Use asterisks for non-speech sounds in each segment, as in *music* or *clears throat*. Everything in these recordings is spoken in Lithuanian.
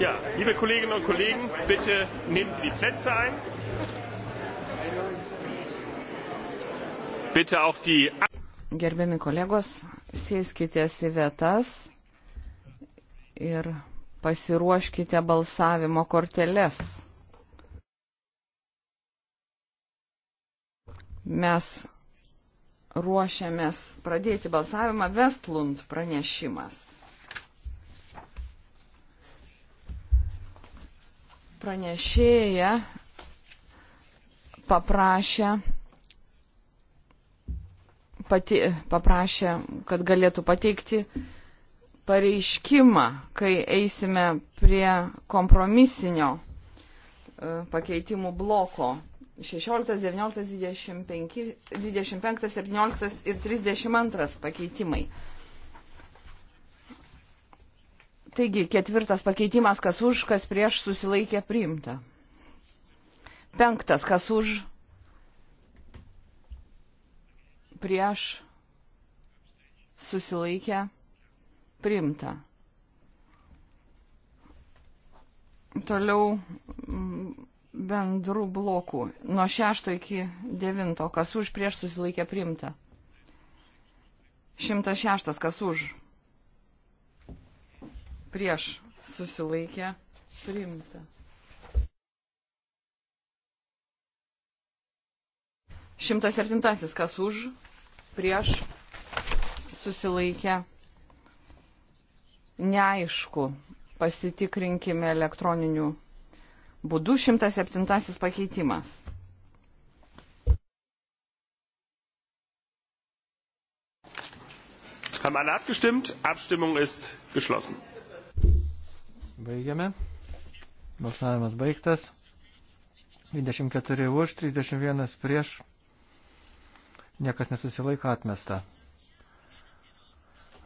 Ja, liebe Kolleginnen und Kollegen, bitte nehmen Sie die Plätze ein. Bitte auch die. Gerbiami kolegos, sėskitės į vietas ir pasiruoškite balsavimo korteles. Mes ruošiamės pradėti balsavimą Vestlund pranešimas. Pranešėja paprašė, pati, paprašė, kad galėtų pateikti pareiškimą, kai eisime prie kompromisinio e, pakeitimų bloko 16, 19, 25, 25, 17 ir 32 pakeitimai. Taigi, ketvirtas pakeitimas, kas už, kas prieš susilaikė priimta. Penktas, kas už, prieš susilaikė priimta. Toliau mm, bendrų blokų. Nuo 6 iki 9, kas už prieš susilaikė priimta. 106, kas už prieš susilaikė priimta. Šimtas septintasis, kas už, prieš susilaikė neaišku. Pasitikrinkime elektroniniu būdu 107 pakeitimas. Haben alle abgestimmt? Abstimmung ist geschlossen. Baigiame. Balsavimas baigtas. 24 už, 31 prieš. Niekas nesusilaiko atmesta.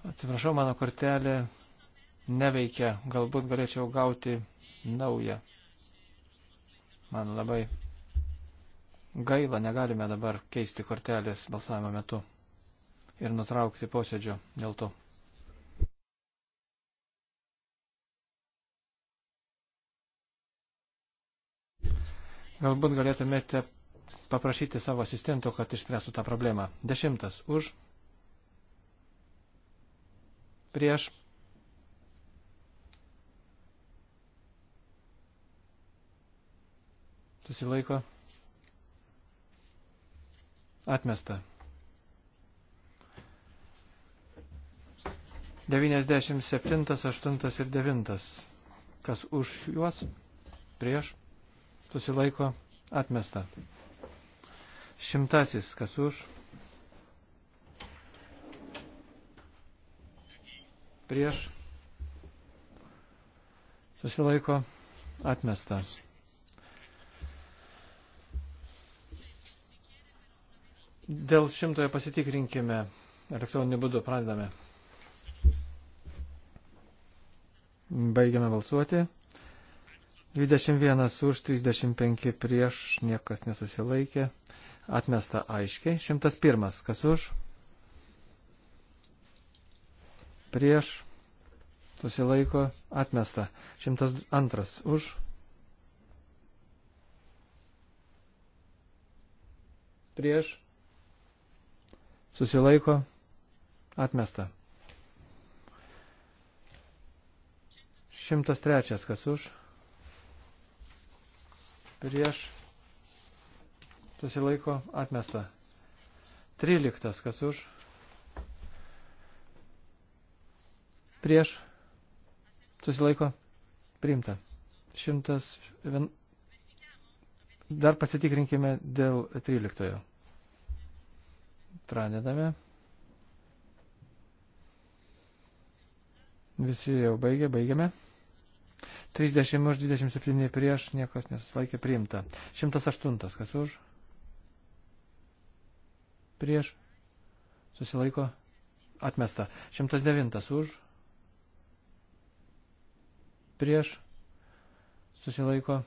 Atsiprašau, mano kortelė neveikia. Galbūt galėčiau gauti naują. Man labai gaila, negalime dabar keisti kortelės balsavimo metu ir nutraukti posėdžio dėl to. Galbūt galėtumėte paprašyti savo asistento, kad išspręstų tą problemą. Dešimtas. Už. Prieš. Susilaiko. Atmesta. 97, 8 ir 9. Kas už juos? Prieš susilaiko atmesta. Šimtasis, kas už, prieš, susilaiko atmesta. Dėl šimtojo pasitikrinkime elektroniniu būdu, pradedame. Baigiame balsuoti. 21 už 35 prieš, niekas nesusilaikė. Atmesta aiškiai. 101. Kas už? Prieš. Susilaiko. Atmesta. 102. Už. Prieš. Susilaiko. Atmesta. 103. Kas už? prieš susilaiko atmesta. 13. Kas už? Prieš susilaiko priimta. 101. Dar pasitikrinkime dėl 13. Pradedame. Visi jau baigė, baigiame. 30 už 27 prieš, niekas nesusilaikė priimta. 108 kas už? Prieš. Susilaiko. Atmesta. 109 už. Prieš. Susilaiko.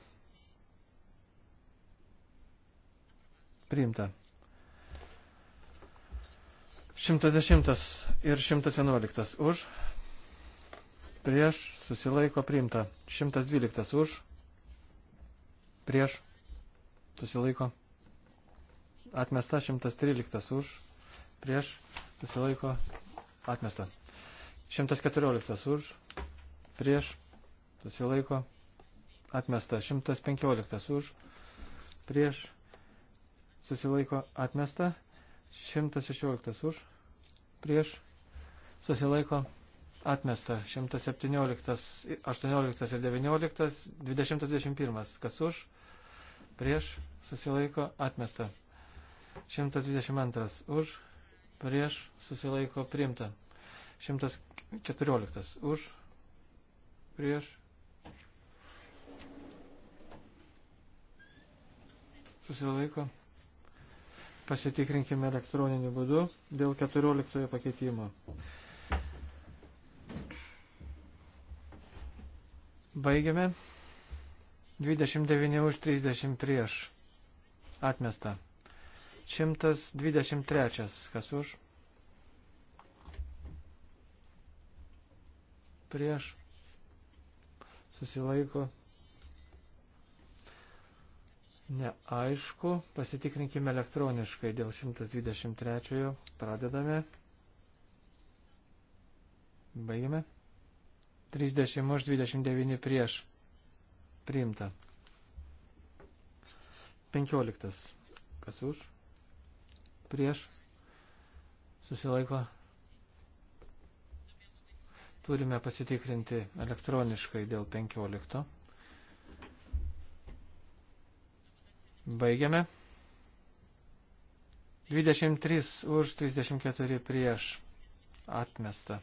Priimta. 110 ir 111 už prieš, susilaiko priimta. 112 už, prieš, susilaiko. Atmesta 113 už, prieš, susilaiko, atmesta. 114 už, prieš, susilaiko, atmesta. 115 už, prieš, susilaiko, atmesta. 116 už, prieš, susilaiko, atmesta. Atmesta 117, 18 ir 19, 20, 21. Kas už? Prieš susilaiko atmesta. 122. Už? Prieš susilaiko priimta. 114. Už? Prieš susilaiko. Pasitikrinkime elektroniniu būdu dėl 14 pakeitimo. Baigiame. 29 už 30 prieš. Atmesta. 123. Kas už? Prieš. Susilaiko. Neaišku. Pasitikrinkime elektroniškai dėl 123. Pradedame. Baigiame. 30 už 29 prieš. Priimta. 15. Kas už? Prieš. Susilaiko. Turime pasitikrinti elektroniškai dėl 15. Baigiame. 23 už 34 prieš atmestą.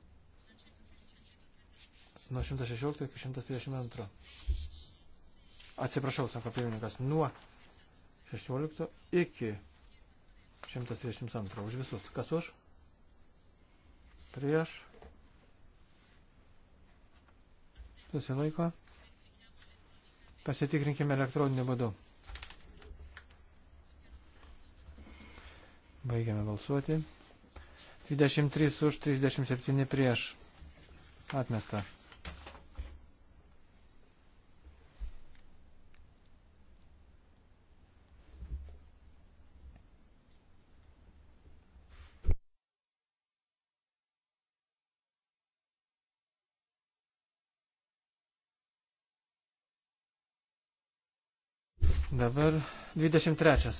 nuo 116 iki 132. Atsiprašau, sako pirmininkas, nuo 16 iki 132. Už visus. Kas už? Prieš. Susilaiko. Pasitikrinkime elektroninį būdu. Baigiame balsuoti. 23 už 37 prieš. Atmesta. Dabar 23.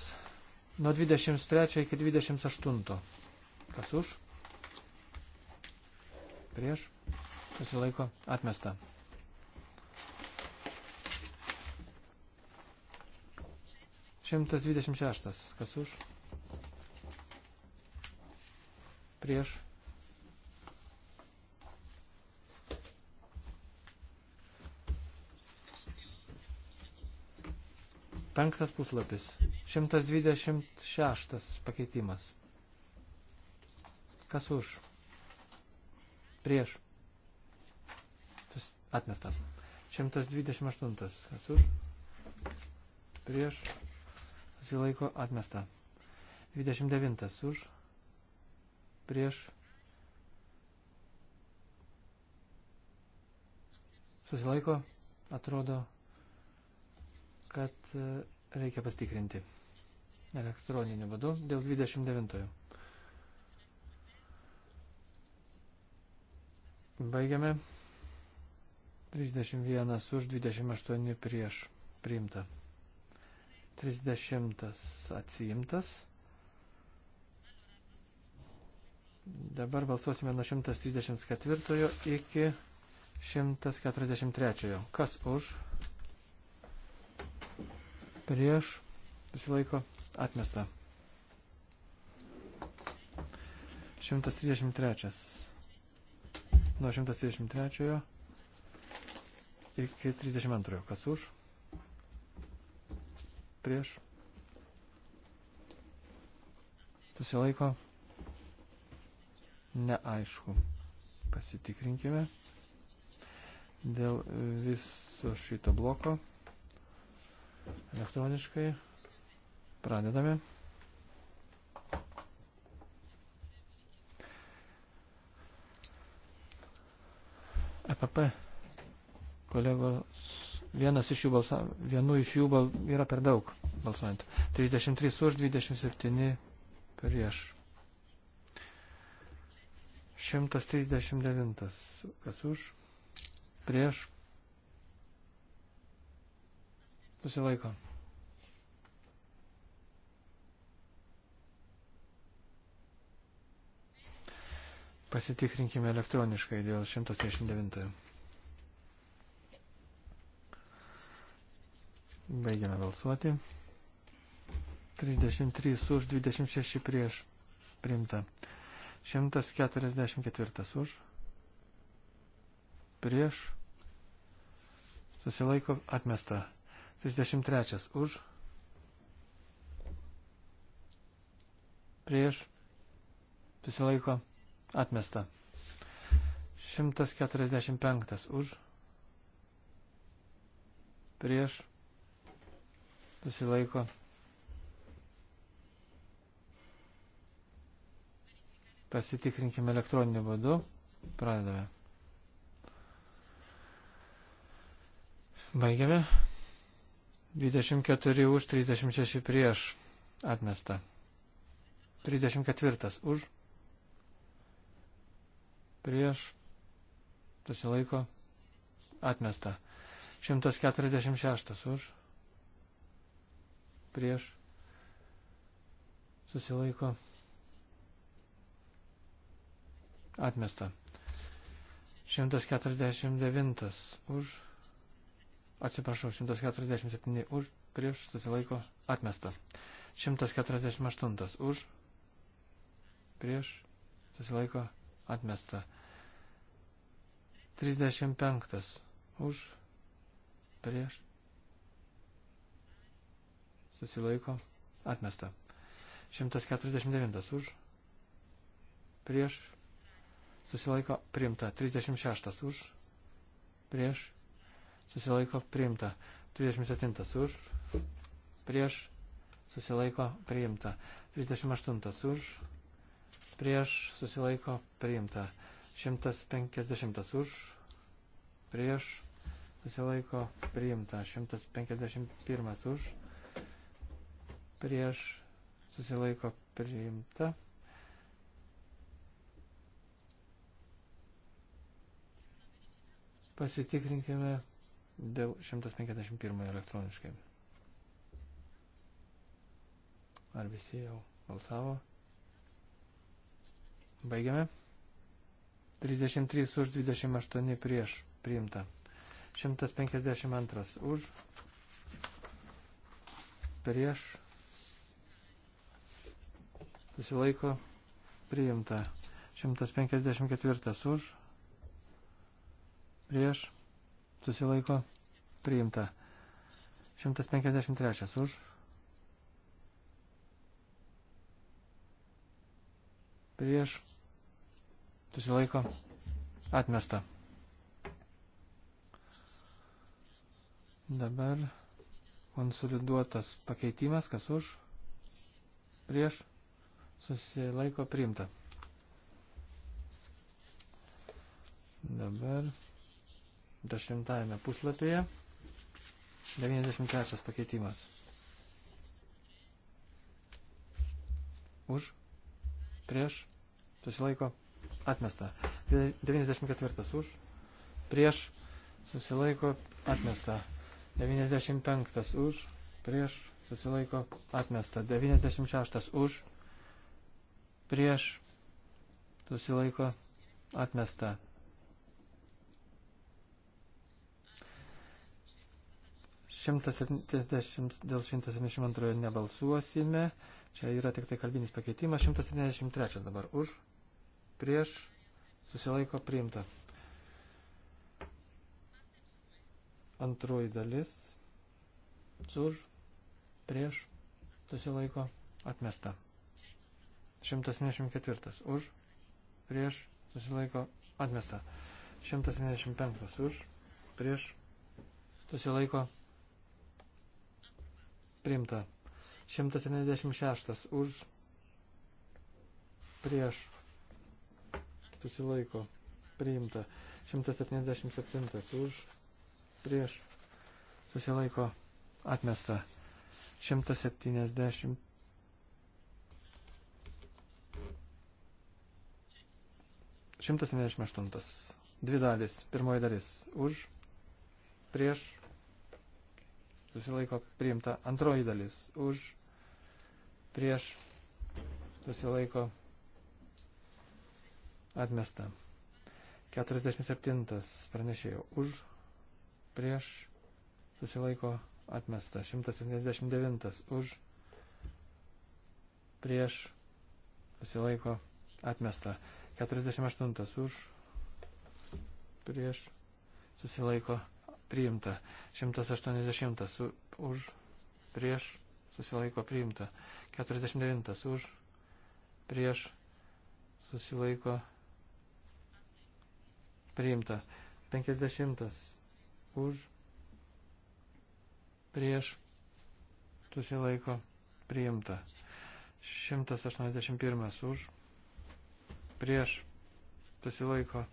Nuo 23 iki 28. Kas už? Prieš? Susilaiko? Atmesta. Šimtas dvidešimt šeštas. Kas už? Prieš? Penktas puslapis. 126 pakeitimas. Kas už? Prieš. Atmesta. 128. Kas už? Prieš. Susilaiko. Atmesta. 29. Už. Prieš. Susilaiko. Atrodo kad e, reikia pastikrinti elektroniniu būdu dėl 29. Baigiame. 31 už 28 prieš priimta. 30 atsiimtas. Dabar balsuosime nuo 134 iki 143. Kas už? prieš, susilaiko, atmesta. 133. Nuo 133 iki 32. Kas už? Prieš. Susilaiko. Neaišku. Pasitikrinkime dėl viso šito bloko elektroniškai. Pradedame. EPP kolegos, vienas iš jų balsavo, vienu iš jų bal, yra per daug balsuojant. 33 už, 27 prieš. 139 kas už, prieš susilaiko. Pasitikrinkime elektroniškai dėl 139. Baigiame balsuoti. 33 už, 26 prieš. Primta. 144 už. Prieš. Susilaiko atmesta. 63 už. Prieš. Susilaiko. Atmesta. 145 už. Prieš. Susilaiko. Pasitikrinkime elektroniniu būdu. Pradedame. Baigiame. 24 už, 36 prieš atmesta. 34 už, prieš, susilaiko, atmesta. 146 už, prieš, susilaiko, atmesta. 149 už, prieš Atsiprašau, 147 už, prieš susilaiko atmesta. 148 už, prieš susilaiko atmesta. 35 už, prieš susilaiko atmesta. 149 už, prieš susilaiko priimta. 36 už, prieš susilaiko priimta. 37 už, prieš, susilaiko priimta. 38 už, prieš, susilaiko priimta. 150 už, prieš, susilaiko priimta. 151 už, prieš, susilaiko priimta. Pasitikrinkime dėl 151 elektroniškai. Ar visi jau balsavo? Baigiame. 33 už 28 prieš priimta. 152 už prieš susilaiko priimta. 154 už prieš susilaiko priimta. 153 už. Prieš susilaiko atmesta. Dabar konsoliduotas pakeitimas, kas už, prieš, susilaiko priimta. Dabar dešimtajame puslapyje. 93 pakeitimas. Už, prieš, susilaiko, atmesta. 94 už, prieš, susilaiko, atmesta. 95 už, prieš, susilaiko, atmesta. 96 už, prieš, susilaiko, atmesta. 170, dėl 172 nebalsuosime. Čia yra tik tai kalbinis pakeitimas. 173 dabar už, prieš, susilaiko priimta. Antroji dalis. Už, prieš, susilaiko atmesta. 174 už, prieš, susilaiko atmesta. 175 už, prieš, susilaiko atmesta. Primta. 176 už prieš susilaiko priimta 177 už prieš susilaiko atmesta 170 178 dvi dalis pirmoji dalis už prieš susilaiko priimta. Antroji dalis už, prieš, susilaiko atmesta. 47 pranešėjo už, prieš, susilaiko atmesta. 179 už, prieš, susilaiko atmesta. 48 už, prieš, susilaiko atmesta priimta. 180 su, už, prieš, susilaiko priimta. 49 už, prieš, susilaiko priimta. 50 už, prieš, susilaiko priimta. 181 už, prieš, susilaiko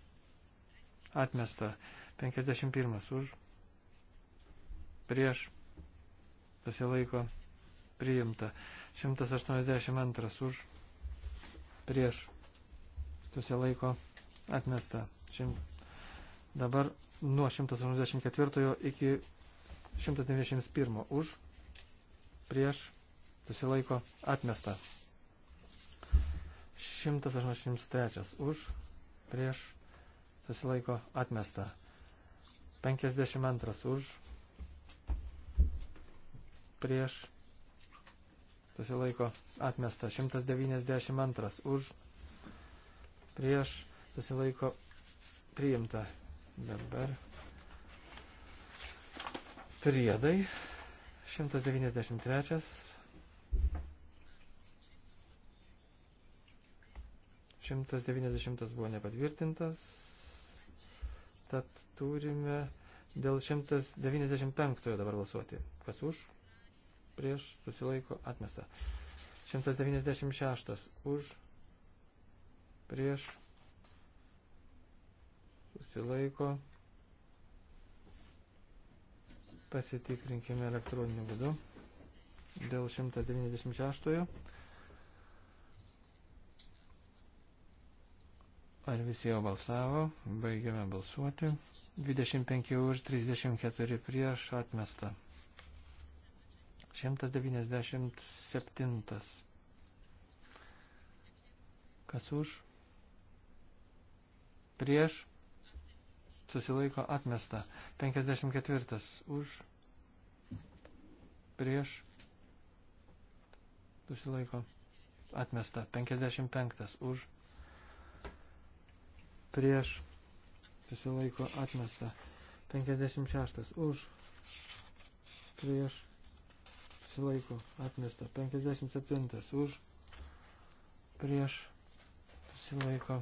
atmesta. 51 už, prieš susilaiko priimta. 182 už prieš susilaiko atmesta. Šim... Dabar nuo 184 iki 191 už prieš susilaiko atmesta. 183 už prieš susilaiko atmesta. 52 už prieš susilaiko atmesta 192 už prieš susilaiko priimta dabar priedai 193 190 buvo nepatvirtintas tad turime dėl 195 dabar balsuoti kas už prieš susilaiko atmesta. 196 už prieš susilaiko pasitikrinkime elektroniniu būdu dėl 196 ar visi jau balsavo baigiame balsuoti 25 už 34 prieš atmestą 197. Kas už? Prieš? Susilaiko atmesta. 54. Už? Prieš? Susilaiko atmesta. 55. Už? Prieš? Susilaiko atmesta. 56. Už? Prieš? susilaiko atmesta. 57 už prieš susilaiko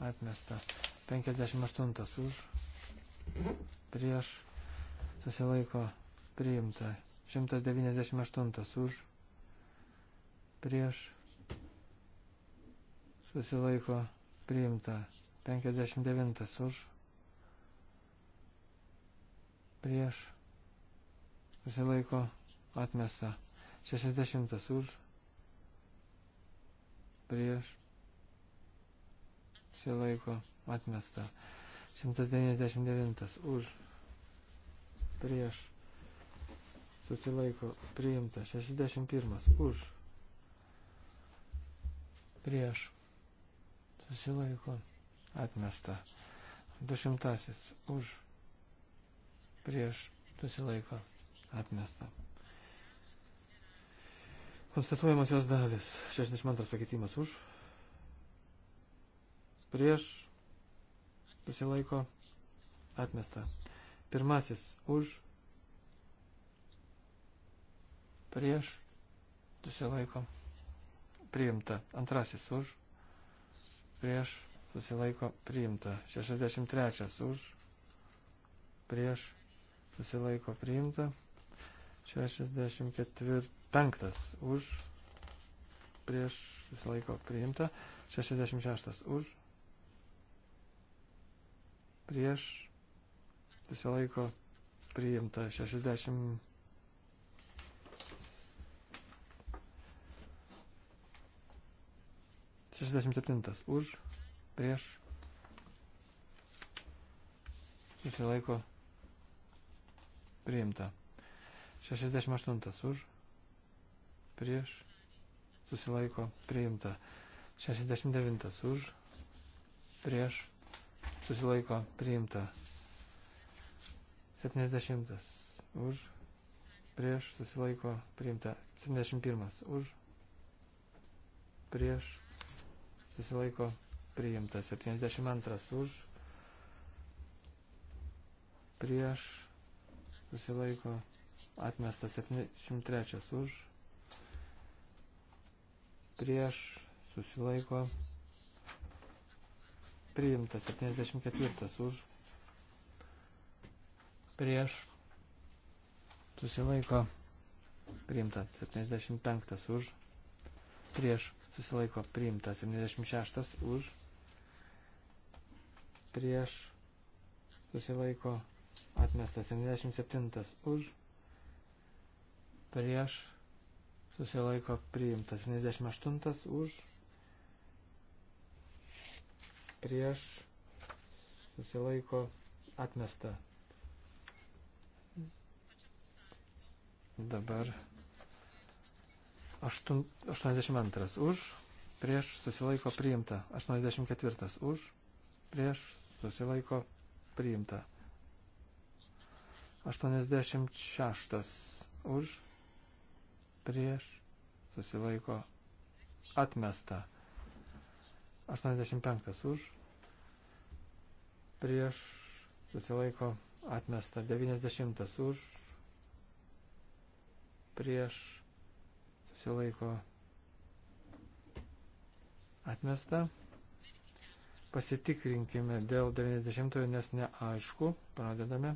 atmesta. 58 už prieš susilaiko priimta. 198 už prieš susilaiko priimta. 59 už prieš susilaiko atmesta. 60 už, prieš, silaiko, atmesta. 199 už, prieš, susilaiko, priimta. 61 už, prieš, susilaiko, atmesta. 200 už, prieš, susilaiko, atmesta. Konstatuojamosios dalis. 62 pakeitimas už. Prieš. Susilaiko. Atmesta. Pirmasis už. Prieš. Susilaiko. Priimta. Antrasis už. Prieš. Susilaiko. Priimta. 63 už. Prieš. Susilaiko. Priimta. 64 Penktas už, prieš susilaiko priimta. 66 už, prieš susilaiko priimta. 60. Šešdešimt septintas už, prieš, susilaiko priimta. 68 už, prieš, susilaiko priimta. 69 už, prieš, susilaiko priimta. 70 už, prieš, susilaiko priimta. 71 už, prieš, susilaiko priimta. 72 už, prieš, susilaiko atmesta. 73 už, prieš susilaiko priimta 74 už prieš susilaiko priimta 75 už prieš susilaiko priimta 76 už prieš susilaiko atmestas 77 už prieš susilaiko priimtas. 78 už, prieš, susilaiko atmesta. Dabar 82 už, prieš, susilaiko priimta. 84 už, prieš, susilaiko priimta. 86 už, prieš, susilaiko atmesta. 85 už, prieš, susilaiko atmesta. 90 už, prieš, susilaiko atmesta. Pasitikrinkime dėl 90, nes neaišku. Pradedame.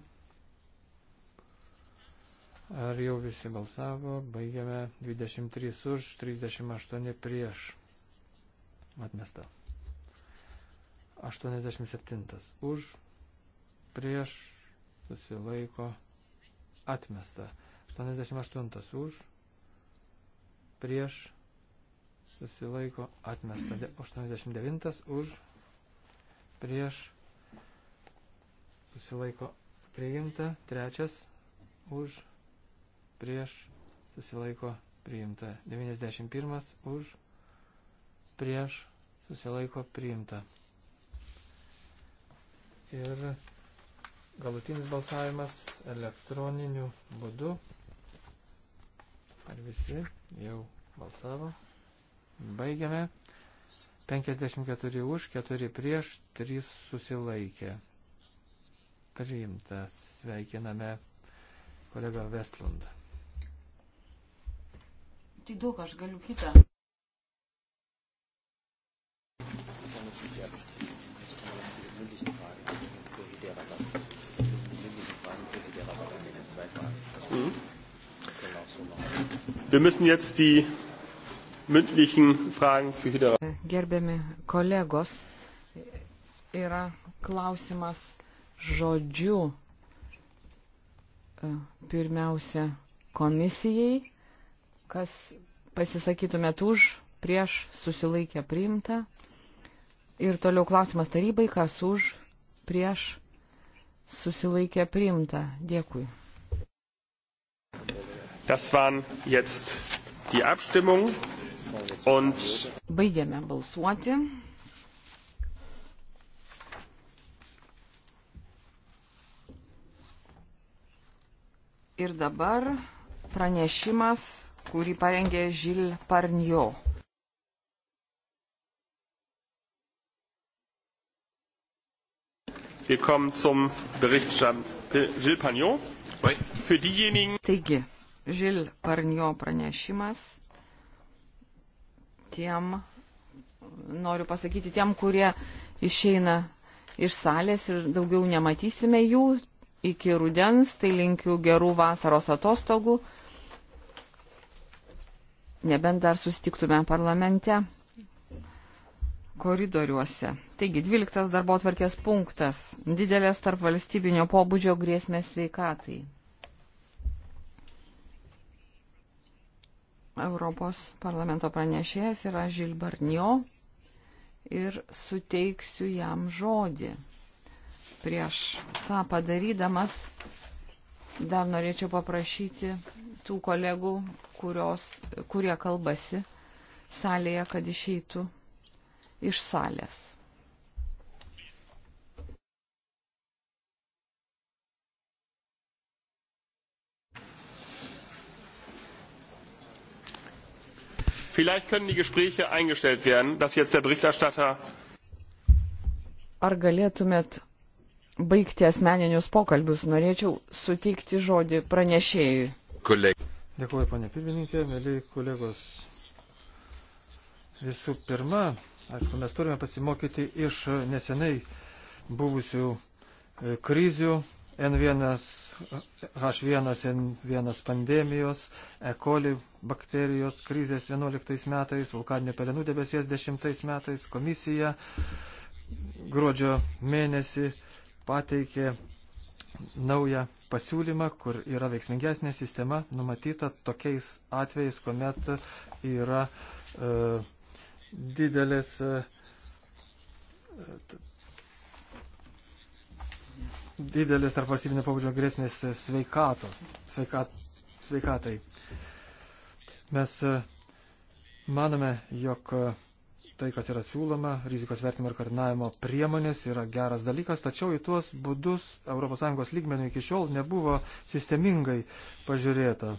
Ar jau visi balsavo? Baigiame 23 už, 38 prieš. Atmesta. 87 už, prieš, susilaiko, atmesta. 88 už, prieš, susilaiko, atmesta. 89 už, prieš, susilaiko, priimta. Trečias už, prieš prieš, susilaiko priimta. 91 už, prieš, susilaiko priimta. Ir galutinis balsavimas elektroniniu būdu. Ar visi jau balsavo? Baigiame. 54 už, 4 prieš, 3 susilaikė. Priimtas. Sveikiname kolegą Vestlundą. Tai daug aš galiu kitą. Mhm. Wir müssen jetzt die mündlichen Fragen für Hydra. Gerbiami kolegos, yra klausimas žodžiu e, pirmiausia komisijai Kas pasisakytumėt už, prieš, susilaikė priimta. Ir toliau klausimas tarybai, kas už, prieš, susilaikė priimta. Dėkui. Das waren jetzt die Abstimmung und Baigiame balsuoti. Ir dabar pranešimas kurį parengė Žil Parnio. Wir kommen zum Bericht Gilles Pagnot. Oui. Für diejenigen. Taigi, Žil Parnio pranešimas tiem, noriu pasakyti tiem, kurie išeina iš salės ir daugiau nematysime jų iki rudens, tai linkiu gerų vasaros atostogų nebent dar sustiktume parlamente koridoriuose. Taigi, 12 darbo atvarkės punktas - didelės tarp valstybinio pobūdžio grėsmės sveikatai. Europos parlamento pranešėjas yra Žilbarnio ir suteiksiu jam žodį. Prieš tą padarydamas dar norėčiau paprašyti tų kolegų, kurios, kurie kalbasi salėje, kad išeitų iš salės. Vielleicht können die Gespräche eingestellt werden, dass jetzt der Berichterstatter. Ar galėtumėt baigti asmeninius pokalbius? Norėčiau suteikti žodį pranešėjui kolegų. Dėkuoju, ponė pirmininkė, mėly kolegos. Visų pirma, aišku, mes turime pasimokyti iš nesenai buvusių e, krizių N1, H1, N1 pandemijos, E. coli bakterijos krizės 11 metais, vulkaninė pelenų debesies 10 metais, komisija gruodžio mėnesį pateikė naują pasiūlymą, kur yra veiksmingesnė sistema numatyta tokiais atvejais, kuomet yra e, didelės. E, didelis ar valstybinio pabudžio grėsmės sveikatos, sveikat, sveikatai. Mes e, manome, jog tai, kas yra siūloma, rizikos vertimo ir koordinavimo priemonės yra geras dalykas, tačiau į tuos būdus ES lygmenių iki šiol nebuvo sistemingai pažiūrėta.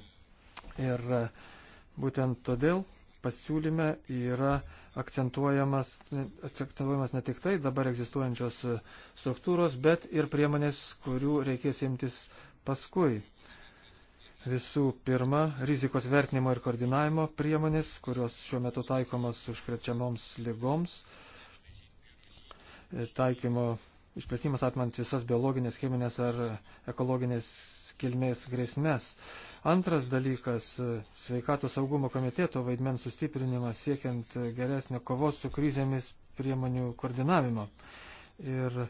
Ir e, būtent todėl pasiūlyme yra akcentuojamas, akcentuojamas ne tik tai dabar egzistuojančios struktūros, bet ir priemonės, kurių reikės imtis paskui. Visų pirma, rizikos vertinimo ir koordinavimo priemonės, kurios šiuo metu taikomas užkrečiamoms lygoms. Taikymo išplėtimas atmant visas biologinės, cheminės ar ekologinės kilmės grėsmės. Antras dalykas - sveikato saugumo komiteto vaidmens sustiprinimas siekiant geresnio kovos su krizėmis priemonių koordinavimo. Ir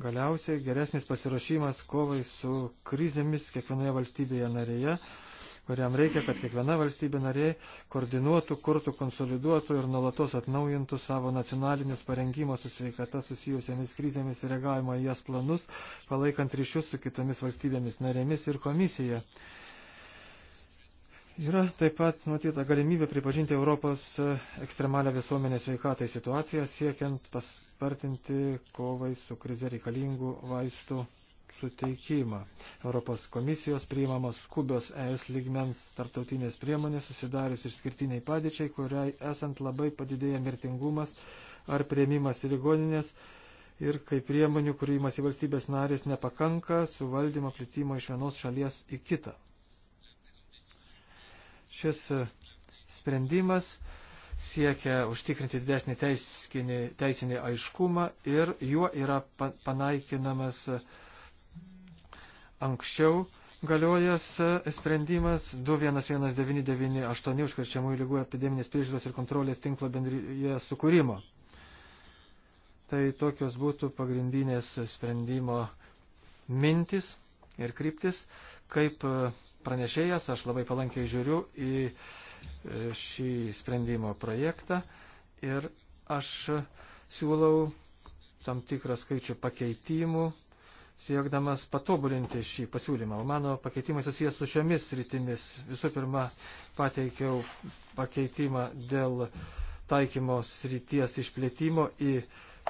Galiausiai geresnis pasirašymas kovai su krizėmis kiekvienoje valstybėje narėje, kuriam reikia, kad kiekviena valstybė narė koordinuotų, kurtų, konsoliduotų ir nuolatos atnaujintų savo nacionalinius parengimo su sveikata susijusiamis krizėmis ir reagavimo į jas planus, palaikant ryšius su kitomis valstybėmis narėmis ir komisija. Yra taip pat numatyta galimybė pripažinti Europos e, ekstremalią visuomenės veikatai situaciją, siekiant paspartinti kovai su krize reikalingų vaistų suteikimą. Europos komisijos priimamos skubios ES lygmens tarptautinės priemonės susidarius išskirtiniai padėčiai, kuriai esant labai padidėja mirtingumas ar prieimimas į ligoninės ir kai priemonių, kurių įmasi valstybės narės nepakanka, suvaldymą plitimo iš vienos šalies į kitą. Šis e, sprendimas siekia užtikrinti didesnį teiskinį, teisinį aiškumą ir juo yra panaikinamas e, anksčiau galiojas e, sprendimas 211998 užkrečiamųjų lygų epideminės priežiūros ir kontrolės tinklo bendryje sukūrimo. Tai tokios būtų pagrindinės sprendimo mintis ir kryptis. Kaip e, pranešėjas aš labai palankiai žiūriu į e, šį sprendimo projektą ir aš siūlau tam tikrą skaičių pakeitimų, siekdamas patobulinti šį pasiūlymą. O mano pakeitimai susijęs su šiomis rytimis. Visų pirma, pateikiau pakeitimą dėl taikymo srities išplėtimo į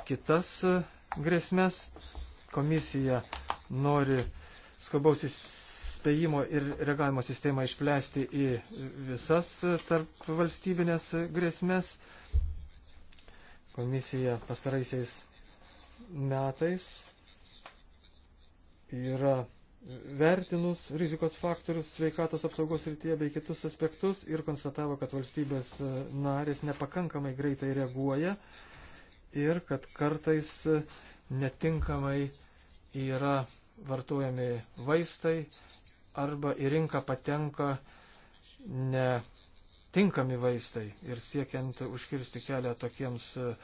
kitas grėsmės. Komisija nori skubaus įspėjimo ir reagavimo sistemą išplėsti į visas tarp valstybinės grėsmės. Komisija pastaraisiais metais yra vertinus rizikos faktorius sveikatos apsaugos rytyje bei kitus aspektus ir konstatavo, kad valstybės narės nepakankamai greitai reaguoja ir kad kartais netinkamai yra vartojami vaistai arba į rinką patenka netinkami vaistai. Ir siekiant užkirsti kelią tokiems e,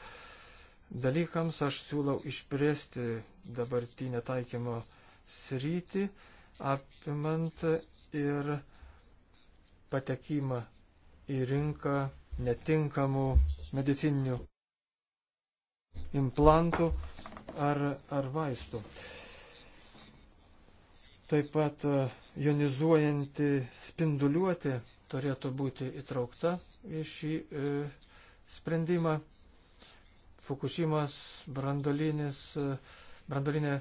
dalykams, aš siūlau išplėsti dabartinę taikymo sritį, apimant ir patekimą į rinką netinkamų medicininių implantų ar, ar vaistų. Taip pat e, jonizuojanti spinduliuoti turėtų būti įtraukta į šį e, sprendimą. Fukushimas brandolinis, e, brandolinė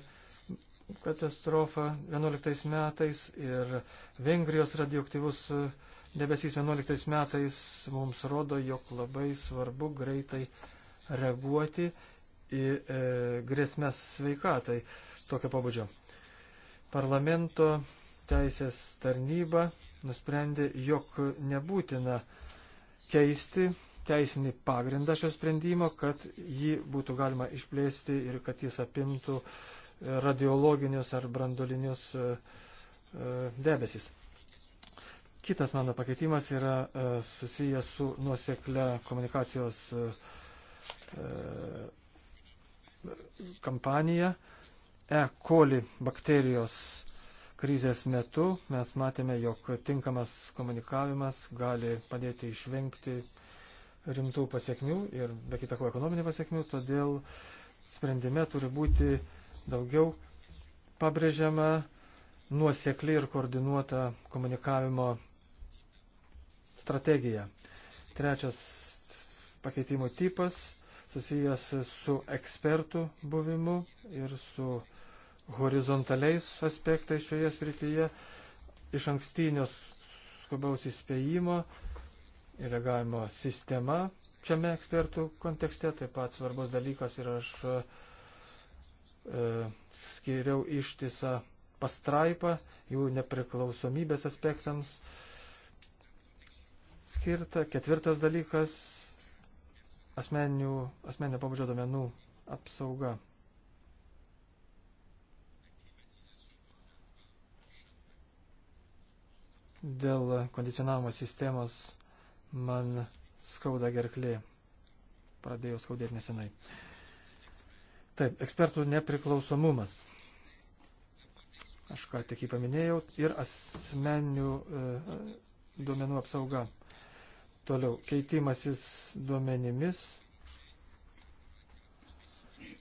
katastrofa 11 metais ir Vengrijos radioaktyvus e, debesys 11 metais mums rodo, jog labai svarbu greitai reaguoti į e, grėsmės sveikatai tokio pabudžio. Parlamento teisės tarnyba nusprendė, jog nebūtina keisti teisinį pagrindą šio sprendimo, kad jį būtų galima išplėsti ir kad jis apimtų e, radiologinius ar brandolinius e, e, debesis. Kitas mano pakeitimas yra susijęs su nuosekle komunikacijos kampanija. E, E. coli bakterijos krizės metu mes matėme, jog tinkamas komunikavimas gali padėti išvengti rimtų pasiekmių ir be kitako ekonominių pasiekmių, todėl sprendime turi būti daugiau pabrėžiama nuosekli ir koordinuota komunikavimo strategija. Trečias pakeitimo tipas susijęs su ekspertų buvimu ir su horizontaliais aspektais šioje srityje, iš ankstinio skubaus įspėjimo ir reagavimo sistema šiame ekspertų kontekste. Taip pat svarbus dalykas ir aš e, skiriau ištisą pastraipą jų nepriklausomybės aspektams skirta. Ketvirtas dalykas asmeninių, asmeninio pabudžio domenų apsauga. Dėl kondicionavimo sistemos man skauda gerklė. Pradėjau skaudėti nesenai. Taip, ekspertų nepriklausomumas. Aš ką tik jį paminėjau. Ir asmeninių e, duomenų apsauga. Toliau, keitimasis duomenimis.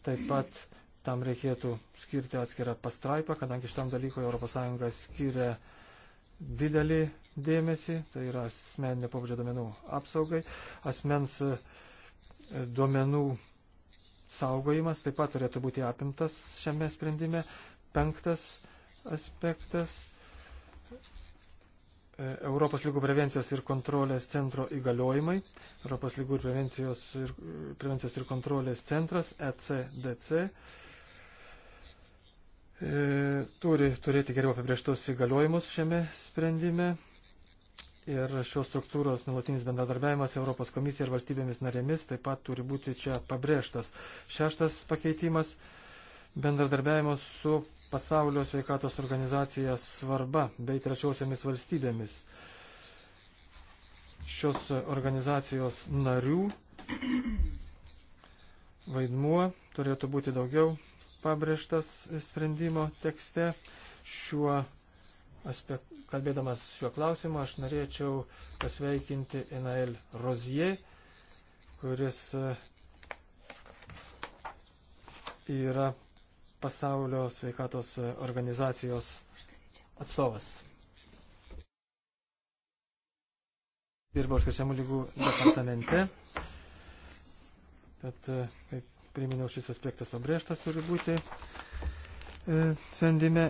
Taip pat tam reikėtų skirti atskirą pastraipą, kadangi šitam dalykui ES skiria didelį dėmesį, tai yra asmeninio pabudžio duomenų apsaugai, asmens e, duomenų saugojimas taip pat turėtų būti apimtas šiame sprendime. Penktas aspektas E, Europos lygų prevencijos ir kontrolės centro įgaliojimai. Europos lygų prevencijos ir, prevencijos ir kontrolės centras ECDC e, turi turėti geriau apibrieštus įgaliojimus šiame sprendime. Ir šios struktūros nulatinis bendradarbiavimas Europos komisija ir valstybėmis narėmis taip pat turi būti čia pabrėžtas. Šeštas pakeitimas - bendradarbiavimas su pasaulio sveikatos organizacija svarba bei trečiosiamis valstybėmis. Šios organizacijos narių vaidmuo turėtų būti daugiau pabrėžtas sprendimo tekste. Šiuo aspekt, kalbėdamas šiuo klausimu, aš norėčiau pasveikinti Enael Rozie, kuris e, yra pasaulio sveikatos organizacijos atstovas. Dirbo užkrečiamų lygų departamente. Tad, e, kaip priminiau, šis aspektas pabrėžtas turi būti e, sprendime.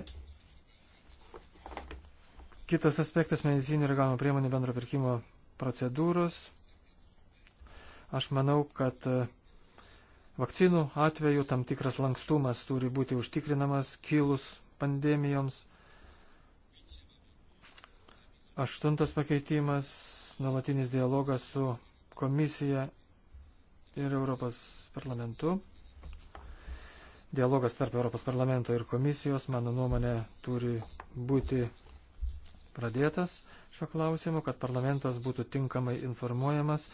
Kitas aspektas - medicininių reagavimo priemonių bendro pirkimo procedūros. Aš manau, kad e, Vakcinų atveju tam tikras lankstumas turi būti užtikrinamas kilus pandemijoms. Aštuntas pakeitimas - nuolatinis dialogas su komisija ir Europos parlamentu. Dialogas tarp Europos parlamento ir komisijos, mano nuomonė, turi būti pradėtas šio klausimu, kad parlamentas būtų tinkamai informuojamas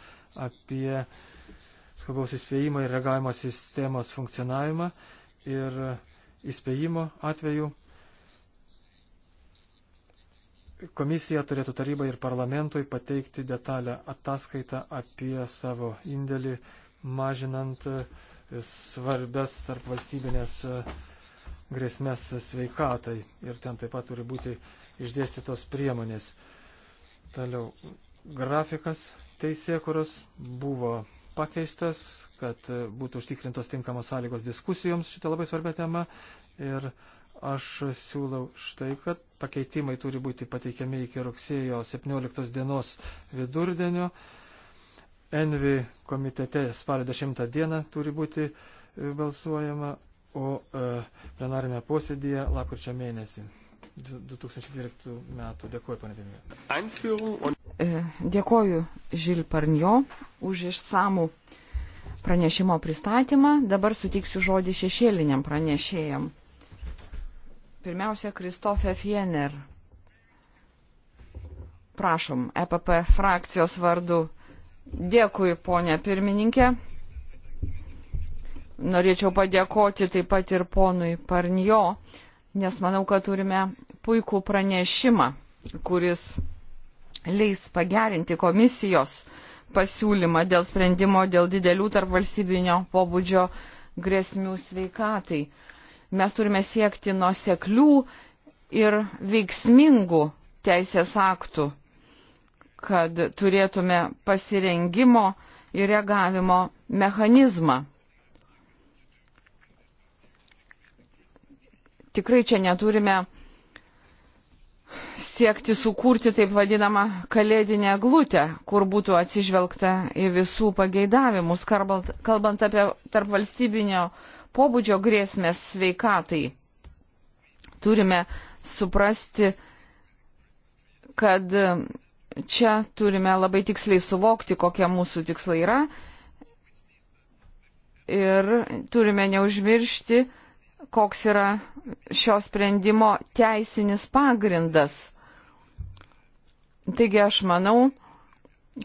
apie skubaus įspėjimo ir reagavimo sistemos funkcionavimą ir įspėjimo atveju komisija turėtų tarybai ir parlamentui pateikti detalę ataskaitą apie savo indėlį, mažinant e, svarbes tarp valstybinės e, grėsmės sveikatai. Ir ten taip pat turi būti išdėstytos priemonės. Toliau grafikas teisėkuros buvo pakeistas, kad būtų užtikrintos tinkamos sąlygos diskusijoms šitą labai svarbią temą. Ir aš siūlau štai, kad pakeitimai turi būti pateikiami iki rugsėjo 17 dienos vidurdienio. Envi komitete spalio 10 dieną turi būti e, balsuojama, o e, plenarinė posėdėje lapkričio mėnesį 2012 metų. Dėkuoju, panedėmė. E, dėkoju Žil Parnio už išsamų pranešimo pristatymą. Dabar suteiksiu žodį šešėliniam pranešėjam. Pirmiausia, Kristofė Fiener. Prašom, EPP frakcijos vardu. Dėkui, ponė pirmininkė. Norėčiau padėkoti taip pat ir ponui Parnio, nes manau, kad turime puikų pranešimą, kuris leis pagerinti komisijos pasiūlymą dėl sprendimo dėl didelių tarpvalstybinio pobūdžio grėsmių sveikatai. Mes turime siekti nuoseklių ir veiksmingų teisės aktų, kad turėtume pasirengimo ir reagavimo mechanizmą. Tikrai čia neturime siekti sukurti taip vadinamą kalėdinę glutę, kur būtų atsižvelgta į visų pageidavimus, kalbant, kalbant apie tarp valstybinio pobūdžio grėsmės sveikatai. Turime suprasti, kad čia turime labai tiksliai suvokti, kokie mūsų tikslai yra ir turime neužmiršti, koks yra šio sprendimo teisinis pagrindas. Taigi aš manau,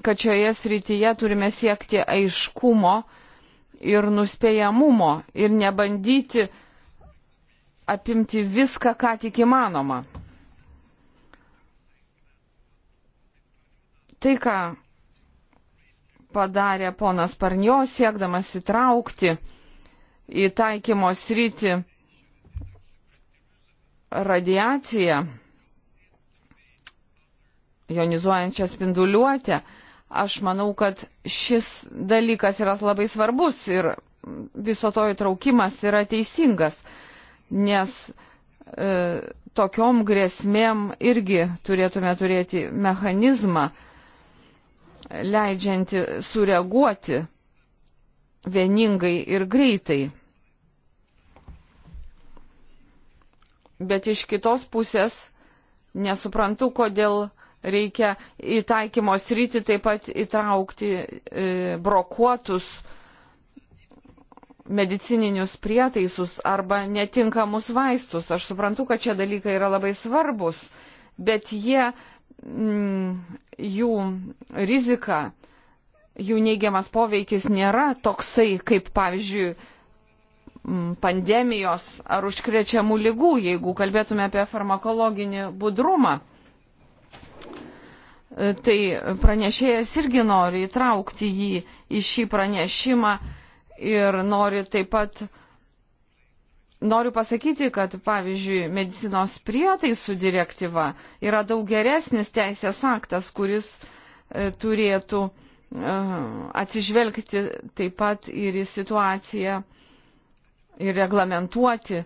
kad šioje srityje turime siekti aiškumo ir nuspėjamumo ir nebandyti apimti viską, ką tik įmanoma. Tai, ką padarė ponas Parnio, siekdamas įtraukti į taikymo sritį radiaciją, jonizuojančią spinduliuotę, aš manau, kad šis dalykas yra labai svarbus ir viso to įtraukimas yra teisingas, nes e, tokiom grėsmėm irgi turėtume turėti mechanizmą, leidžianti sureaguoti vieningai ir greitai. Bet iš kitos pusės nesuprantu, kodėl Reikia į taikymo sritį taip pat įtraukti e, brokuotus medicininius prietaisus arba netinkamus vaistus. Aš suprantu, kad čia dalykai yra labai svarbus, bet jie, mm, jų rizika, jų neigiamas poveikis nėra toksai, kaip pavyzdžiui, mm, pandemijos ar užkrečiamų lygų, jeigu kalbėtume apie farmakologinį budrumą. E, tai pranešėjas irgi nori įtraukti jį į šį pranešimą ir nori taip pat, noriu pasakyti, kad pavyzdžiui, medicinos prietaisų direktyva yra daug geresnis teisės aktas, kuris e, turėtų e, atsižvelgti taip pat ir į situaciją ir reglamentuoti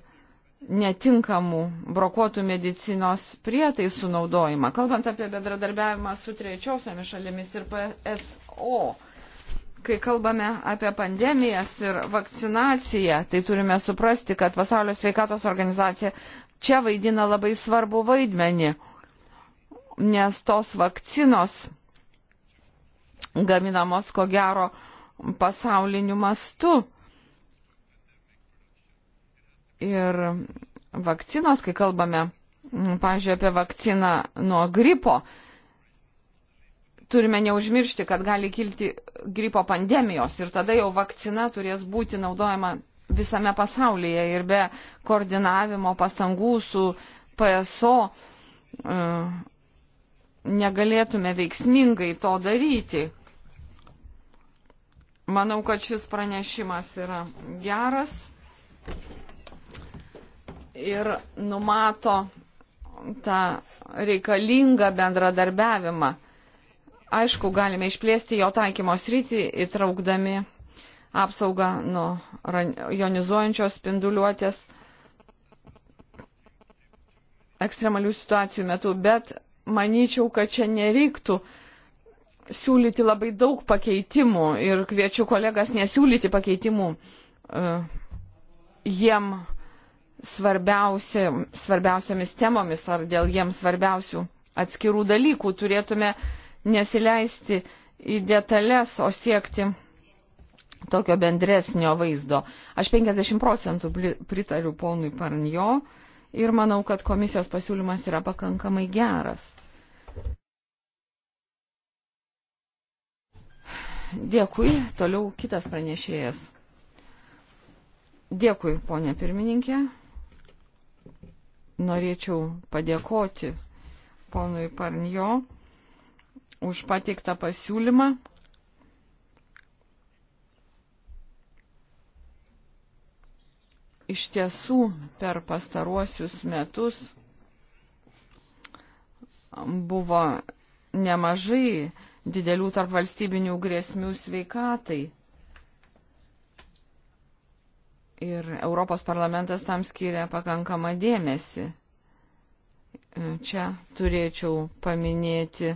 netinkamų brokuotų medicinos prietaisų naudojimą. Kalbant apie bendradarbiavimą su trečiosiomis šalimis ir PSO, kai kalbame apie pandemijas ir vakcinaciją, tai turime suprasti, kad pasaulio sveikatos organizacija čia vaidina labai svarbu vaidmenį, nes tos vakcinos gaminamos ko gero pasauliniu mastu ir vakcinos, kai kalbame, mm, pažiūrėjau, apie vakciną nuo gripo, turime neužmiršti, kad gali kilti gripo pandemijos ir tada jau vakcina turės būti naudojama visame pasaulyje ir be koordinavimo pastangų su PSO e, negalėtume veiksmingai to daryti. Manau, kad šis pranešimas yra geras ir numato tą reikalingą bendradarbiavimą. Aišku, galime išplėsti jo taikymo sritį, įtraukdami apsaugą nuo jonizuojančios spinduliuotės ekstremalių situacijų metu, bet manyčiau, kad čia nereiktų siūlyti labai daug pakeitimų ir kviečiu kolegas nesiūlyti pakeitimų uh, jiem uh, svarbiausia, svarbiausiamis temomis ar dėl jiems svarbiausių atskirų dalykų. Turėtume nesileisti į detalės, o siekti tokio bendresnio vaizdo. Aš 50 procentų pritariu ponui Parnjo ir manau, kad komisijos pasiūlymas yra pakankamai geras. Dėkui, toliau kitas pranešėjas. Dėkui, ponė pirmininkė norėčiau padėkoti ponui Parnjo už pateiktą pasiūlymą. Iš tiesų, per pastaruosius metus buvo nemažai didelių tarpvalstybinių grėsmių sveikatai. Ir Europos parlamentas tam skiria pakankamą dėmesį. Čia turėčiau paminėti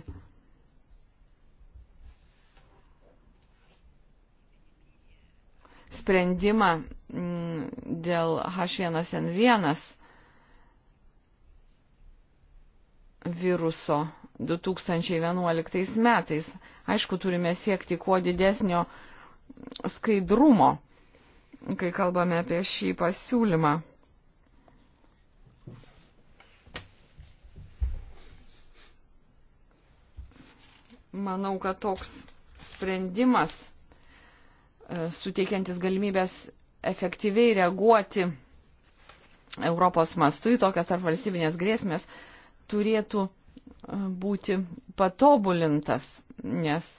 sprendimą mm, dėl H1N1 viruso 2011 metais. Aišku, turime siekti kuo didesnio skaidrumo kai kalbame apie šį pasiūlymą. Manau, kad toks sprendimas, e, suteikiantis galimybės efektyviai reaguoti Europos mastu į tokias tarp valstybinės grėsmės, turėtų e, būti patobulintas, nes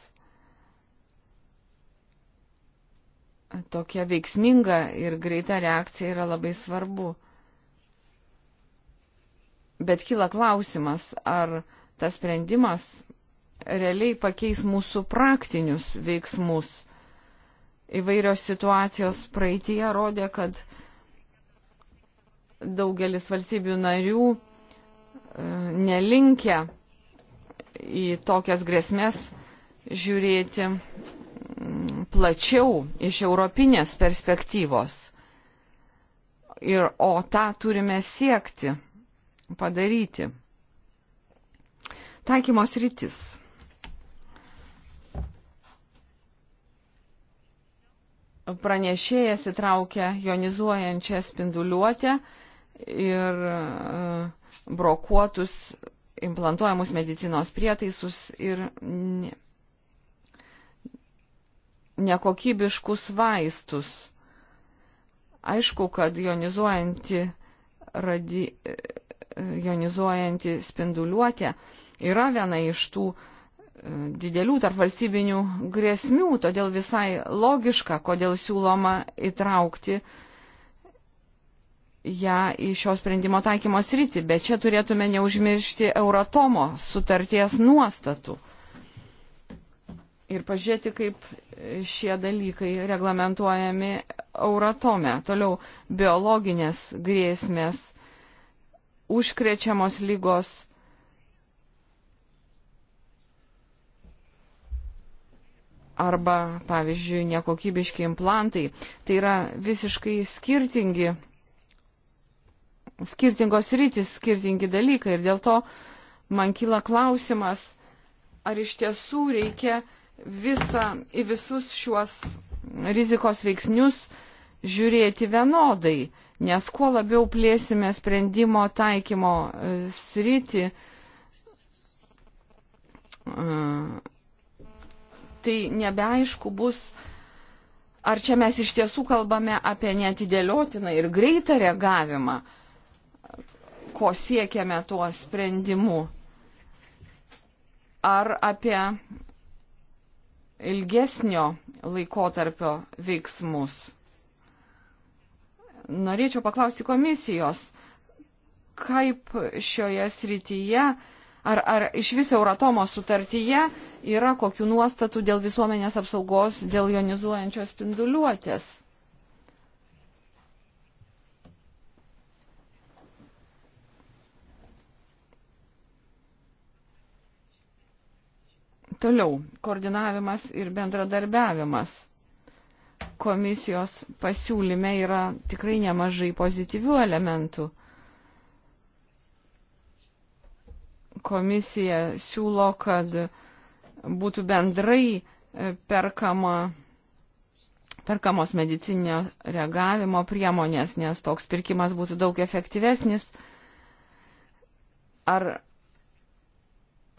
tokia veiksminga ir greita reakcija yra labai svarbu. Bet kyla klausimas, ar tas sprendimas realiai pakeis mūsų praktinius veiksmus. Įvairios situacijos praeitie rodė, kad daugelis valstybių narių e, nelinkia į tokias grėsmės žiūrėti plačiau iš europinės perspektyvos. Ir, o tą turime siekti padaryti. Taikymos rytis. Pranešėjas įtraukia jonizuojančią spinduliuotę ir e, brokuotus implantuojamus medicinos prietaisus ir nekokybiškus vaistus. Aišku, kad jonizuojanti, radi, jonizuojanti spinduliuotė yra viena iš tų e, didelių tarpvalstybinių grėsmių, todėl visai logiška, kodėl siūloma įtraukti ją į šio sprendimo taikymo sritį, bet čia turėtume neužmiršti Euratomo sutarties nuostatų ir pažiūrėti, kaip šie dalykai reglamentuojami Euratome. Toliau biologinės grėsmės, užkrečiamos lygos. Arba, pavyzdžiui, nekokybiški implantai. Tai yra visiškai skirtingi, skirtingos rytis, skirtingi dalykai. Ir dėl to man kyla klausimas, ar iš tiesų reikia uh, visą, į visus šiuos rizikos veiksnius žiūrėti vienodai, nes kuo labiau plėsime sprendimo taikymo e, sritį, e, tai nebeaišku bus, ar čia mes iš tiesų kalbame apie netidėliotiną ir greitą reagavimą, ko siekiame tuo sprendimu, ar apie ilgesnio laikotarpio veiksmus. Norėčiau paklausti komisijos, kaip šioje srityje, ar, ar iš viso Euratomo sutartyje yra kokių nuostatų dėl visuomenės apsaugos, dėl jonizuojančios spinduliuotės. Toliau, koordinavimas ir bendradarbiavimas. Komisijos pasiūlyme yra tikrai nemažai pozityvių elementų. Komisija siūlo, kad būtų bendrai e, perkama, perkamos medicinio reagavimo priemonės, nes toks pirkimas būtų daug efektyvesnis. Ar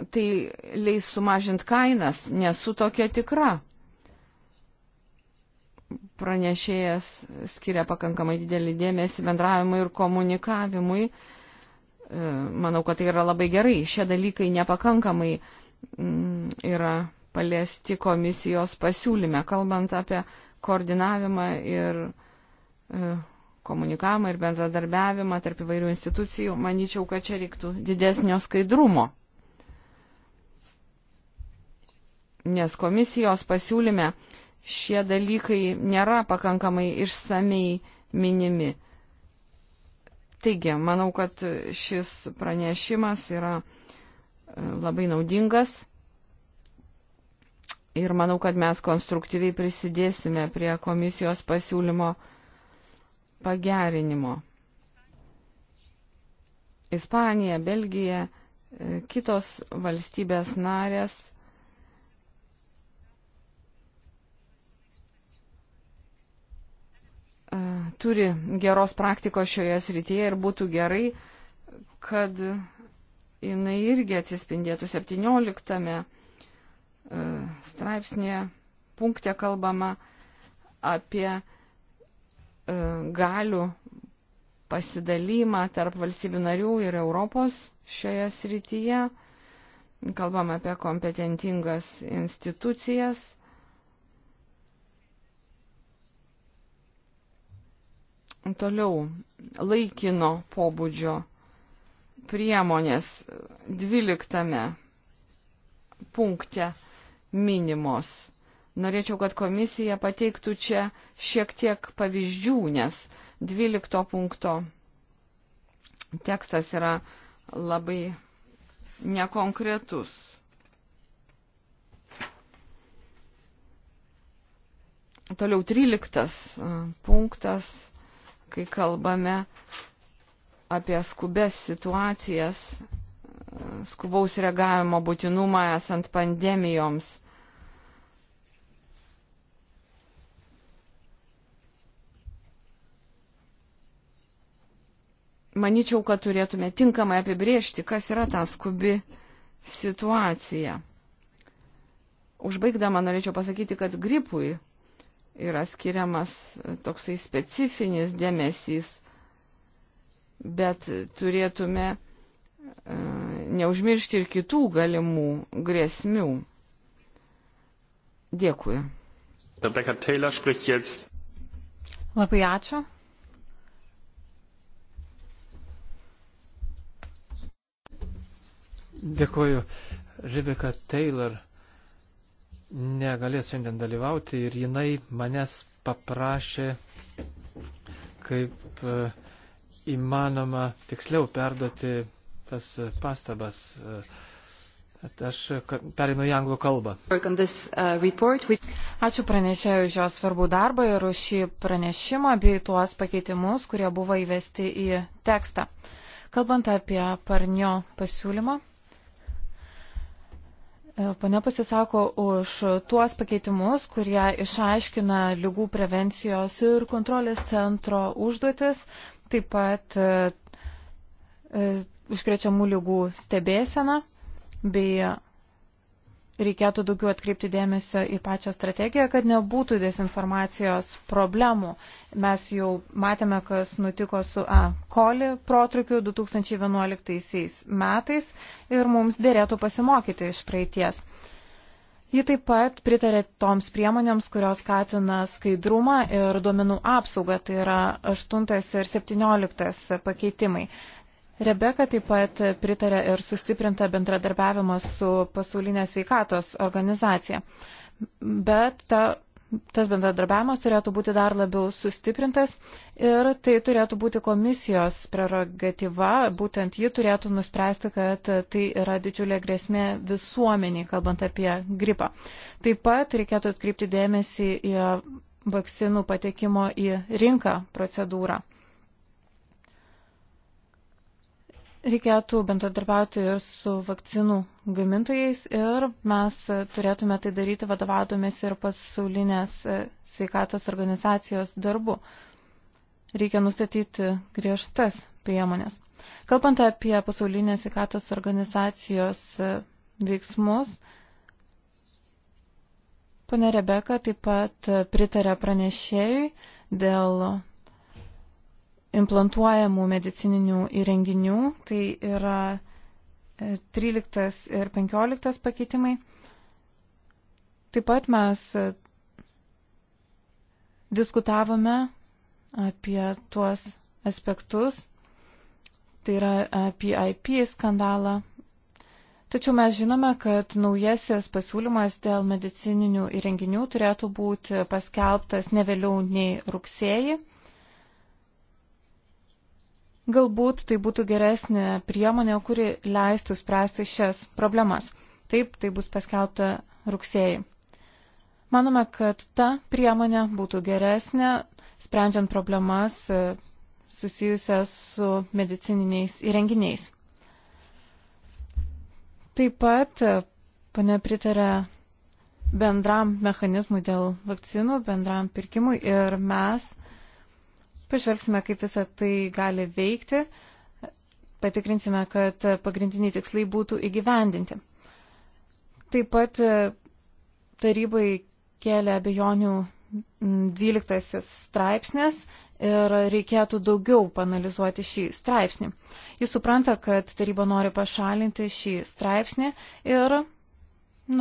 tai leis sumažinti kainas, nesu tokia tikra. Pranešėjas skiria pakankamai didelį dėmesį bendravimui ir komunikavimui. E, manau, kad tai yra labai gerai. Šie dalykai nepakankamai mm, yra paliesti komisijos pasiūlyme, kalbant apie koordinavimą ir e, komunikavimą ir bendradarbiavimą tarp įvairių institucijų. Manyčiau, kad čia reiktų didesnio skaidrumo. nes komisijos pasiūlyme šie dalykai nėra pakankamai išsamei minimi. Taigi, manau, kad šis pranešimas yra e, labai naudingas ir manau, kad mes konstruktyviai prisidėsime prie komisijos pasiūlymo pagerinimo. Ispanija, Belgija, e, kitos valstybės narės E, turi geros praktikos šioje srityje ir būtų gerai, kad jinai irgi atsispindėtų 17 e, straipsnėje punkte kalbama apie e, galių pasidalymą tarp valstybių narių ir Europos šioje srityje. Kalbam apie kompetentingas institucijas Toliau laikino pobūdžio priemonės 12 punkte minimos. Norėčiau, kad komisija pateiktų čia šiek tiek pavyzdžių, nes 12 punkto tekstas yra labai nekonkretus. Toliau 13 e, punktas kai kalbame apie skubės situacijas, skubaus reagavimo būtinumą esant pandemijoms. Maničiau, kad turėtume tinkamai apibriežti, kas yra ta skubi situacija. Užbaigdama norėčiau pasakyti, kad gripui yra skiriamas e, toksai specifinis dėmesys, bet turėtume e, neužmiršti ir kitų galimų grėsmių. Dėkui. Rebecca Taylor spricht jetzt. Labai ačiū. Dėkuoju. Rebecca Taylor negalės šiandien dalyvauti ir jinai manęs paprašė kaip e, įmanoma tiksliau perduoti tas pastabas. E, aš perinu į anglų kalbą. E, Ačiū pranešėjui už jos svarbų darbą ir už šį pranešimą bei tuos pakeitimus, kurie buvo įvesti į tekstą. Kalbant apie Parnio pasiūlymą, Pane pasisako už tuos pakeitimus, kurie išaiškina lygų prevencijos ir kontrolės centro užduotis, taip pat e, e užkrečiamų lygų stebėseną bei reikėtų daugiau atkreipti dėmesio į pačią strategiją, kad nebūtų dezinformacijos problemų. Mes jau matėme, kas nutiko su A. Koli protrukiu 2011 metais ir mums dėrėtų pasimokyti iš praeities. Ji taip pat pritarė toms priemonėms, kurios skatina skaidrumą ir duomenų apsaugą, tai yra 8 ir 17 pakeitimai. Rebeka taip pat pritarė ir sustiprinta bendradarbiavimą su pasaulinė sveikatos organizacija. Bet ta, tas bendradarbiavimas turėtų būti dar labiau sustiprintas ir tai turėtų būti komisijos prerogatyva, būtent ji turėtų nuspręsti, kad tai yra didžiulė grėsmė visuomeniai, kalbant apie gripą. Taip pat reikėtų atkreipti dėmesį į vakcinų patekimo į rinką procedūrą. reikėtų bendradarbiauti ir su vakcinų gamintojais ir mes turėtume tai daryti vadovaudomės ir pasaulinės e, sveikatos organizacijos darbu. Reikia nustatyti griežtas priemonės. Kalbant apie pasaulinės sveikatos organizacijos e, veiksmus, ponė Rebeka taip pat e, pritarė pranešėjui dėl implantuojamų medicininių įrenginių, tai yra 13 e, ir 15 pakeitimai. Taip pat mes e, diskutavome apie tuos aspektus, tai yra apie IP skandalą. Tačiau mes žinome, kad naujasis pasiūlymas dėl medicininių įrenginių turėtų būti paskelbtas ne vėliau nei rugsėjai. Galbūt tai būtų geresnė priemonė, kuri leistų spręsti šias problemas. Taip, tai bus paskelbta rugsėjai. Manome, kad ta priemonė būtų geresnė, sprendžiant problemas e, susijusias su medicininiais įrenginiais. Taip pat e, pane pritarė bendram mechanizmui dėl vakcinų, bendram pirkimui ir mes pažvelgsime, kaip visą tai gali veikti, patikrinsime, kad pagrindiniai tikslai būtų įgyvendinti. Taip pat e, tarybai kėlė abejonių 12 straipsnės ir reikėtų daugiau panalizuoti šį straipsnį. Jis supranta, kad taryba nori pašalinti šį straipsnį ir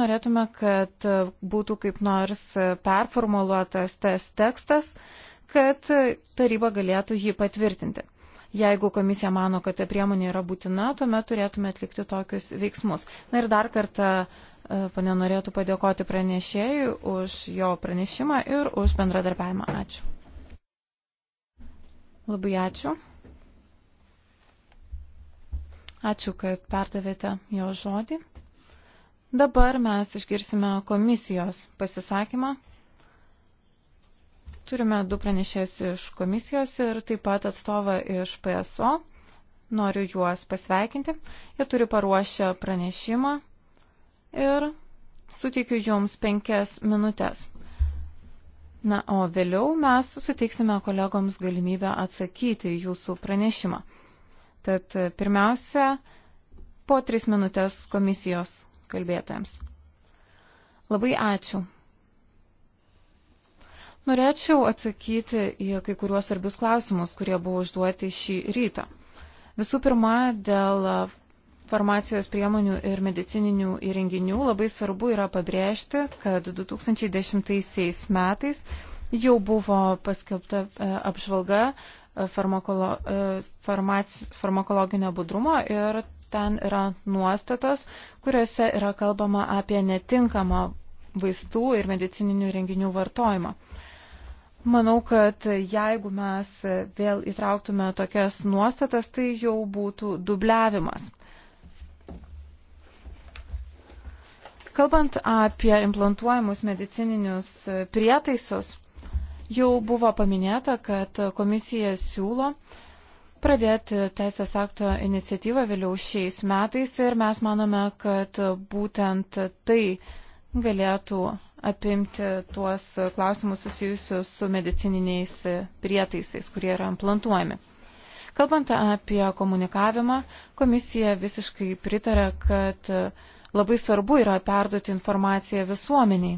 norėtume, kad būtų kaip nors performuluotas tas tekstas kad taryba galėtų jį patvirtinti. Jeigu komisija mano, kad ta priemonė yra būtina, tuomet turėtume atlikti tokius veiksmus. Na ir dar kartą e, pane norėtų padėkoti pranešėjui už jo pranešimą ir už bendradarbiavimą. Ačiū. Labai ačiū. Ačiū, kad perdavėte jo žodį. Dabar mes išgirsime komisijos pasisakymą. Turime du pranešėjus iš komisijos ir taip pat atstovą iš PSO. Noriu juos pasveikinti. Jie turi paruošę pranešimą ir suteikiu jums penkias minutės. Na, o vėliau mes suteiksime kolegoms galimybę atsakyti jūsų pranešimą. Tad pirmiausia, po tris minutės komisijos kalbėtojams. Labai ačiū, Norėčiau atsakyti į kai kuriuos svarbius klausimus, kurie buvo užduoti šį rytą. Visų pirma, dėl farmacijos priemonių ir medicininių įrenginių labai svarbu yra pabrėžti, kad 2010 metais jau buvo paskelbta e, apžvalga e, farmakolo, e, farmac, farmakologinio budrumo ir ten yra nuostatos, kuriuose yra kalbama apie netinkamą vaistų ir medicininių renginių vartojimą. Manau, kad jeigu mes vėl įtrauktume tokias nuostatas, tai jau būtų dubliavimas. Kalbant apie implantuojamus medicininius prietaisus, jau buvo paminėta, kad komisija siūlo pradėti teisės akto iniciatyvą vėliau šiais metais ir mes manome, kad būtent tai galėtų apimti tuos klausimus susijusius su medicininiais prietaisais, kurie yra implantuojami. Kalbant apie komunikavimą, komisija visiškai pritarė, kad labai svarbu yra perduoti informaciją visuomeniai.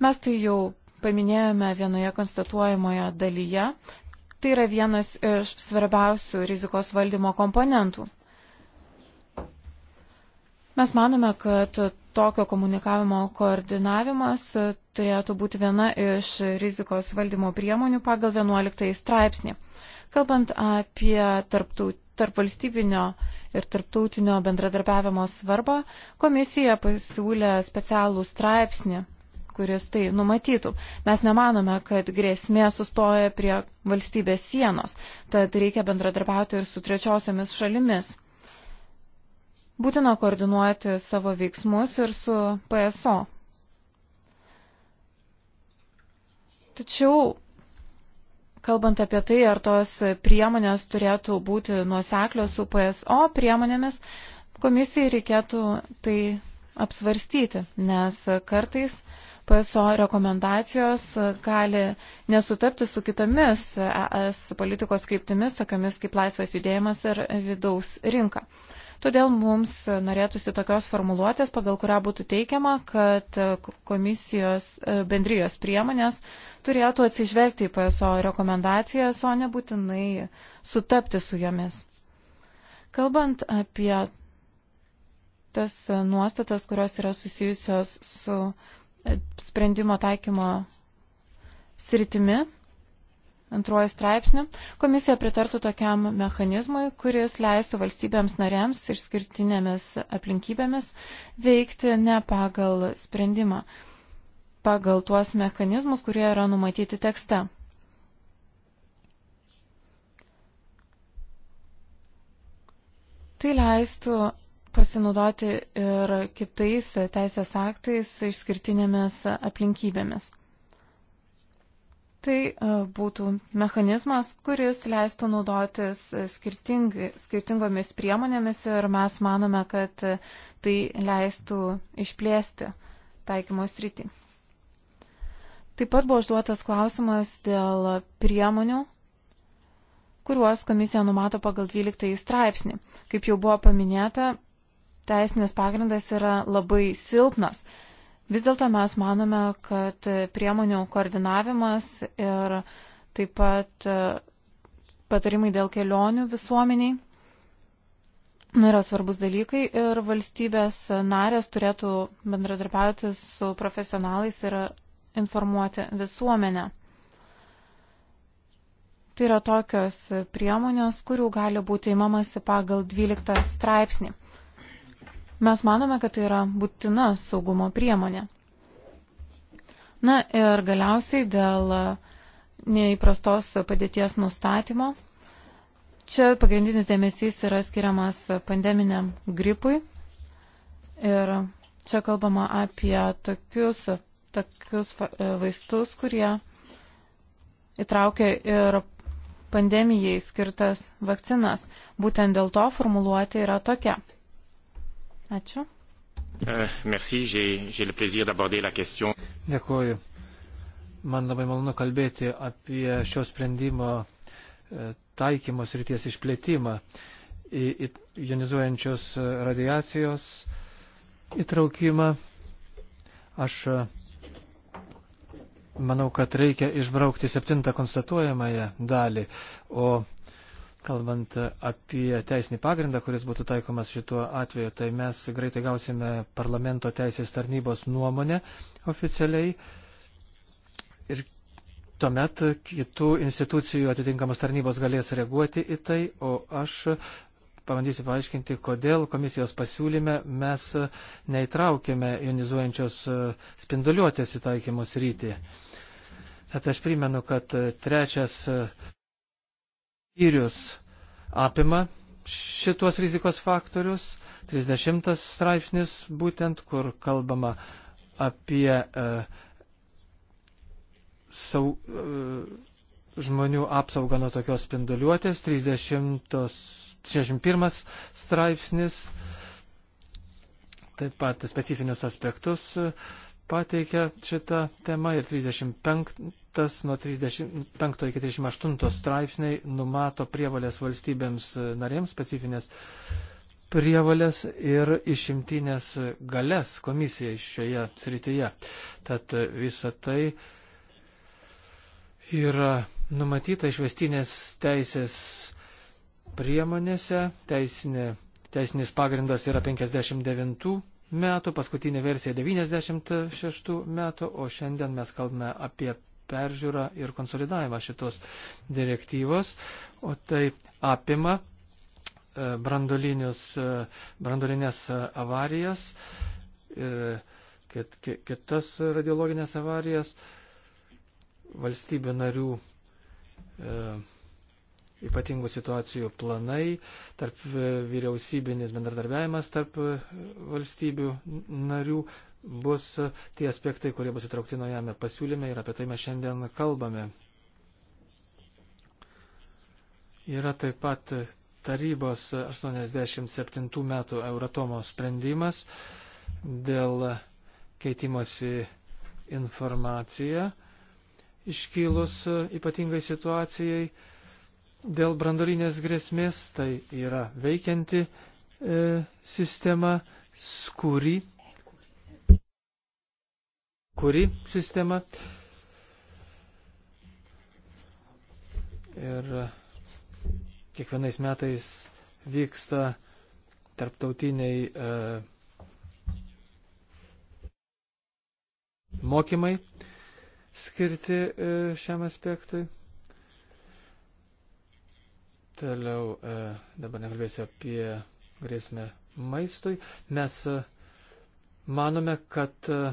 Mes tai jau paminėjome vienoje konstatuojamoje dalyje. Tai yra vienas iš svarbiausių rizikos valdymo komponentų. Mes manome, kad tokio komunikavimo koordinavimas e, turėtų būti viena iš rizikos valdymo priemonių pagal 11 straipsnį. Kalbant apie tarptautinį tarpvalstybinio ir tarptautinio bendradarbiavimo svarbą, komisija pasiūlė specialų straipsnį, kuris tai numatytų. Mes nemanome, kad grėsmė sustoja prie valstybės sienos, tad reikia bendradarbiauti ir su trečiosiamis šalimis. Būtina koordinuoti savo veiksmus ir su PSO. Tačiau, kalbant apie tai, ar tos priemonės turėtų būti nuoseklios su PSO priemonėmis, komisijai reikėtų tai apsvarstyti, nes kartais PSO rekomendacijos gali nesutapti su kitomis ES politikos kryptimis, tokiamis kaip laisvas judėjimas ir vidaus rinka. Todėl mums norėtųsi tokios formuluotės, pagal kurią būtų teikiama, kad komisijos e, bendrijos priemonės turėtų atsižvelgti į PSO rekomendacijas, o nebūtinai sutapti su jomis. Kalbant apie tas nuostatas, kurios yra susijusios su e, sprendimo taikymo sritimi, antruoju straipsniu, komisija pritartų tokiam mechanizmui, kuris leistų valstybėms narėms išskirtinėmis aplinkybėmis veikti ne pagal sprendimą, pagal tuos mechanizmus, kurie yra numatyti tekste. Tai leistų pasinaudoti ir kitais teisės aktais išskirtinėmis aplinkybėmis. Tai e, būtų mechanizmas, kuris leistų naudotis e, skirtingomis priemonėmis ir mes manome, kad e, tai leistų išplėsti taikymo sritį. Taip pat buvo užduotas klausimas dėl priemonių, kuriuos komisija numato pagal 12 straipsnį. Kaip jau buvo paminėta, teisinės pagrindas yra labai silpnas Vis dėlto mes manome, kad priemonių koordinavimas ir taip pat e, patarimai dėl kelionių visuomeniai nu, yra svarbus dalykai ir valstybės narės turėtų bendradarbiauti su profesionalais ir informuoti visuomenę. Tai yra tokios priemonės, kurių gali būti įmamasi pagal 12 straipsnį. Mes manome, kad tai yra būtina saugumo priemonė. Na ir galiausiai dėl neįprastos padėties nustatymo. Čia pagrindinis dėmesys yra skiriamas pandeminiam gripui. Ir čia kalbama apie tokius, tokius e, vaistus, kurie įtraukia ir pandemijai skirtas vakcinas. Būtent dėl to formuluoti yra tokia. Ačiū. E, merci, j'ai le plaisir d'aborder la question. Dėkuoju. Man labai malonu kalbėti apie šio sprendimo e, taikymos ryties išplėtimą į jonizuojančios e, radiacijos įtraukimą. Aš manau, kad reikia išbraukti septintą konstatuojamąją dalį, o Kalbant apie teisinį pagrindą, kuris būtų taikomas šituo atveju, tai mes greitai gausime parlamento teisės tarnybos nuomonę oficialiai ir tuomet kitų institucijų atitinkamos tarnybos galės reaguoti į tai, o aš pabandysiu paaiškinti, kodėl komisijos pasiūlyme mes neįtraukėme jonizuojančios spinduliuotės įtaikymus rytį. Tad aš primenu, kad trečias skyrius apima šitos rizikos faktorius, 30 straipsnis būtent, kur kalbama apie e, sau, e, žmonių apsaugą nuo tokios spinduliuotės, 30, 31 straipsnis, taip pat specifinius aspektus. E, pateikia šitą temą ir 35 nuo 35 iki 38 straipsniai numato prievalės valstybėms narėms specifinės prievalės ir išimtinės galės komisijai šioje srityje. Tad visa tai yra numatyta išvestinės teisės priemonėse, teisinė, teisinis pagrindas yra 59 metų, paskutinė versija 96 metų, o šiandien mes kalbame apie peržiūrą ir konsolidavimą šitos direktyvos, o tai apima e, e, brandolinės avarijas ir kit, kit, kitas radiologinės avarijas valstybių narių e, ypatingų situacijų planai, tarp vyriausybinis bendradarbiavimas tarp valstybių narių bus tie aspektai, kurie bus įtraukti naujame pasiūlyme ir apie tai mes šiandien kalbame. Yra taip pat tarybos 87 metų Euratomo sprendimas dėl keitimosi informacija iškylus ypatingai situacijai Dėl brandolinės grėsmės tai yra veikianti e, sistema, skuri, kuri sistema. Ir kiekvienais metais vyksta tarptautiniai e, mokymai skirti e, šiam aspektui. Toliau e, dabar nekalbėsiu apie grėsmę maistui. Mes e, manome, kad e,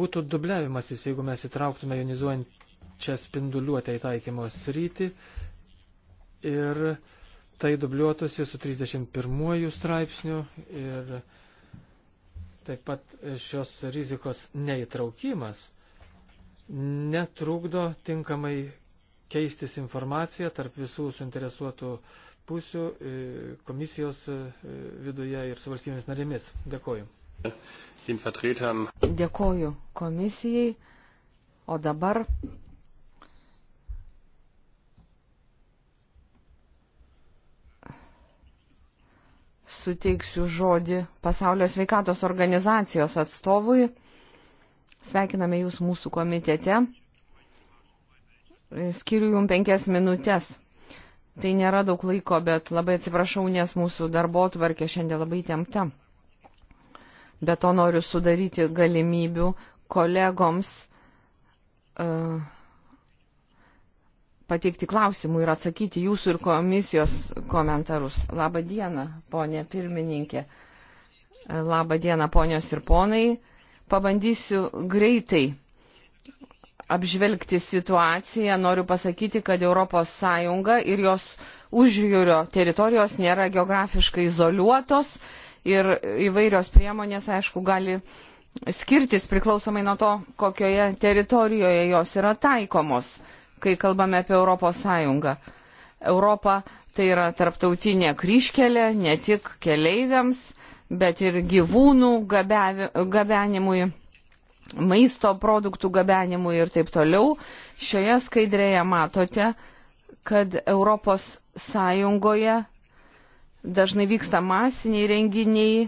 būtų dubliavimasis, jeigu mes įtrauktume jonizuojančią spinduliuotę į taikymo sritį ir tai dubliuotųsi su 31 straipsniu ir taip pat šios rizikos neįtraukimas netrukdo tinkamai keistis informacija tarp visų suinteresuotų pusių e, komisijos e, viduje ir su valstybėmis narėmis. Dėkoju. Dėkoju komisijai. O dabar suteiksiu žodį Pasaulio sveikatos organizacijos atstovui. Sveikiname Jūs mūsų komitete. Skiriu jum penkias minutės. Tai nėra daug laiko, bet labai atsiprašau, nes mūsų darbo tvarkė šiandien labai temta. Be to noriu sudaryti galimybių kolegoms uh, pateikti klausimų ir atsakyti jūsų ir komisijos komentarus. Labą dieną, ponė pirmininkė. E, labą dieną, ponios ir ponai. Pabandysiu greitai apžvelgti situaciją, noriu pasakyti, kad ES ir jos užjūrio teritorijos nėra geografiškai izoliuotos ir įvairios priemonės, aišku, gali skirtis priklausomai nuo to, kokioje teritorijoje jos yra taikomos, kai kalbame apie ES. Europa tai yra tarptautinė kryškelė ne tik keleiviams, bet ir gyvūnų gabenimui maisto produktų gabenimui ir taip toliau. Šioje skaidrėje matote, kad Europos Sąjungoje dažnai vyksta masiniai renginiai.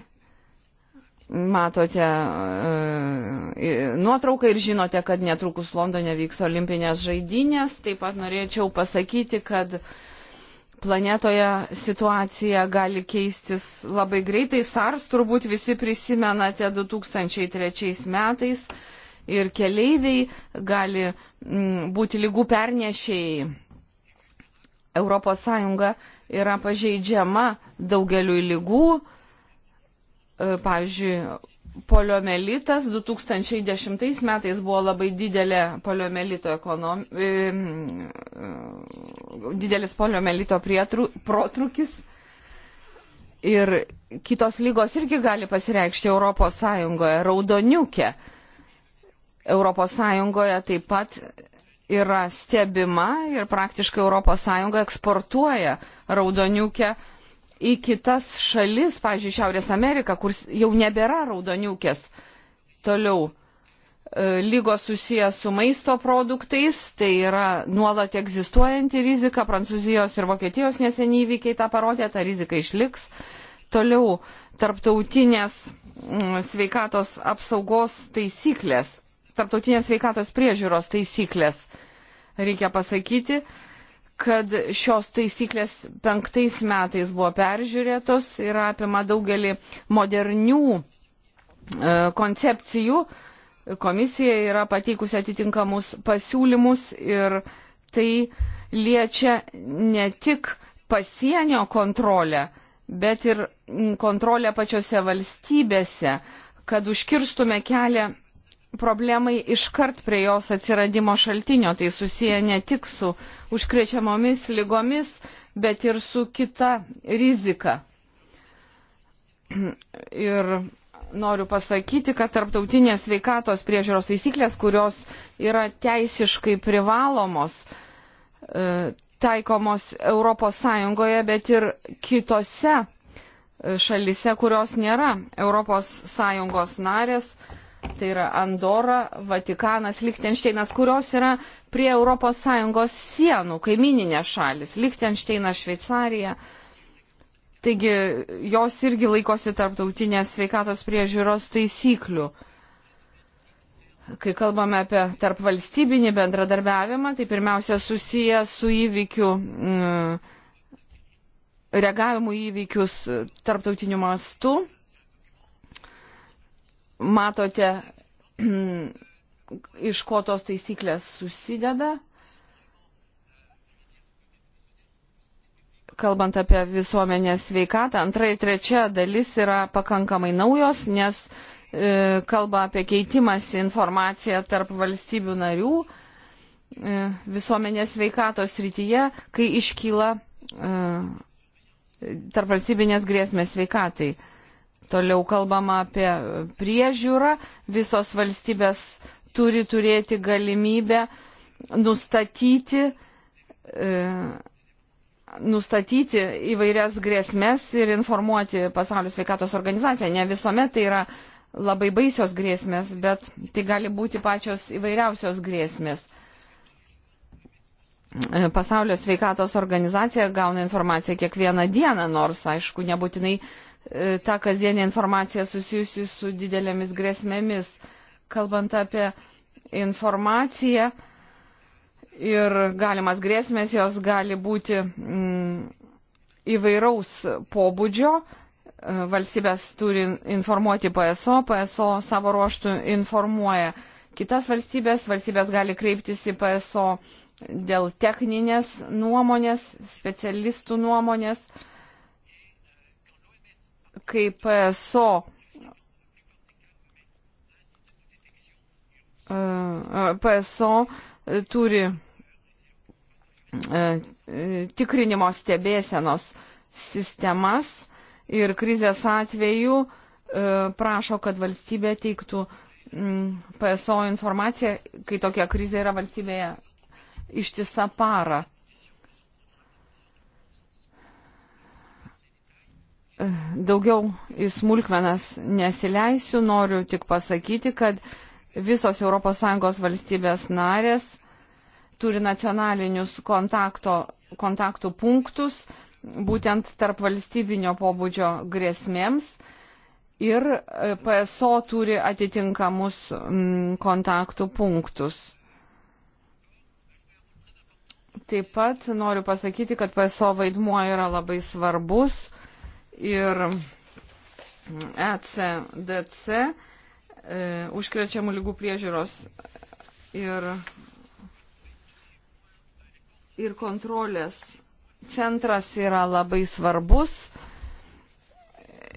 Matote e, nuotrauką ir žinote, kad netrukus Londone vyks olimpinės žaidynės. Taip pat norėčiau pasakyti, kad e, planetoje situacija gali keistis labai greitai. SARS turbūt visi prisimenate 2003 metais ir keleiviai gali m, mm, būti lygų pernešėjai. ES yra pažeidžiama daugeliu lygų, e, pavyzdžiui, poliomelitas 2010 metais buvo labai didelė poliomelito ekonom... didelis poliomelito prietru... protrukis. Ir kitos lygos irgi gali pasireikšti Europos Sąjungoje. Raudoniukė Europos Sąjungoje taip pat yra stebima ir praktiškai Europos Sąjunga eksportuoja raudoniukę į kitas šalis, pavyzdžiui, Šiaurės Ameriką, kur jau nebėra raudoniukės. Toliau e, lygos susijęs su maisto produktais, tai yra nuolat egzistuojanti rizika, Prancūzijos ir Vokietijos neseniai įvykiai tą parodė, ta rizika išliks. Toliau tarptautinės mm, sveikatos apsaugos taisyklės, tarptautinės sveikatos priežiūros taisyklės, reikia pasakyti, kad šios taisyklės penktais metais buvo peržiūrėtos ir apima daugelį modernių e, koncepcijų. Komisija yra pateikusi atitinkamus pasiūlymus ir tai liečia ne tik pasienio kontrolę, bet ir kontrolę pačiose valstybėse, kad užkirstume kelią problemai iškart prie jos atsiradimo šaltinio. Tai susiję ne tik su užkrečiamomis lygomis, bet ir su kita rizika. Ir noriu pasakyti, kad tarptautinės sveikatos priežiūros taisyklės, kurios yra teisiškai privalomos, e, taikomos ES, bet ir kitose e, šalise, kurios nėra ES narės, tai yra Andora, Vatikanas, Lichtensteinas, kurios yra prie ES sienų, kaimininė šalis, Lichtensteinas, Šveicarija. Taigi jos irgi laikosi tarptautinės sveikatos priežiūros taisyklių. Kai kalbame apie tarp valstybinį bendradarbiavimą, tai pirmiausia susiję su įvykių, mm, reagavimu įvykius tarptautiniu mastu matote, *clears throat* iš ko tos taisyklės susideda. Kalbant apie visuomenės sveikatą, antra ir trečia dalis yra pakankamai naujos, nes e, kalba apie keitimąsi informaciją tarp valstybių narių e, visuomenės sveikatos rytyje, kai iškyla e, tarp valstybinės grėsmės sveikatai. E, Toliau kalbama apie priežiūrą. Visos valstybės turi turėti galimybę nustatyti, e, nustatyti įvairias grėsmės ir informuoti pasaulio sveikatos organizaciją. Ne visuomet tai yra labai baisios grėsmės, bet tai gali būti pačios įvairiausios grėsmės. E, pasaulio sveikatos organizacija gauna informaciją kiekvieną dieną, nors, aišku, nebūtinai E, tą kasdienį informaciją susijusi su didelėmis grėsmėmis. Kalbant apie informaciją ir galimas grėsmės, jos gali būti mm, įvairaus pobūdžio. E, valstybės turi informuoti PSO, PSO savo ruoštų informuoja kitas valstybės, valstybės gali kreiptis į PSO dėl techninės nuomonės, specialistų nuomonės. Uh, kai PSO e, e, PSO e, turi tikrinimo stebėsenos sistemas ir krizės atveju prašo, kad valstybė teiktų PSO informaciją, kai tokia krizė yra valstybėje ištisą parą. daugiau į smulkmenas nesileisiu, noriu tik pasakyti, kad visos ES valstybės narės turi nacionalinius kontakto, kontaktų punktus, būtent tarp valstybinio pobūdžio grėsmėms. Ir e, PSO turi atitinkamus m, kontaktų punktus. Taip pat noriu pasakyti, kad PSO vaidmuo yra labai svarbus ir ECDC e, užkrečiamų lygų priežiūros ir, ir kontrolės centras yra labai svarbus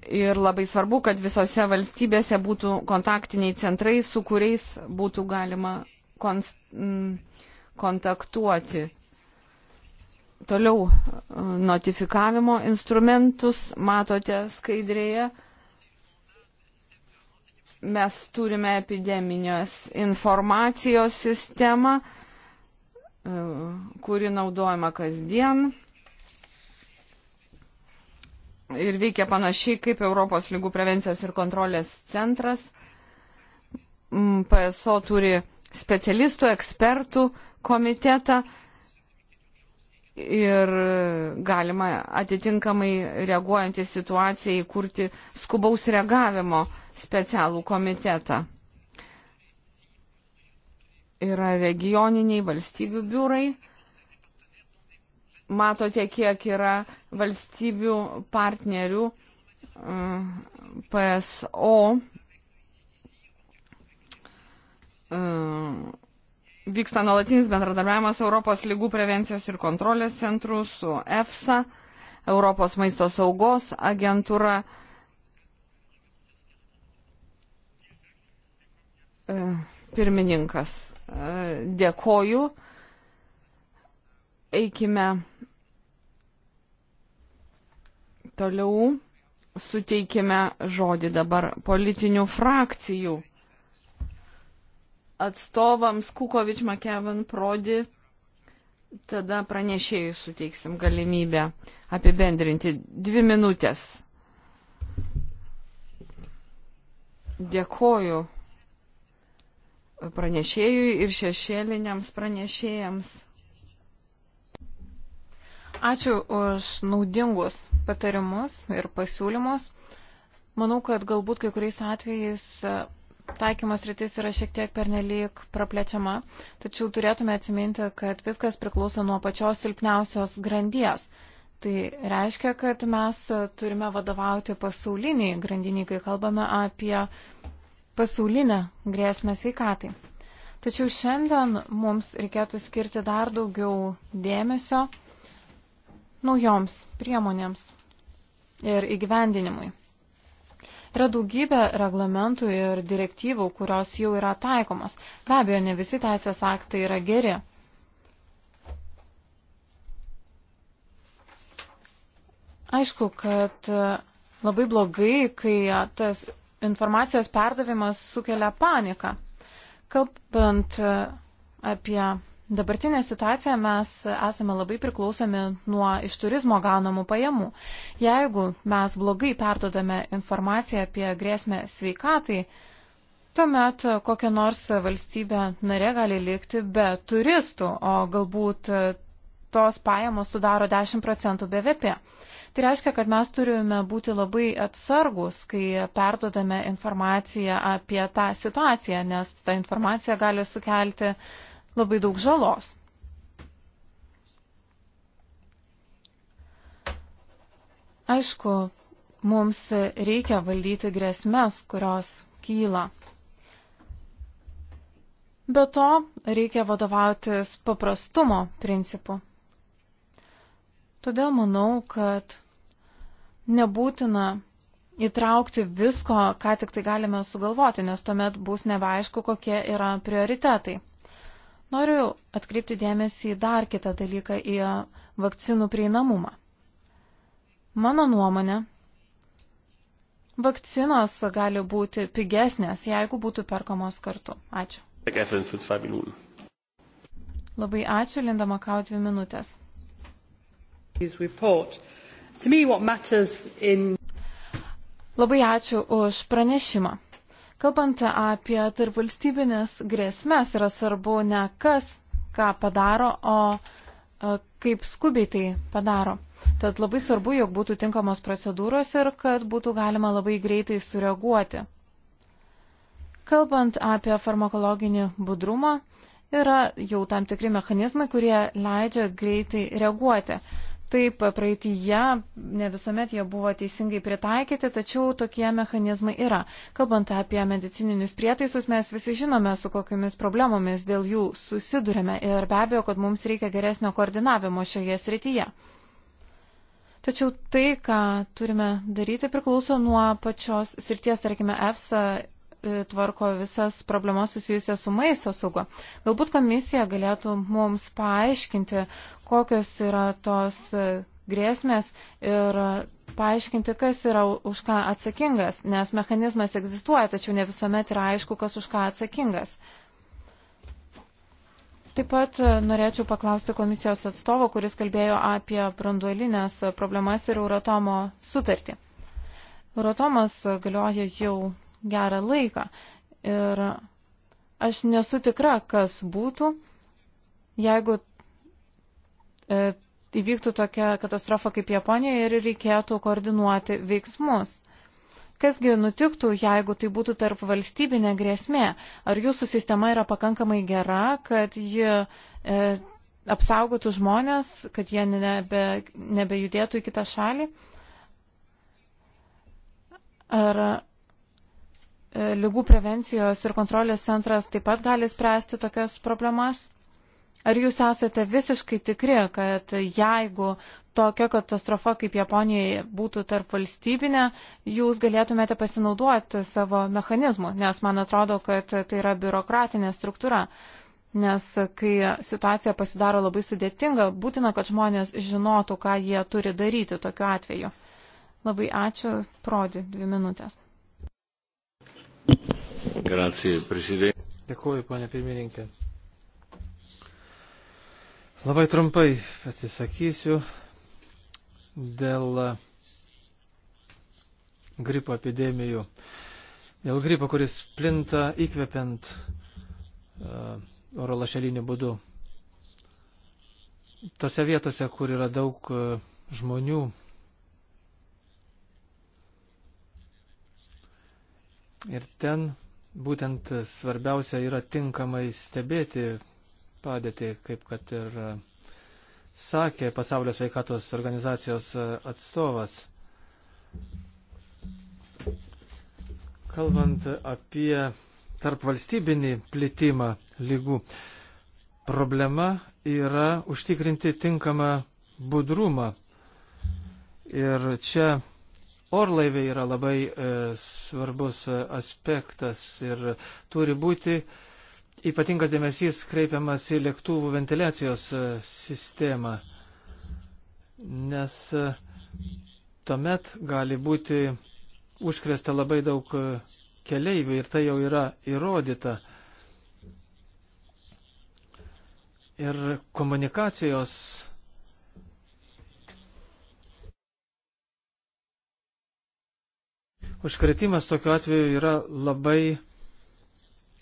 ir labai svarbu, kad visose valstybėse būtų kontaktiniai centrai, su kuriais būtų galima konst, m, mm, kontaktuoti. Toliau e, notifikavimo instrumentus matote skaidrėje. Mes turime epidemijos informacijos sistemą, e, kuri naudojama kasdien ir veikia panašiai kaip Europos lygų prevencijos ir kontrolės centras. PSO turi specialistų, ekspertų komitetą, ir galima atitinkamai reaguojant į situaciją įkurti skubaus reagavimo specialų komitetą. Yra regioniniai valstybių biurai. Matote, kiek yra valstybių partnerių uh, PSO uh, vyksta nuolatinis bendradarbiavimas Europos lygų prevencijos ir kontrolės centrų su EFSA, Europos maisto saugos agentūra. E, pirmininkas, e, dėkoju. Eikime toliau. Suteikime žodį dabar politinių frakcijų atstovams Kukovič, Makevan, Prodi. Tada pranešėjai suteiksim galimybę apibendrinti dvi minutės. Dėkoju pranešėjui ir šešėliniams pranešėjams. Ačiū už naudingus patarimus ir pasiūlymus. Manau, kad galbūt kai kuriais atvejais taikymas rytis yra šiek tiek pernelyg praplečiama, tačiau turėtume atsiminti, kad viskas priklauso nuo pačios silpniausios grandies. Tai reiškia, kad mes turime vadovauti pasauliniai grandiniai, kai kalbame apie pasaulinę grėsmę sveikatai. Tačiau šiandien mums reikėtų skirti dar daugiau dėmesio naujoms priemonėms ir įgyvendinimui. Yra daugybė reglamentų ir direktyvų, kurios jau yra taikomos. Be abejo, ne visi teisės aktai yra geri. Aišku, kad labai blogai, kai tas informacijos perdavimas sukelia paniką. Kalbant apie Dabartinė situacija mes esame labai priklausomi nuo iš turizmo gaunamų pajamų. Jeigu mes blogai perdodame informaciją apie grėsmę sveikatai, tuomet kokia nors valstybė narė gali likti be turistų, o galbūt tos pajamos sudaro 10 procentų BVP. Tai reiškia, kad mes turime būti labai atsargus, kai perdodame informaciją apie tą situaciją, nes ta informacija gali sukelti uh, labai daug žalos. Aišku, mums reikia valdyti grėsmės, kurios kyla. Be to, reikia vadovautis paprastumo principu. Todėl manau, kad nebūtina įtraukti visko, ką tik tai galime sugalvoti, nes tuomet bus nebeaišku, kokie yra prioritetai. Noriu atkreipti dėmesį į dar kitą dalyką, į vakcinų prieinamumą. Mano nuomonė, vakcinos gali būti pigesnės, jeigu būtų perkamos kartu. Ačiū. Labai ačiū, Linda Makau, dvi minutės. Labai ačiū už pranešimą. Kalbant apie tarpvalstybinės grėsmės, yra svarbu ne kas ką padaro, o e, kaip skubiai tai padaro. Tad labai svarbu, jog būtų tinkamos procedūros ir kad būtų galima labai greitai sureaguoti. Kalbant apie farmakologinį budrumą, yra jau tam tikri mechanizmai, kurie leidžia greitai reaguoti. Taip, praeitįje ne visuomet jie buvo teisingai pritaikyti, tačiau tokie mechanizmai yra. Kalbant apie medicininius prietaisus, mes visi žinome, su kokiamis problemomis dėl jų susidurime ir be abejo, kad mums reikia geresnio koordinavimo šioje srityje. Tačiau tai, ką turime daryti, priklauso nuo pačios srities, tarkime, EFSA e, tvarko visas problemas susijusias su maisto saugo. Galbūt komisija galėtų mums paaiškinti, kokios yra tos grėsmės ir paaiškinti, kas yra už ką atsakingas, nes mechanizmas egzistuoja, tačiau ne visuomet yra aišku, kas už ką atsakingas. Taip pat e, norėčiau paklausti komisijos atstovo, kuris kalbėjo apie branduolinės problemas ir Euratomo sutartį. Euratomas galioja jau gerą laiką ir aš nesu tikra, kas būtų, jeigu E, įvyktų tokia katastrofa kaip Japonija ir reikėtų koordinuoti veiksmus. Kasgi nutiktų, jeigu tai būtų tarp valstybinė grėsmė? Ar jūsų sistema yra pakankamai gera, kad ji e, apsaugotų žmonės, kad jie nebe, nebejudėtų į kitą šalį? Ar e, lygų prevencijos ir kontrolės centras taip pat gali spręsti tokias problemas? Ar jūs esate visiškai tikri, kad jeigu tokia katastrofa kaip Japonijoje būtų tarp valstybinė, jūs galėtumėte pasinaudoti savo mechanizmu, nes man atrodo, kad tai yra biurokratinė struktūra. Nes kai situacija pasidaro labai sudėtinga, būtina, kad žmonės žinotų, ką jie turi daryti tokiu atveju. Labai ačiū, prodi, dvi minutės. Grazie, Dėkuoju, ponė pirmininkė. Labai trumpai pasisakysiu dėl gripo epidemijų. Dėl gripo, kuris plinta įkvepiant uh, oro lašeliniu būdu. Tose vietose, kur yra daug uh, žmonių, ir ten būtent svarbiausia yra tinkamai stebėti padėtį, kaip kad ir e, sakė pasaulio sveikatos organizacijos e, atstovas. Kalbant apie tarp valstybinį plitimą lygų, problema yra užtikrinti tinkamą budrumą. Ir čia orlaiviai yra labai e, svarbus e, aspektas ir turi būti e, ypatingas dėmesys kreipiamas į lėktuvų ventiliacijos e, sistemą, nes e, tuomet gali būti užkrėsta labai daug e, keleivių ir tai jau yra įrodyta. Ir komunikacijos užkretimas tokiu atveju yra labai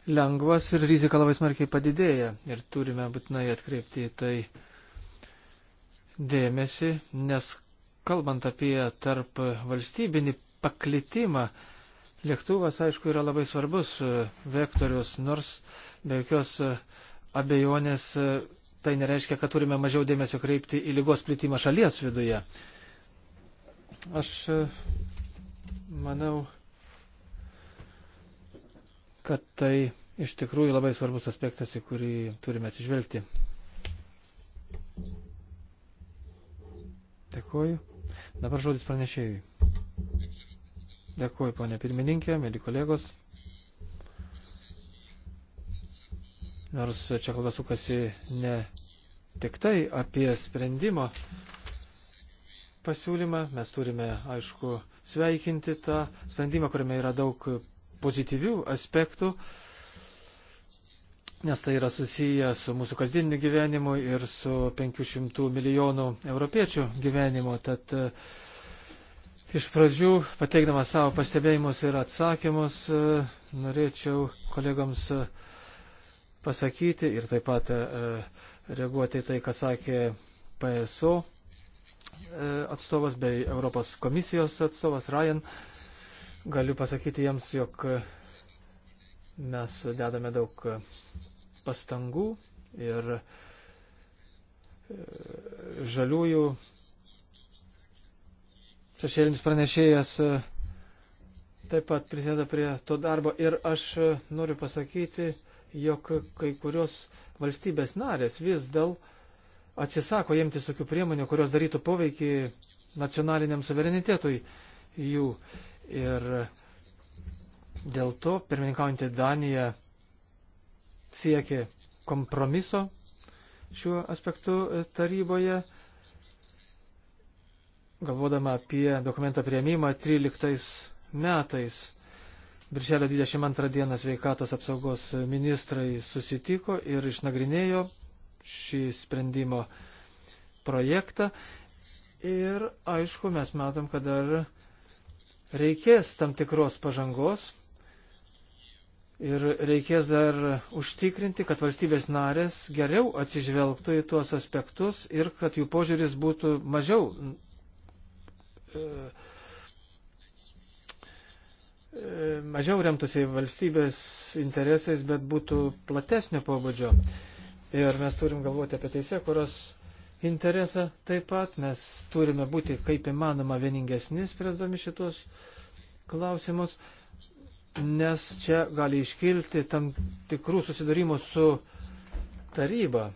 lengvas ir rizika labai smarkiai padidėja ir turime būtinai atkreipti į tai dėmesį, nes kalbant apie tarp valstybinį paklitimą, lėktuvas aišku yra labai svarbus vektorius, nors be jokios abejonės tai nereiškia, kad turime mažiau dėmesio kreipti į lygos plitimą šalies viduje. Aš manau, kad tai iš tikrųjų labai svarbus aspektas, į kurį turime atsižvelgti. Dėkuoju. Dabar žodis pranešėjui. Dėkuoju, ponė pirmininkė, mėly kolegos. Nors čia kalba sukasi ne tik tai apie sprendimą pasiūlymą, mes turime, aišku, sveikinti tą sprendimą, kuriame yra daug pozityvių aspektų, nes tai yra susiję su mūsų kasdieniniu gyvenimu ir su 500 milijonų europiečių gyvenimu. Tad e, iš pradžių, pateikdamas savo pastebėjimus ir atsakymus, e, norėčiau kolegams e, pasakyti ir taip pat reaguoti tai, ką sakė PSO atstovas bei Europos komisijos atstovas Ryan. Uh, Galiu pasakyti jiems, jog mes dedame daug pastangų ir e, žaliųjų šešėlinis pranešėjas e, taip pat prisėda prie to darbo ir aš e, noriu pasakyti, jog kai kurios valstybės narės vis dėl atsisako imtis tokių priemonių, kurios darytų poveikį nacionaliniam suverenitetui jų. Ir dėl to pirmininkaujantį Daniją siekė kompromiso šiuo aspektu taryboje, galvodama apie dokumento prieimimą 13 metais. Birželio 22 dieną sveikatos apsaugos ministrai susitiko ir išnagrinėjo šį sprendimo projektą. Ir aišku, mes matom, kad dar reikės tam tikros pažangos ir reikės dar užtikrinti, kad valstybės narės geriau atsižvelgtų į tuos aspektus ir kad jų požiūris būtų mažiau e, e, mažiau remtųsi valstybės interesais, bet būtų platesnio pobūdžio. Ir mes turim galvoti apie teisė, kurios interesą taip pat. Mes turime būti kaip įmanoma vieningesni spręsdami šitos klausimus, nes čia gali iškilti tam tikrų susidarimų su taryba.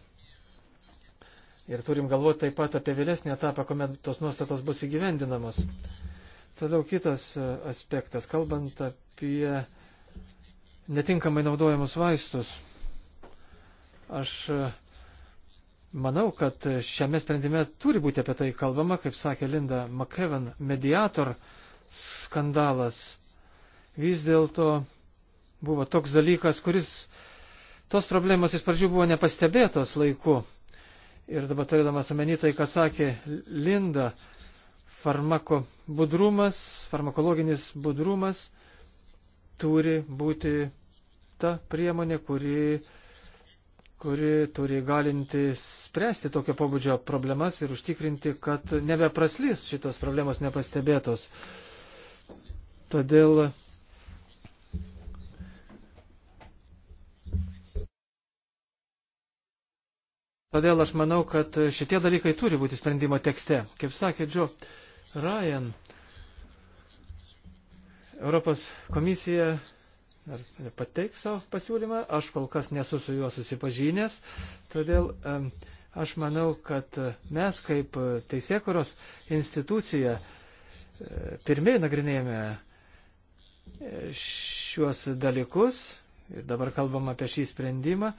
Ir turim galvoti taip pat apie vėlesnį etapą, kuomet tos nuostatos bus įgyvendinamos. Toliau kitas e, aspektas, kalbant apie netinkamai naudojamus vaistus. Aš e, Manau, kad šiame sprendime turi būti apie tai kalbama, kaip sakė Linda McKeven, mediator skandalas vis dėlto buvo toks dalykas, kuris tos problemos iš pradžių buvo nepastebėtos laiku. Ir dabar turėdamas omeny tai, ką sakė Linda, farmako budrumas, farmakologinis budrumas turi būti ta priemonė, kuri kuri turi galinti spręsti tokio pobūdžio problemas ir užtikrinti, kad nebepraslys šitos problemos nepastebėtos. Todėl Todėl aš manau, kad šitie dalykai turi būti sprendimo tekste. Kaip sakė Džo Ryan, Europos komisija ar pateiks savo pasiūlymą. Aš kol kas nesu su juo susipažinęs, todėl aš manau, kad mes kaip teisėkuros institucija e, pirmiai nagrinėjame e, šiuos dalykus. Ir dabar kalbam apie šį sprendimą.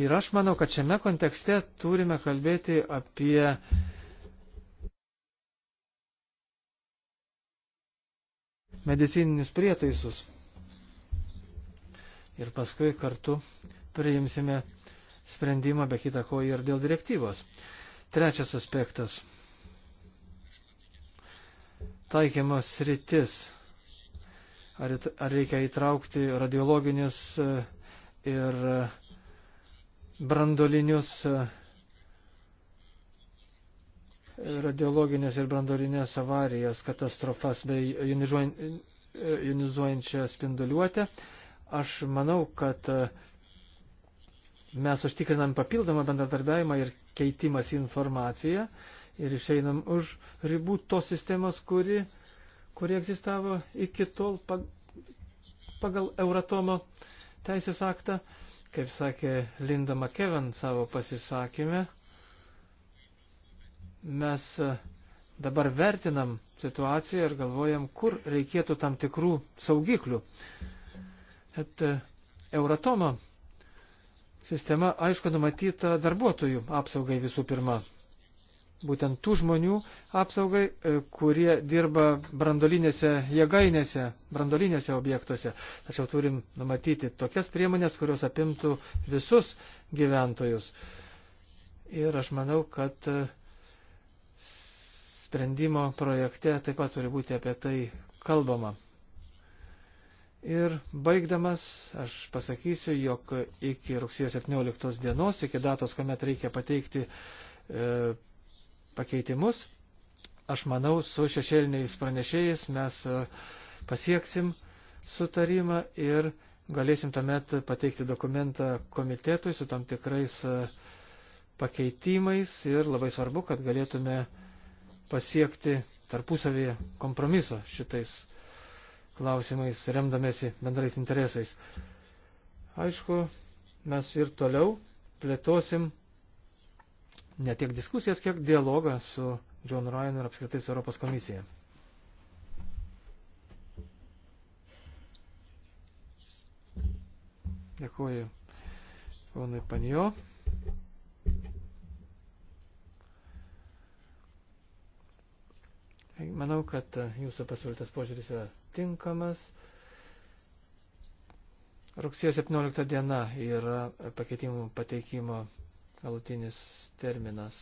Ir aš manau, kad šiame kontekste turime kalbėti apie medicininius prietaisus ir paskui kartu priimsime sprendimą be kita ko ir dėl direktyvos. Trečias aspektas. Taikymas rytis. Ar, ar reikia įtraukti radiologinius e, ir e, brandolinius e, radiologinės ir brandolinės avarijas, katastrofas bei jonizuojančią spinduliuotę. Aš manau, kad e, mes užtikrinam papildomą bendradarbiavimą ir keitimas informaciją ir išeinam už ribų tos sistemos, kuri, kuri egzistavo iki tol pagal Euratomo teisės aktą, kaip sakė Linda McKeven savo pasisakymę. Mes e, dabar vertinam situaciją ir galvojam, kur reikėtų tam tikrų saugiklių. Uh, kad e, Euratomo sistema aišku numatyta darbuotojų apsaugai visų pirma. Būtent tų žmonių apsaugai, e, kurie dirba brandolinėse jėgainėse, brandolinėse objektuose. Tačiau turim numatyti tokias priemonės, kurios apimtų visus gyventojus. Ir aš manau, kad e, sprendimo projekte taip pat turi būti apie tai kalbama. Ir baigdamas aš pasakysiu, jog iki rugsėjo 17 dienos, iki datos, kuomet reikia pateikti e, pakeitimus, aš manau, su šešėliniais pranešėjais mes e, pasieksim sutarimą ir galėsim tuomet pateikti dokumentą komitetui su tam tikrais e, pakeitimais ir labai svarbu, kad galėtume pasiekti tarpusavėje kompromiso šitais klausimais, remdamėsi bendrais interesais. Aišku, mes ir toliau plėtosim ne tiek diskusijas, kiek dialogą su John Ryan ir apskritai su Europos komisija. Dėkuoju ponui Panijo. Manau, kad jūsų pasiūlytas požiūris yra tinkamas. Rugsėjo 17 diena yra pakeitimų pateikimo galutinis terminas.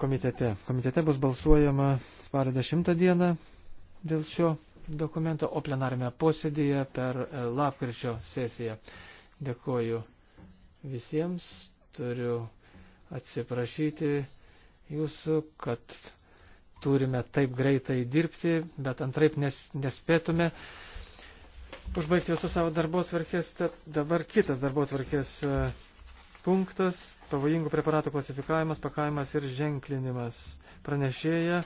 Komitete. Komitete bus balsuojama spalio 10 dieną dėl šio dokumento, o plenarime posėdėje per e, lapkričio sesiją. Dėkoju visiems, turiu atsiprašyti jūsų, kad turime taip greitai dirbti, bet antraip nes, nespėtume užbaigti visus savo darbo atvarkės. Dabar kitas darbo atvarkės e, punktas - pavojingų preparatų klasifikavimas, pakavimas ir ženklinimas. Pranešėja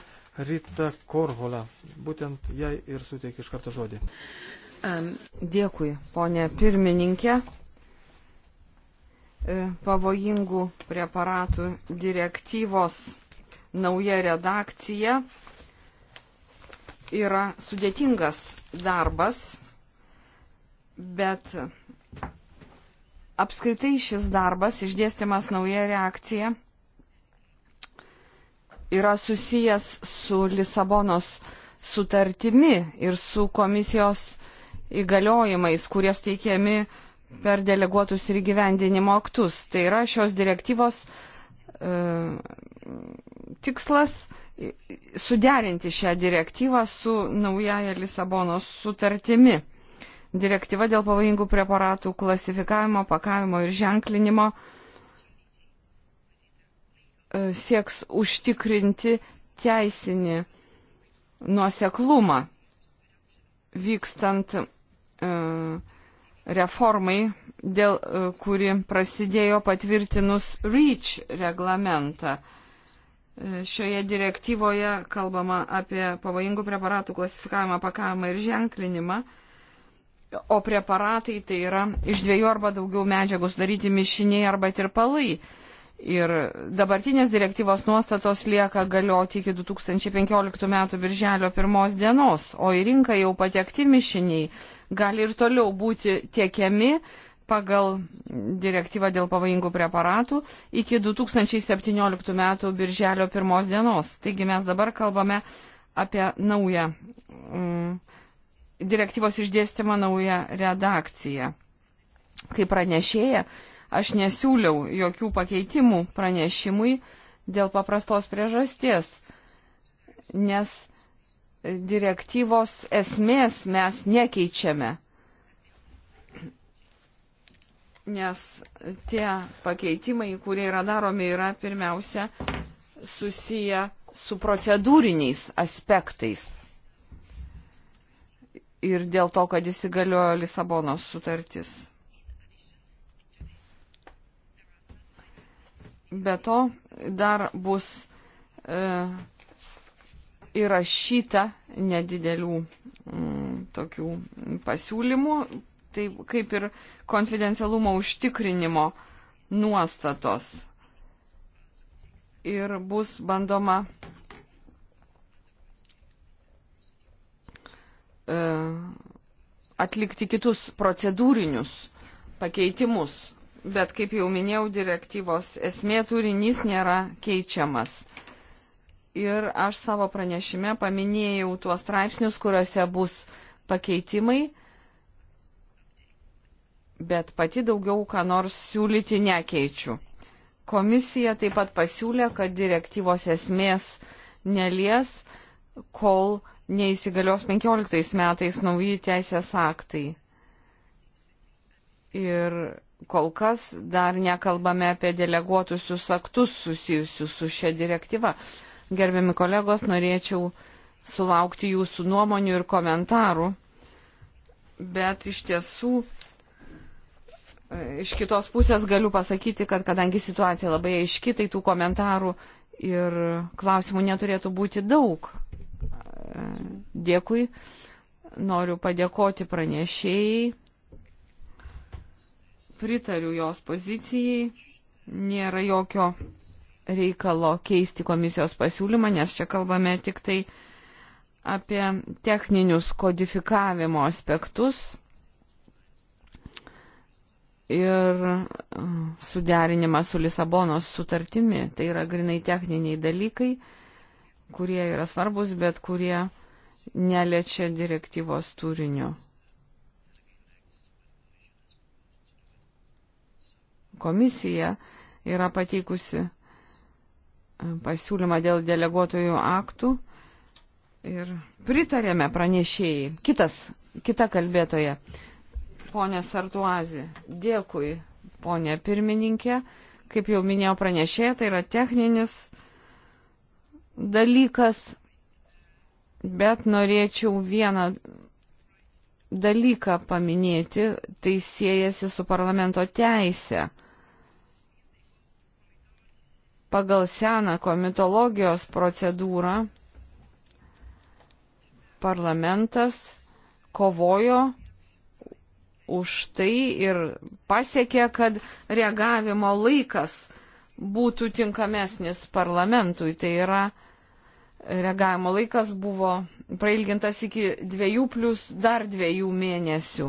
Rita Korhola. Būtent jai ir suteikiu iš karto žodį. Dėkui, ponė pirmininkė. E, pavojingų preparatų direktyvos nauja redakcija yra sudėtingas darbas, bet apskritai šis darbas, išdėstymas nauja reakcija, yra susijęs su Lisabonos sutartimi ir su komisijos įgaliojimais, kurie suteikiami per deleguotus ir gyvendinimo aktus. Tai yra šios direktyvos tikslas suderinti šią direktyvą su naujaja Lisabonos sutartimi. Direktyva dėl pavojingų preparatų klasifikavimo, pakavimo ir ženklinimo e, sieks užtikrinti teisinį nuoseklumą vykstant uh, reformai, dėl, e, kuri prasidėjo patvirtinus REACH reglamentą. E, šioje direktyvoje kalbama apie pavojingų preparatų klasifikavimą, pakavimą ir ženklinimą, o preparatai tai yra iš dviejų arba daugiau medžiagų sudaryti mišiniai arba tirpalai. palai Ir dabartinės direktyvos nuostatos lieka galioti iki 2015 m. birželio 1 dienos, o į rinką jau patekti mišiniai gali ir toliau būti tiekiami pagal direktyvą dėl pavojingų preparatų iki 2017 m. birželio 1 dienos. Taigi mes dabar kalbame apie naują mm, direktyvos išdėstymą, naują redakciją. Kaip pranešėja, Aš nesiūliau jokių pakeitimų pranešimui dėl paprastos priežasties, nes direktyvos esmės mes nekeičiame. Nes tie pakeitimai, kurie yra daromi, yra pirmiausia susiję su procedūriniais aspektais. Ir dėl to, kad įsigaliojo Lisabonos sutartis. Be to dar bus e, įrašyta nedidelių m, mm, tokių pasiūlymų, tai kaip ir konfidencialumo užtikrinimo nuostatos. Ir bus bandoma e, atlikti kitus procedūrinius pakeitimus bet kaip jau minėjau, direktyvos esmė turinys nėra keičiamas. Ir aš savo pranešime paminėjau tuos straipsnius, kuriuose bus pakeitimai, bet pati daugiau ką nors siūlyti nekeičiu. Komisija taip pat pasiūlė, kad direktyvos esmės nelies, kol neįsigalios 15 metais nauji teisės aktai. Ir kol kas dar nekalbame apie deleguotusius aktus susijusius su šia direktyva. Gerbiami kolegos, norėčiau sulaukti jūsų nuomonių ir komentarų, bet iš tiesų e, iš kitos pusės galiu pasakyti, kad kadangi situacija labai aiški, tai tų komentarų ir klausimų neturėtų būti daug. E, dėkui. Noriu padėkoti pranešėjai pritariu jos pozicijai, nėra jokio reikalo keisti komisijos pasiūlymą, nes čia kalbame tik tai apie techninius kodifikavimo aspektus ir uh, suderinimą su Lisabonos sutartimi. Tai yra grinai techniniai dalykai, kurie yra svarbus, bet kurie neliečia direktyvos turinio. komisija yra pateikusi e, pasiūlymą dėl deleguotojų aktų ir pritarėme pranešėjai. Kitas, kita kalbėtoja, ponė Sartuazi, dėkui, ponė pirmininkė. Kaip jau minėjo pranešėja, tai yra techninis dalykas, bet norėčiau vieną dalyką paminėti, tai siejasi su parlamento teisė pagal seną komitologijos procedūrą parlamentas kovojo už tai ir pasiekė, kad reagavimo laikas būtų tinkamesnis parlamentui. Tai yra reagavimo laikas buvo prailgintas iki dviejų plus dar dviejų mėnesių.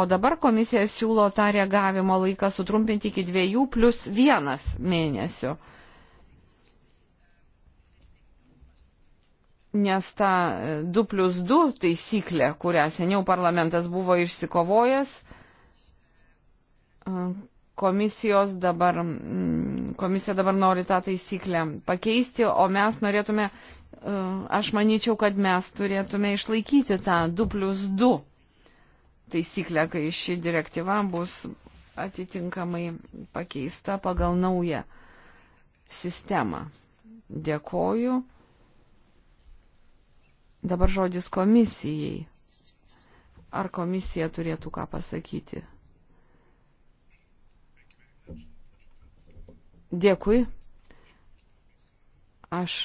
O dabar komisija siūlo tą reagavimo laiką sutrumpinti iki dviejų plus vienas mėnesio. nes ta 2 plus 2 taisyklė, kurią seniau parlamentas buvo išsikovojęs, e, komisijos dabar, komisija dabar nori tą taisyklę pakeisti, o mes norėtume, e, aš manyčiau, kad mes turėtume išlaikyti tą 2 plus 2 taisyklę, kai ši direktyva bus atitinkamai pakeista pagal naują sistemą. Dėkoju. Dabar žodis komisijai. Ar komisija turėtų ką pasakyti? Dėkui. Aš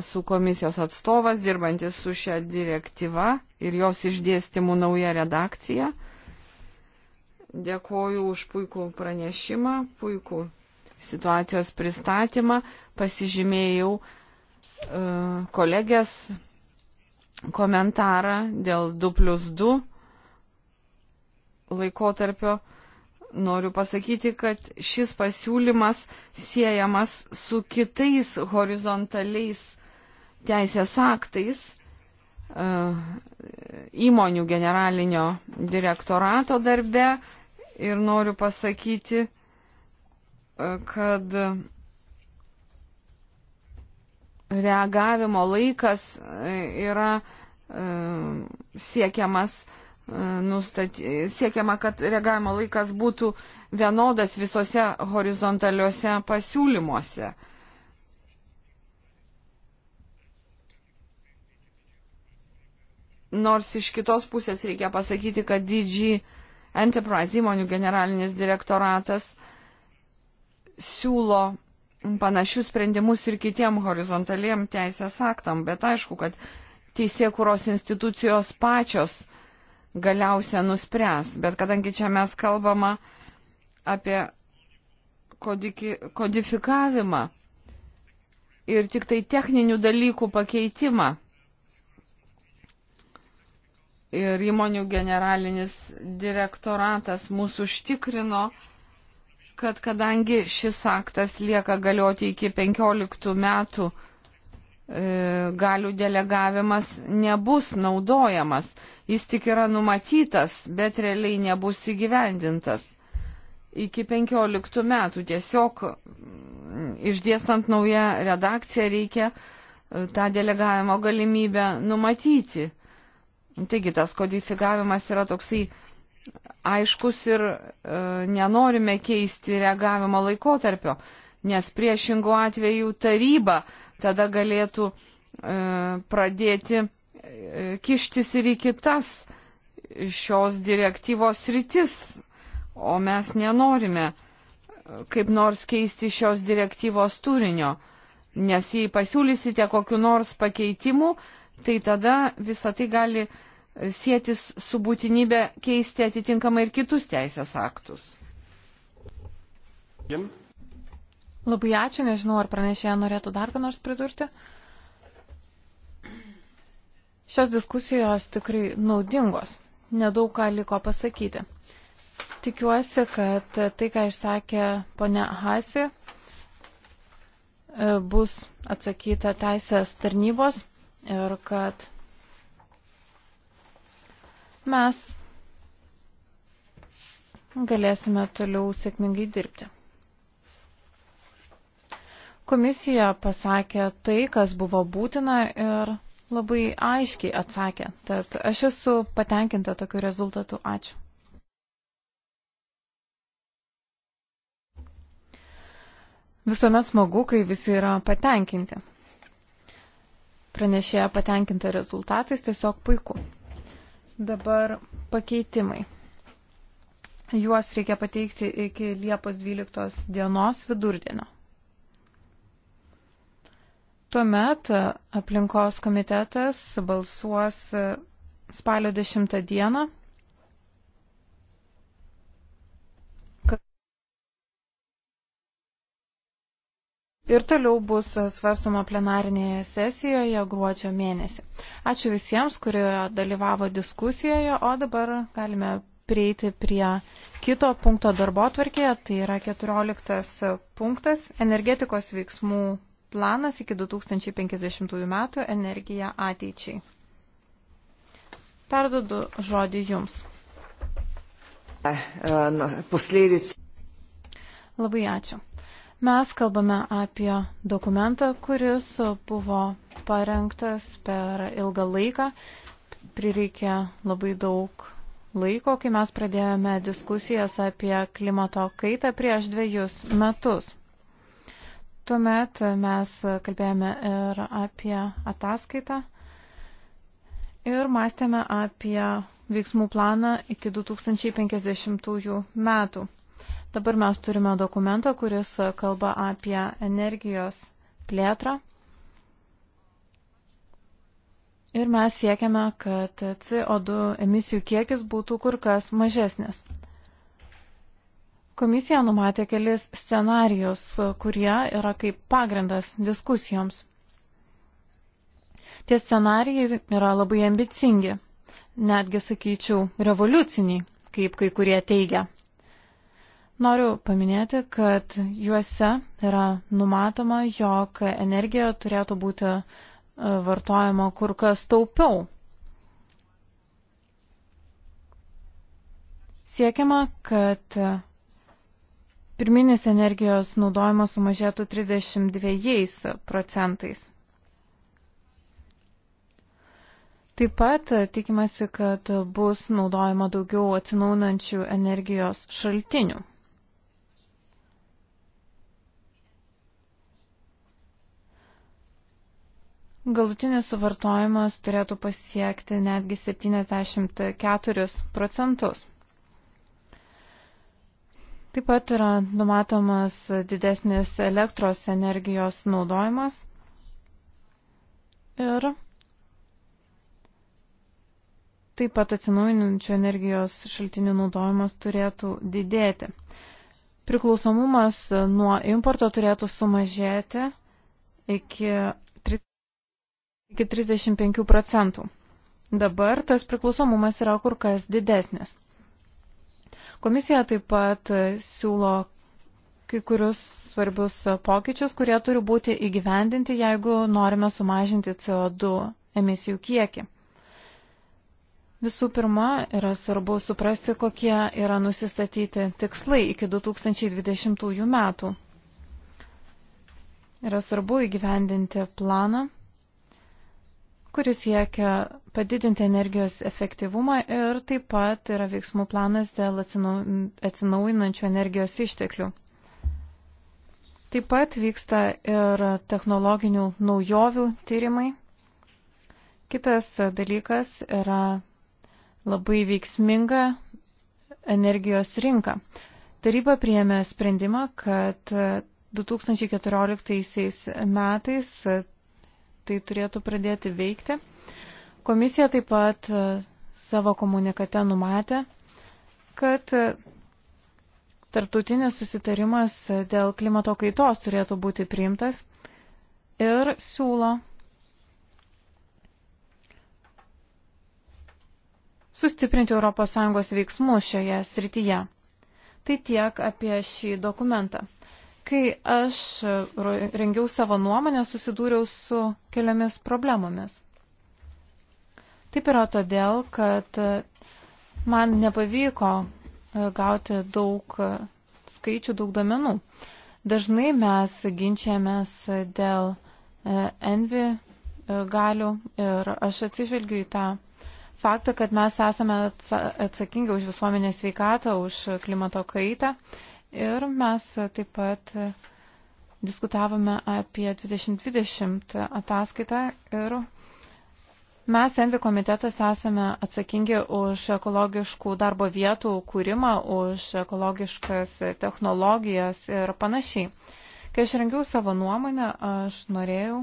esu komisijos atstovas, dirbantis su šią direktyvą ir jos išdėstymų nauja redakcija. Dėkoju už puikų pranešimą, puikų situacijos pristatymą. Pasižymėjau uh, kolegės komentarą dėl 2 plus 2 laikotarpio. Noriu pasakyti, kad šis pasiūlymas siejamas su kitais horizontaliais teisės aktais e, įmonių generalinio direktorato darbe ir noriu pasakyti, e, kad reagavimo laikas e, yra e, siekiamas e, nustaty, siekiama, kad reagavimo laikas būtų vienodas visose horizontaliuose pasiūlymuose. Nors iš kitos pusės reikia pasakyti, kad DG Enterprise įmonių generalinis direktoratas siūlo panašius sprendimus ir kitiem horizontaliem teisės aktam, bet aišku, kad teisėkuros institucijos pačios galiausia nuspręs. Bet kadangi čia mes kalbama apie kodiki, kodifikavimą ir tik tai techninių dalykų pakeitimą. Ir įmonių generalinis direktoratas mūsų užtikrino, kad kadangi šis aktas lieka galioti iki 15 metų, e, galių delegavimas nebus naudojamas. Jis tik yra numatytas, bet realiai nebus įgyvendintas. Iki 15 metų tiesiog mm, išdėstant naują redakciją reikia e, tą delegavimo galimybę numatyti. Taigi tas kodifikavimas yra toksai aiškus ir e, nenorime keisti reagavimo laikotarpio, nes priešingų atvejų taryba tada galėtų e, pradėti e, kištis ir į kitas šios direktyvos rytis, o mes nenorime e, kaip nors keisti šios direktyvos turinio, nes jei pasiūlysite kokiu nors pakeitimu, tai tada visą tai gali uh, sėtis su būtinybė keisti atitinkamai ir kitus teisės aktus. Labai ačiū, nežinau, ar pranešėja norėtų dar ką nors pridurti. Šios diskusijos tikrai naudingos. Nedaug ką liko pasakyti. Tikiuosi, kad tai, ką išsakė ponia Hasi, e, bus atsakyta teisės tarnybos ir kad mes galėsime toliau sėkmingai dirbti. Komisija pasakė tai, kas buvo būtina ir labai aiškiai atsakė. Tad aš esu patenkinta tokiu rezultatu. Ačiū. Visuomet smagu, kai visi yra patenkinti. Pranešėja patenkinta rezultatais tiesiog puiku. Dabar pakeitimai. Juos reikia pateikti iki Liepos 12 dienos vidurdienio. Tuomet aplinkos komitetas balsuos spalio 10 dieną ir toliau bus svarstoma plenarinėje sesijoje gruodžio mėnesį. Ačiū visiems, kurie dalyvavo diskusijoje, o dabar galime prieiti prie kito punkto darbo tvarkėje, tai yra 14 punktas energetikos veiksmų planas iki 2050 metų energija ateičiai. Perdodu žodį Jums. E, Poslėdis. Labai ačiū. Mes kalbame apie dokumentą, kuris buvo parengtas per ilgą laiką. Prireikė labai daug laiko, kai mes pradėjome diskusijas apie klimato kaitą prieš dviejus metus. Tuomet mes kalbėjome ir apie ataskaitą ir mąstėme apie veiksmų planą iki 2050 metų. Dabar mes turime dokumentą, kuris kalba apie energijos plėtrą. Ir mes siekiame, kad CO2 emisijų kiekis būtų kur kas mažesnis. Komisija numatė kelis scenarijus, kurie yra kaip pagrindas diskusijoms. Tie scenarijai yra labai ambicingi, netgi sakyčiau revoliuciniai, kaip kai kurie teigia. Noriu paminėti, kad juose yra numatoma, jog energija turėtų būti e, vartojama kur kas taupiau. Siekiama, kad e, pirminis energijos naudojimas sumažėtų 32 procentais. Taip pat e, tikimasi, kad bus naudojama daugiau atsinaunančių energijos šaltinių. galutinis suvartojimas turėtų pasiekti netgi 74 procentus. Taip pat yra numatomas didesnis elektros energijos naudojimas ir taip pat atsinaujinančių energijos šaltinių naudojimas turėtų didėti. Priklausomumas nuo importo turėtų sumažėti iki iki 35 procentų. Dabar tas priklausomumas yra kur kas didesnis. Komisija taip pat siūlo kai kurius svarbius pokyčius, kurie turi būti įgyvendinti, jeigu norime sumažinti CO2 emisijų kiekį. Visų pirma, yra svarbu suprasti, kokie yra nusistatyti tikslai iki 2020 metų. Yra svarbu įgyvendinti planą kuris siekia padidinti energijos efektyvumą ir taip pat yra veiksmų planas dėl atsinaujinančių energijos išteklių. Taip pat vyksta ir technologinių naujovių tyrimai. Kitas dalykas yra labai veiksminga energijos rinka. Taryba priėmė sprendimą, kad 2014 metais tai turėtų pradėti veikti. Komisija taip pat e, savo komunikate numatė, kad e, tarptautinis susitarimas e, dėl klimato kaitos turėtų būti priimtas ir siūlo sustiprinti ES veiksmus šioje srityje. Tai tiek apie šį dokumentą. Kai aš e, rengiau savo nuomonę, susidūriau su keliomis problemomis. Taip yra todėl, kad e, man nepavyko e, gauti daug skaičių, daug domenų. Dažnai mes ginčiamės dėl envi galių ir aš atsižvelgiu į tą faktą, kad mes esame atsakingi už visuomenės sveikatą, už klimato kaitą Ir mes taip pat diskutavome apie 2020 ataskaitą ir mes, Envi komitetas, esame atsakingi už ekologiškų darbo vietų kūrimą, už ekologiškas technologijas ir panašiai. Kai aš rengiau savo nuomonę, aš norėjau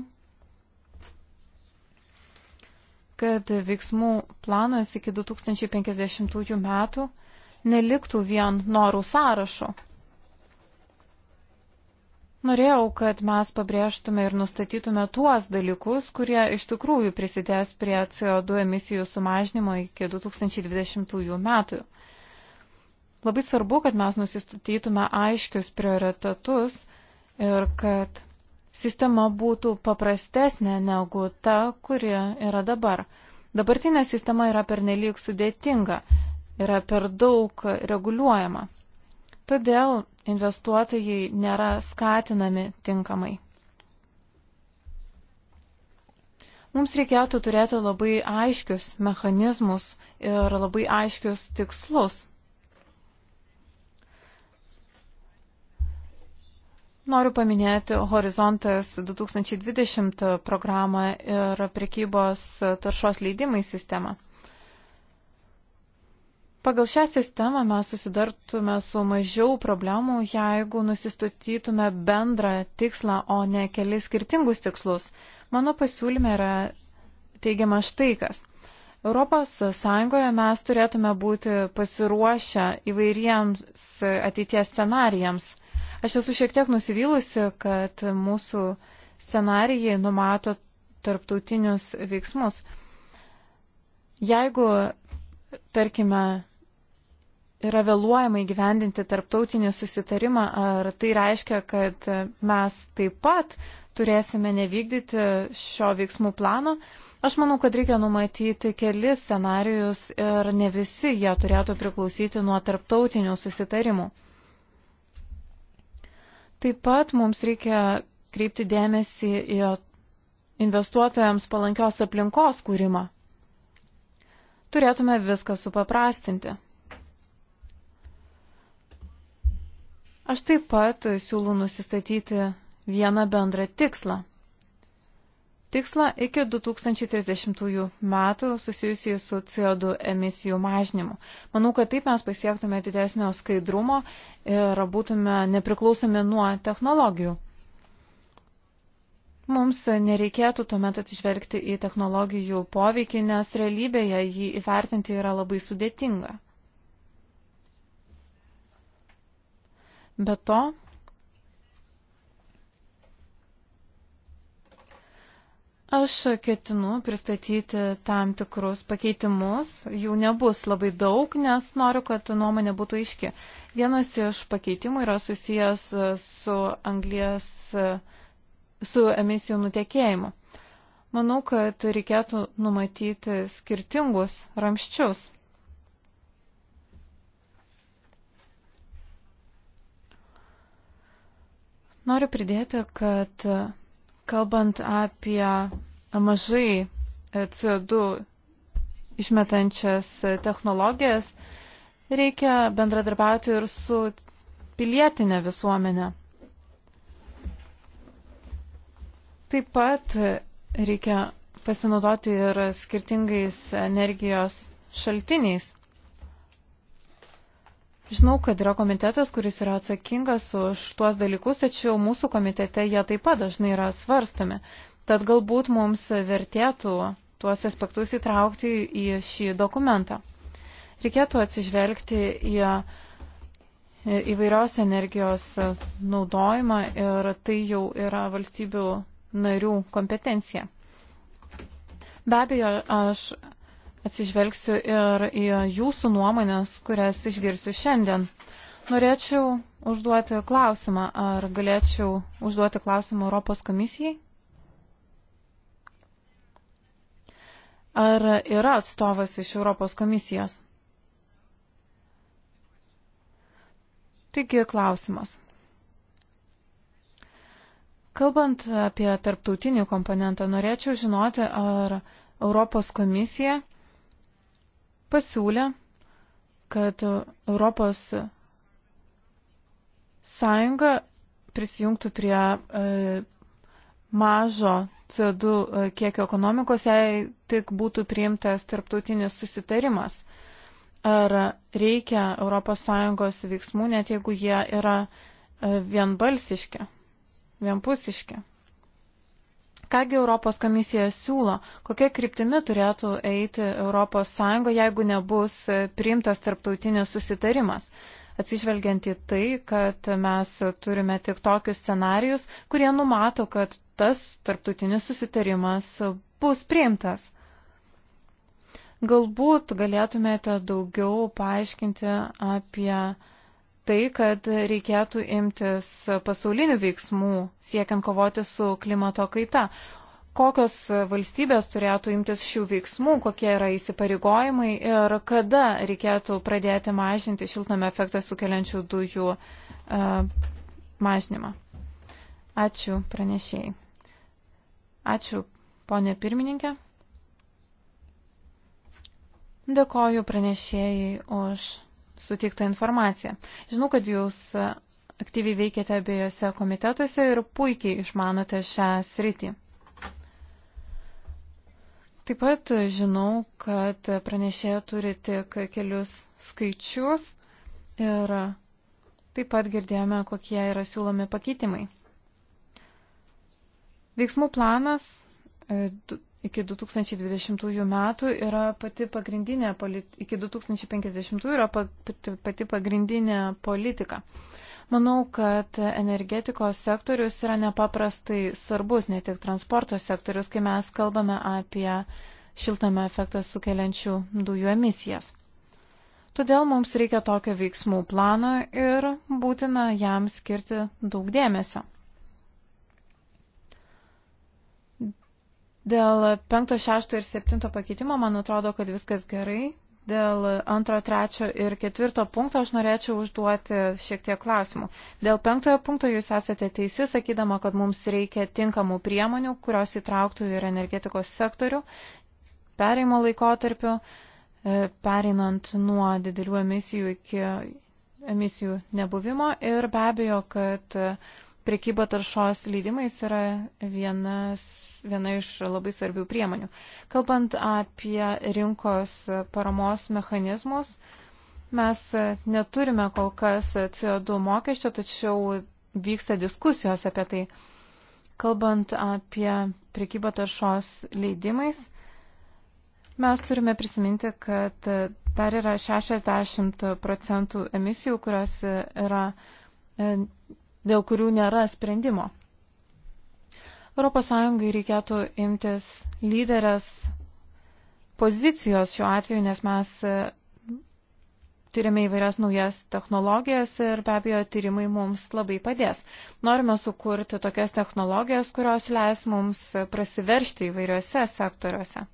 kad veiksmų planas iki 2050 metų neliktų vien norų sąrašo. Norėjau, kad mes pabrėžtume ir nustatytume tuos dalykus, kurie iš tikrųjų prisidės prie CO2 emisijų sumažinimo iki 2020 metų. Labai svarbu, kad mes nusistatytume aiškius prioritetus ir kad sistema būtų paprastesnė negu ta, kuri yra dabar. Dabartinė sistema yra pernelyg sudėtinga, yra per daug reguliuojama. Todėl investuotojai nėra skatinami tinkamai. Mums reikėtų turėti labai aiškius mechanizmus ir labai aiškius tikslus. Noriu paminėti Horizontas 2020 programą ir prekybos taršos leidimai sistemą. Pagal šią sistemą mes susidartume su mažiau problemų, jeigu nusistatytume bendrą tikslą, o ne kelis skirtingus tikslus. Mano pasiūlyme yra teigiama štai kas. Europos Sąjungoje mes turėtume būti pasiruošę įvairiems ateities scenarijams. Aš esu šiek tiek nusivylusi, kad mūsų scenarijai numato tarptautinius veiksmus. Jeigu, tarkime, yra vėluojama įgyvendinti tarptautinį susitarimą, ar tai reiškia, kad mes taip pat turėsime nevykdyti šio veiksmų plano? Aš manau, kad reikia numatyti kelis scenarius ir ne visi jie turėtų priklausyti nuo tarptautinių susitarimų. Taip pat mums reikia kreipti dėmesį į investuotojams palankios aplinkos kūrimą. Turėtume viską supaprastinti. Aš taip pat siūlau nusistatyti vieną bendrą tikslą. Tikslą iki 2030 metų susijusį su CO2 emisijų mažinimu. Manau, kad taip mes pasiektume didesnio skaidrumo ir būtume nepriklausomi nuo technologijų. Mums nereikėtų tuomet atsižvelgti į technologijų poveikį, nes realybėje jį įvertinti yra labai sudėtinga. Be to, Aš ketinu pristatyti tam tikrus pakeitimus, jų nebus labai daug, nes noriu, kad nuomonė būtų aiški. Vienas iš pakeitimų yra susijęs su anglės, su emisijų nutekėjimu. Manau, kad reikėtų numatyti skirtingus ramščius. Noriu pridėti, kad kalbant apie mažai e, CO2 išmetančias e, technologijas, reikia bendradarbiauti ir su pilietinė visuomenė. Taip pat e, reikia pasinaudoti ir skirtingais energijos šaltiniais. Žinau, kad yra komitetas, kuris yra atsakingas už tuos dalykus, tačiau mūsų komitete jie taip pat dažnai yra svarstomi. Tad galbūt mums vertėtų tuos aspektus įtraukti į šį dokumentą. Reikėtų atsižvelgti į įvairios energijos naudojimą ir tai jau yra valstybių narių kompetencija. Be abejo, aš atsižvelgsiu ir į jūsų nuomonės, kurias išgirsiu šiandien. Norėčiau užduoti klausimą, ar galėčiau užduoti klausimą Europos komisijai? Ar yra atstovas iš Europos komisijos? Taigi klausimas. Kalbant apie tarptautinį komponentą, norėčiau žinoti, ar Europos komisija pasiūlė, kad Europos Sąjunga prisijungtų prie e, mažo CO2 e, kiekio ekonomikos, jei tik būtų priimtas tarptautinis susitarimas. Ar reikia ES veiksmų, net jeigu jie yra e, vienbalsiški, vienpusiški? Kągi Europos komisija siūlo, kokia kryptimi turėtų eiti ES, jeigu nebus e, priimtas tarptautinis susitarimas, atsižvelgiant į tai, kad mes turime tik tokius scenarius, kurie numato, kad tas tarptautinis susitarimas bus priimtas. Galbūt galėtumėte daugiau paaiškinti apie tai, kad reikėtų imtis pasaulinių veiksmų siekiant kovoti su klimato kaita. Kokios valstybės turėtų imtis šių veiksmų, kokie yra įsipareigojimai ir kada reikėtų pradėti mažinti šiltnamio efektą sukeliančių dujų uh, mažinimą. Ačiū pranešėjai. Ačiū, ponė pirmininkė. Dėkoju pranešėjai už suteiktą informaciją. Žinau, kad jūs aktyviai veikiate abiejose komitetuose ir puikiai išmanote šią sritį. Taip pat žinau, kad pranešėja turi tik kelius skaičius ir taip pat girdėjome, kokie yra siūlomi pakeitimai. Veiksmų planas e, iki 2020 metų yra pati pagrindinė politika, iki 2050 yra pati, pati pagrindinė politika. Manau, kad energetikos sektorius yra nepaprastai svarbus, ne tik transporto sektorius, kai mes kalbame apie šiltame efektą sukeliančių dujų emisijas. Todėl mums reikia tokio veiksmų plano ir būtina jam skirti daug dėmesio. Dėl 5, 6 ir 7 pakeitimo man atrodo, kad viskas gerai. Dėl 2, 3 ir 4 punkto aš norėčiau užduoti šiek tiek klausimų. Dėl 5 punkto jūs esate teisi, sakydama, kad mums reikia tinkamų priemonių, kurios įtrauktų ir energetikos sektorių pereimo laikotarpiu, e, pereinant nuo didelių emisijų iki emisijų nebuvimo ir be abejo, kad e, prekyba taršos leidimais yra vienas viena iš labai svarbių priemonių. Kalbant apie rinkos paramos mechanizmus, mes neturime kol kas CO2 mokesčio, tačiau vyksta diskusijos apie tai. Kalbant apie prekybą taršos leidimais, mes turime prisiminti, kad dar yra 60 procentų emisijų, kurios yra, e, dėl kurių nėra sprendimo. ES reikėtų imtis lyderės pozicijos šiuo atveju, nes mes e, tyrime įvairias naujas technologijas ir be abejo tyrimai mums labai padės. Norime sukurti tokias technologijas, kurios leis mums prasiveršti įvairiuose sektoriuose.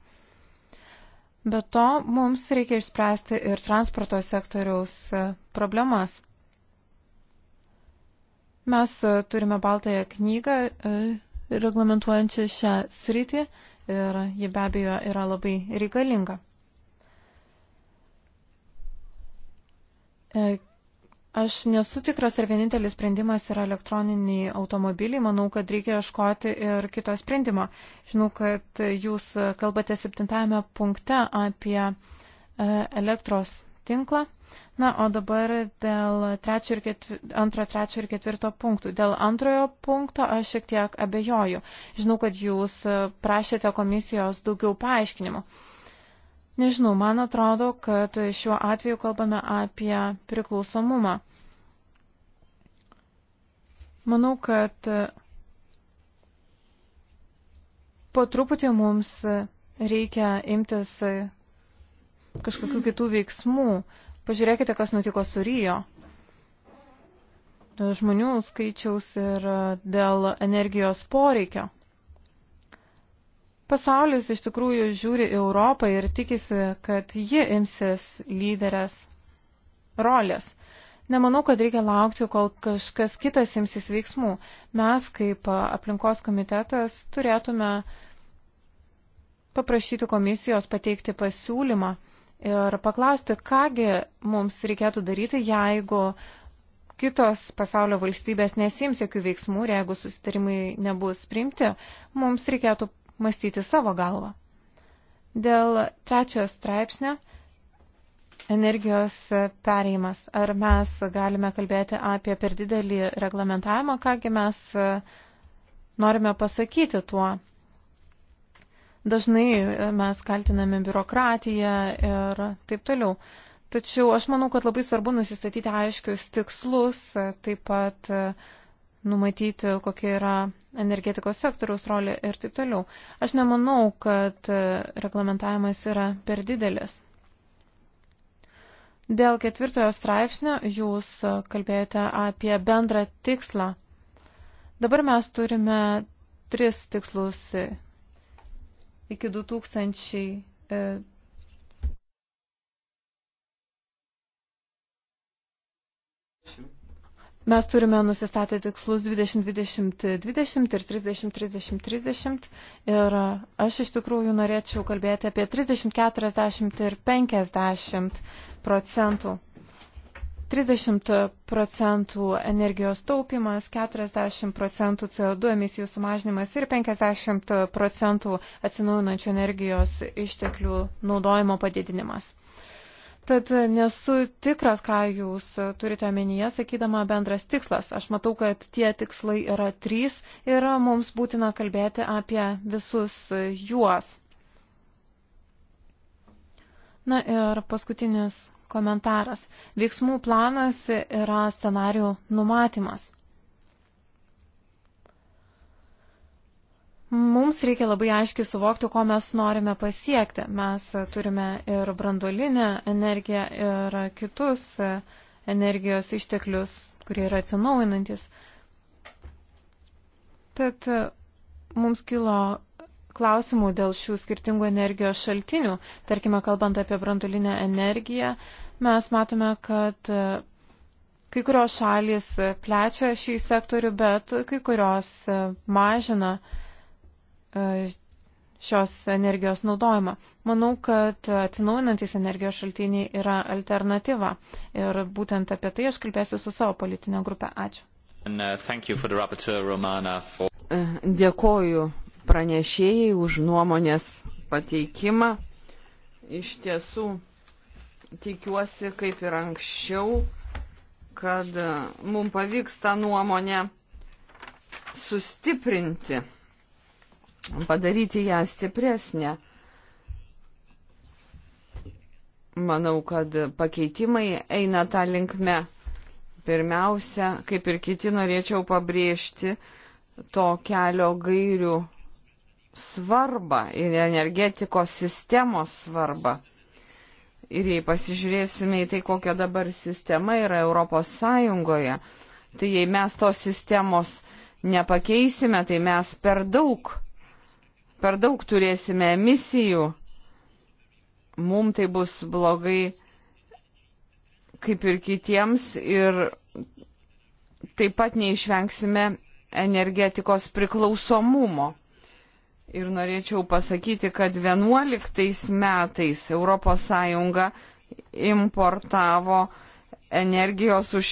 Be to, mums reikia išspręsti ir transporto sektoriaus e, problemas. Mes e, turime baltąją knygą reglamentuojančią šią sritį ir ji be abejo yra labai reikalinga. E, aš nesu tikras, ar vienintelis sprendimas yra elektroniniai automobiliai. Manau, kad reikia ieškoti ir kito sprendimo. Žinau, kad jūs kalbate septintame punkte apie e, elektros tinklą. Na, o dabar dėl trečio ir ketvi, antro, trečio ir ketvirto punktų. Dėl antrojo punkto aš šiek tiek abejoju. Žinau, kad jūs prašėte komisijos daugiau paaiškinimų. Nežinau, man atrodo, kad šiuo atveju kalbame apie priklausomumą. Manau, kad po truputį mums reikia imtis kažkokių kitų veiksmų. Pažiūrėkite, kas nutiko su Rijo. Dėl žmonių skaičiaus ir e, dėl energijos poreikio. Pasaulis iš tikrųjų žiūri Europą ir tikisi, kad ji imsis lyderės rolės. Nemanau, kad reikia laukti, kol kažkas kitas imsis veiksmų. Mes, kaip aplinkos komitetas, turėtume paprašyti komisijos pateikti pasiūlymą ir paklausti, kągi mums reikėtų daryti, jeigu kitos pasaulio valstybės nesims jokių veiksmų ir jeigu susitarimai nebus priimti, mums reikėtų mąstyti savo galvą. Dėl trečiojo straipsnio energijos pereimas. Ar mes galime kalbėti apie per didelį reglamentavimą, kągi mes norime pasakyti tuo? Dažnai e, mes kaltiname biurokratiją ir taip toliau. Tačiau aš manau, kad labai svarbu nusistatyti aiškius tikslus, e, taip pat e, numatyti, kokia yra energetikos sektoriaus rolė ir taip toliau. Aš nemanau, kad reglamentavimas yra per didelis. Dėl ketvirtojo straipsnio jūs kalbėjote apie bendrą tikslą. Dabar mes turime tris tikslus iki 2000. 20. E, mes turime nusistatę tikslus 20-20-20 ir 30-30-30 ir aš iš tikrųjų norėčiau kalbėti apie 30-40 ir 50 procentų 30 procentų energijos taupimas, 40 procentų CO2 emisijų sumažinimas ir 50 procentų atsinaujinančių energijos išteklių naudojimo padidinimas. Tad nesu tikras, ką jūs turite omenyje, sakydama bendras tikslas. Aš matau, kad tie tikslai yra trys ir mums būtina kalbėti apie visus juos. Na ir paskutinis komentaras. Veiksmų planas yra scenarių numatymas. Mums reikia labai aiškiai suvokti, ko mes norime pasiekti. Mes turime ir brandolinę energiją, ir kitus energijos išteklius, kurie yra atsinaujinantis. Tad mums kilo klausimų dėl šių skirtingų energijos šaltinių. Tarkime, kalbant apie brandulinę energiją, mes matome, kad e, kai kurios šalys e, plečia šį sektorių, bet kai kurios e, mažina šios energijos naudojimą. Manau, kad atsinaujinantis energijos šaltiniai yra alternatyva ir būtent apie tai aš kalbėsiu su savo politinė grupė. Ačiū. Uh, dėkoju pranešėjai už nuomonės pateikimą. Iš tiesų, tikiuosi, kaip ir anksčiau, kad mums pavyks tą nuomonę sustiprinti, padaryti ją stipresnę. Manau, kad pakeitimai eina tą linkmę. Pirmiausia, kaip ir kiti, norėčiau pabrėžti to kelio gairių svarbą ir energetikos sistemos svarbą. Ir jei pasižiūrėsime į tai, kokia dabar sistema yra Europos Sąjungoje, tai jei mes tos sistemos nepakeisime, tai mes per daug, per daug turėsime emisijų. Mums tai bus blogai kaip ir kitiems ir taip pat neišvengsime energetikos priklausomumo. Ir norėčiau pasakyti, kad 11 metais ES importavo energijos už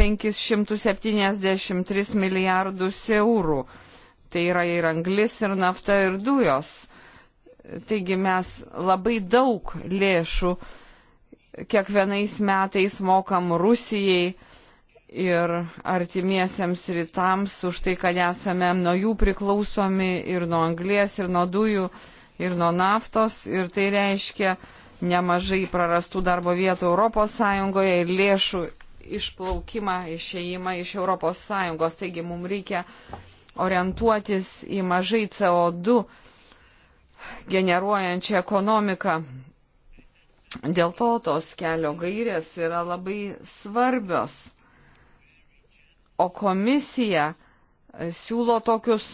573 milijardus eurų. Tai yra ir anglis, ir nafta, ir dujos. Taigi mes labai daug lėšų kiekvienais metais mokam Rusijai ir artimiesiems rytams už tai, kad esame nuo jų priklausomi ir nuo anglės, ir nuo dujų, ir nuo naftos. Ir tai reiškia nemažai prarastų darbo vietų ES ir lėšų išplaukimą, išėjimą iš ES. Taigi mums reikia orientuotis į mažai CO2 generuojančią ekonomiką. Dėl to tos kelio gairės yra labai svarbios O komisija e, siūlo tokius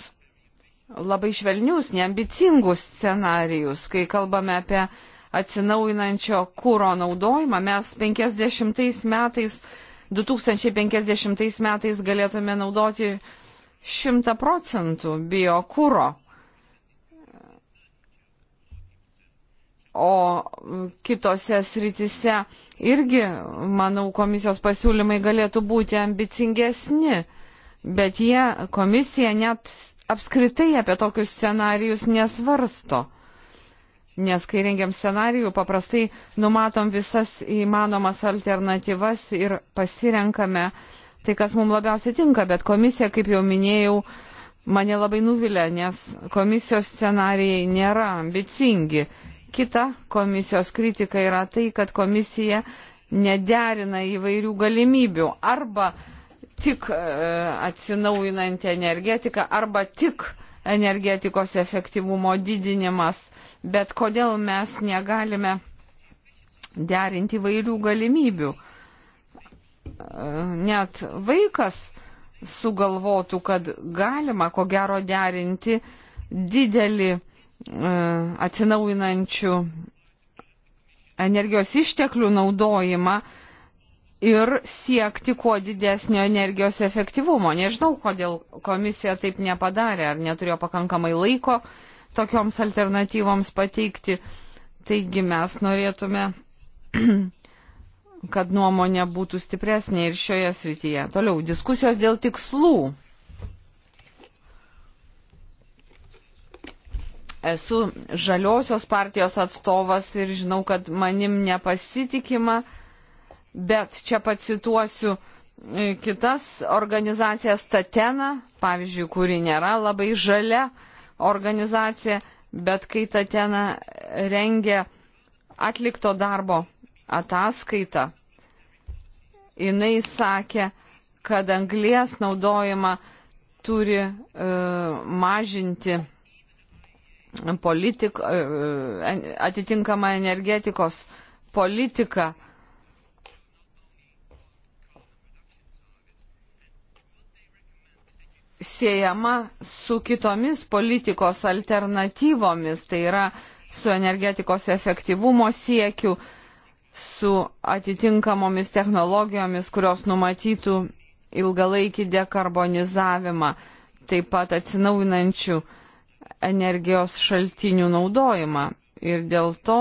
labai švelnius, neambicingus scenarijus, kai kalbame apie atsinaujinančio kūro naudojimą. Mes 50 metais, 2050 metais galėtume naudoti 100 procentų biokūro. o kitose sritise irgi, manau, komisijos pasiūlymai galėtų būti ambicingesni, bet jie, komisija net apskritai apie tokius scenarius nesvarsto. Nes kai rengiam scenarijų, paprastai numatom visas įmanomas alternatyvas ir pasirenkame tai, kas mums labiausiai tinka, bet komisija, kaip jau minėjau, mane labai nuvilia, nes komisijos scenarijai nėra ambicingi Kita komisijos kritika yra tai, kad komisija nederina įvairių galimybių arba tik e, atsinaujinanti energetika arba tik energetikos efektyvumo didinimas, bet kodėl mes negalime derinti įvairių galimybių. E, net vaikas sugalvotų, kad galima ko gero derinti didelį E, atsinaujinančių energijos išteklių naudojimą ir siekti kuo didesnio energijos efektyvumo. Nežinau, kodėl komisija taip nepadarė, ar neturėjo pakankamai laiko tokioms alternatyvoms pateikti. Taigi mes norėtume, *clears throat* kad nuomonė būtų stipresnė ir šioje srityje. Toliau, diskusijos dėl tikslų. esu žaliosios partijos atstovas ir žinau, kad manim nepasitikima, bet čia pacituosiu e, kitas organizacijas, Tatena, pavyzdžiui, kuri nėra labai žalia organizacija, bet kai Tatena rengia atlikto darbo ataskaitą, jinai sakė, kad anglės naudojimą turi e, mažinti politik, e, e, atitinkamą energetikos politiką. siejama su kitomis politikos alternatyvomis, tai yra su energetikos efektyvumo siekiu, su atitinkamomis technologijomis, kurios numatytų ilgalaikį dekarbonizavimą, taip pat atsinaujinančių energijos šaltinių naudojimą. Ir dėl to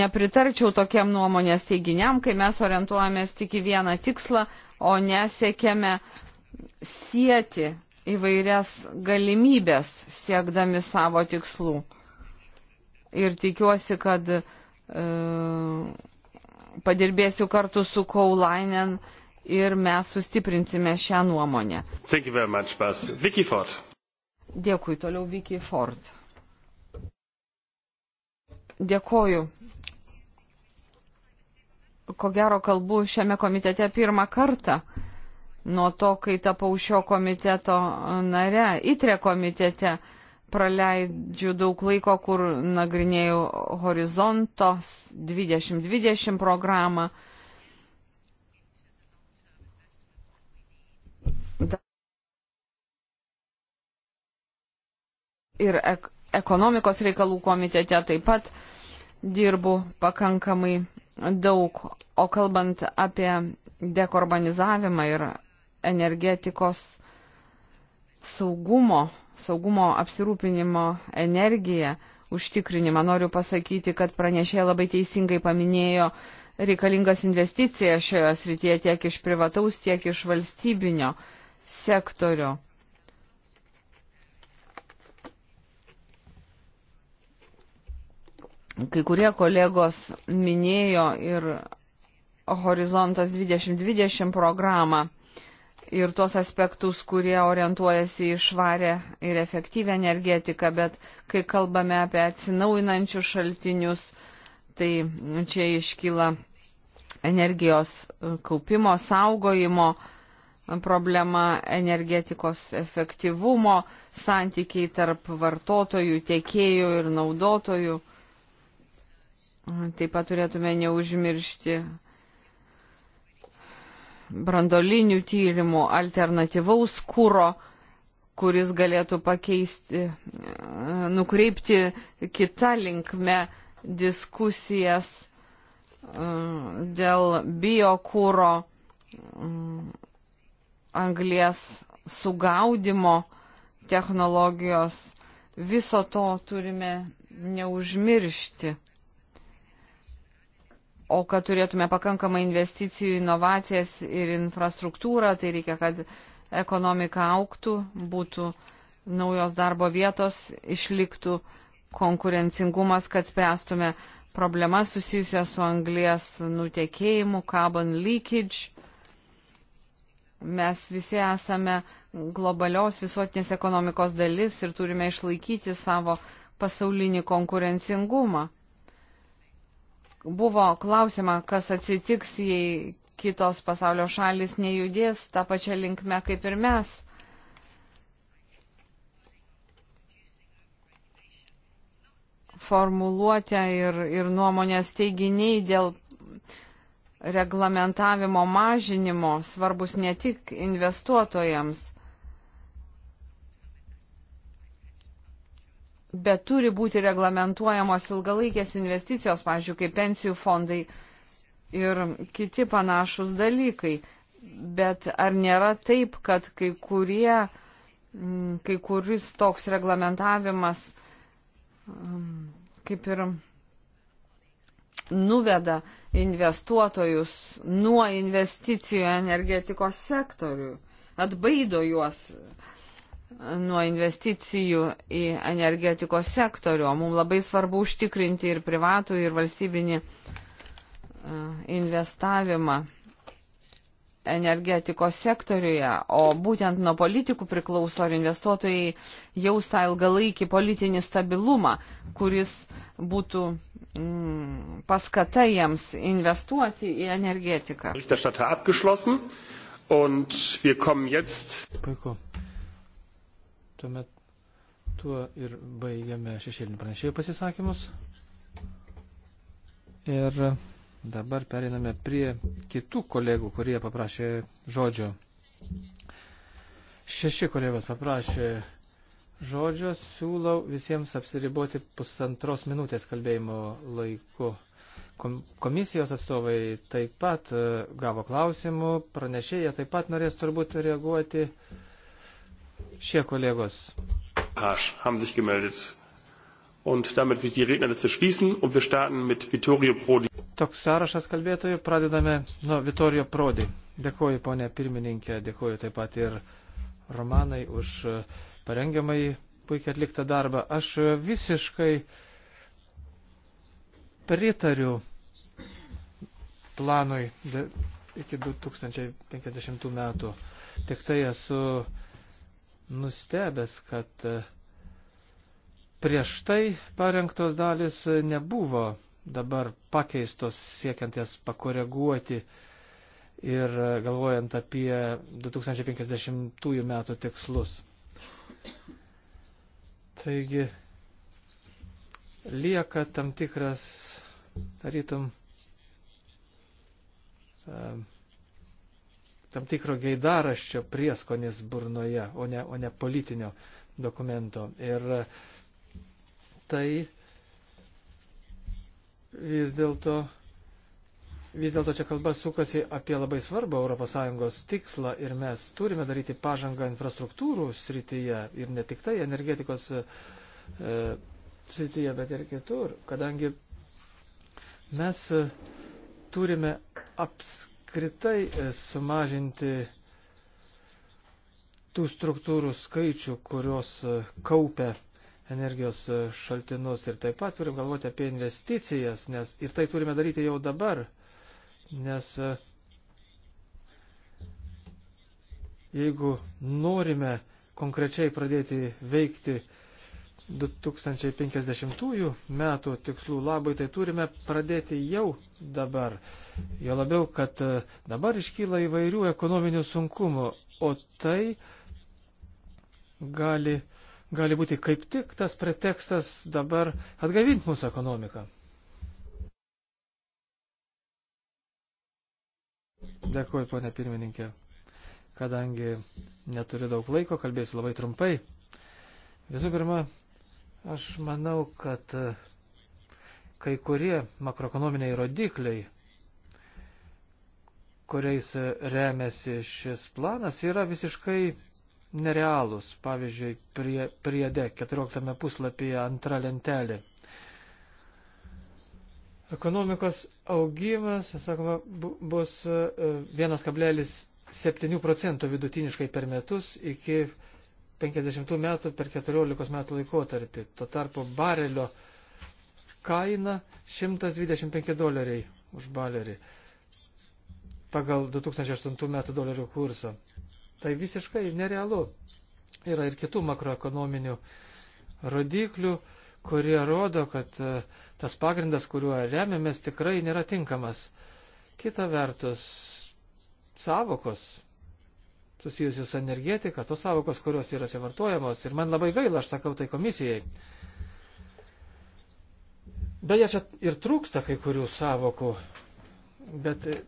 nepritarčiau tokiam nuomonės teiginiam, kai mes orientuojamės tik į vieną tikslą, o nesiekėme sieti įvairias galimybės siekdami savo tikslų. Ir tikiuosi, kad e, padirbėsiu kartu su Kaulainen ir mes sustiprinsime šią nuomonę. Much, Vicky Ford. Dėkui, toliau Vicky Ford. Dėkoju. Ko gero kalbu šiame komitete pirmą kartą nuo to, kai tapau šio komiteto nare, įtrė komitete praleidžiu daug laiko, kur nagrinėjau horizontos 2020 programą. ir ek ekonomikos reikalų komitete taip pat dirbu pakankamai daug. O kalbant apie dekarbonizavimą ir energetikos saugumo, saugumo apsirūpinimo energiją, užtikrinimą, noriu pasakyti, kad pranešėja labai teisingai paminėjo reikalingas investicijas šioje srityje tiek iš privataus, tiek iš valstybinio sektorio. Kai kurie kolegos minėjo ir Horizontas 2020 programą ir tuos aspektus, kurie orientuojasi į švarę ir efektyvę energetiką, bet kai kalbame apie atsinaujinančius šaltinius, tai čia iškyla energijos kaupimo, saugojimo problema, energetikos efektyvumo, santykiai tarp vartotojų, tiekėjų ir naudotojų. Taip pat turėtume neužmiršti brandolinių tyrimų, alternatyvaus kūro, kuris galėtų pakeisti, nukreipti kitą linkmę diskusijas e, dėl biokūro e, anglės sugaudimo technologijos. Viso to turime neužmiršti. O kad turėtume pakankamą investicijų, inovacijas ir infrastruktūrą, tai reikia, kad ekonomika auktų, būtų naujos darbo vietos, išliktų konkurencingumas, kad spręstume problemas susijusias su anglės nutekėjimu, carbon leakage. Mes visi esame globalios visuotinės ekonomikos dalis ir turime išlaikyti savo pasaulinį konkurencingumą. Buvo klausima, kas atsitiks, jei kitos pasaulio šalis nejudės tą pačią linkmę kaip ir mes. Formuluotė ir, ir nuomonės teiginiai dėl reglamentavimo mažinimo svarbus ne tik investuotojams. bet turi būti reglamentuojamos ilgalaikės investicijos, pavyzdžiui, kaip pensijų fondai ir kiti panašus dalykai. Bet ar nėra taip, kad kai kurie, mm, kai kuris toks reglamentavimas mm, kaip ir nuveda investuotojus nuo investicijų energetikos sektorių, atbaido juos nuo investicijų į energetikos sektorių, o mums labai svarbu užtikrinti ir privatų, ir valstybinį e, investavimą energetikos sektoriuje, o būtent nuo politikų priklauso, ar investuotojai jaus tą ilgalaikį politinį stabilumą, kuris būtų mm, paskata jiems investuoti į energetiką. Puiku. Tuomet tuo ir baigiame šešėlinių pranešėjų pasisakymus. Ir dabar pereiname prie kitų kolegų, kurie paprašė žodžio. Šeši kolegos paprašė žodžio, siūlau visiems apsiriboti pusantros minutės kalbėjimo laiku. Komisijos atstovai taip pat e, gavo klausimų, pranešėja taip pat norės turbūt reaguoti. Uh, Šie kolegos. Harsch haben sich gemeldet. Und damit will ich die Rednerliste schließen und wir starten mit Vittorio Prodi. Toks sąrašas kalbėtojų pradedame nuo Vittorio Prodi. Dėkuoju, ponė pirmininkė, dėkuoju taip pat ir Romanai už e, parengiamai puikiai atliktą darbą. Aš e, visiškai pritariu planui iki 2050 metų. Tik tai esu nustebęs, kad e, prieš tai parengtos dalis e, nebuvo dabar pakeistos siekiant jas pakoreguoti ir e, galvojant apie 2050 metų tikslus. Taigi lieka tam tikras, tarytum, uh, tam tikro gaidaraščio prieskonis burnoje, o ne, o ne politinio dokumento. Ir tai vis dėlto. Vis dėlto čia kalba sukasi apie labai svarbą ES tikslą ir mes turime daryti pažangą infrastruktūrų srityje ir ne tik tai energetikos e, srityje, bet ir kitur, kadangi mes turime apskaitinti apskritai e, sumažinti tų struktūrų skaičių, kurios e, kaupia energijos e, šaltinus ir taip pat turim galvoti apie investicijas, nes ir tai turime daryti jau dabar, nes jeigu norime konkrečiai pradėti veikti 2050 metų tikslų labai, tai turime pradėti jau dabar. Jo labiau, kad e, dabar iškyla įvairių ekonominių sunkumų, o tai gali, gali būti kaip tik tas pretekstas dabar atgaivinti mūsų ekonomiką. Dėkuoju, ponė pirmininkė. Kadangi neturiu daug laiko, kalbėsiu labai trumpai. Visų pirma, Aš manau, kad e, kai kurie makroekonominiai rodikliai, kuriais e, remiasi šis planas, yra visiškai nerealūs. Pavyzdžiui, prie, priede 14 puslapyje antra lentelė. Ekonomikos augimas, sakoma, bus 1,7 e, procentų vidutiniškai per metus iki 50 metų per 14 metų laikotarpį. Tuo tarpu barelio kaina 125 doleriai už balerį pagal 2008 metų dolerių kursą. Tai visiškai nerealu. Yra ir kitų makroekonominių rodiklių, kurie rodo, kad e, tas pagrindas, kuriuo remiamės, tikrai nėra tinkamas. Kita vertus, savokos susijusių su energetika, tos savokos, kurios yra čia vartojamos. Ir man labai gaila, aš sakau tai komisijai. Beje, čia ir trūksta kai kurių savokų, bet e,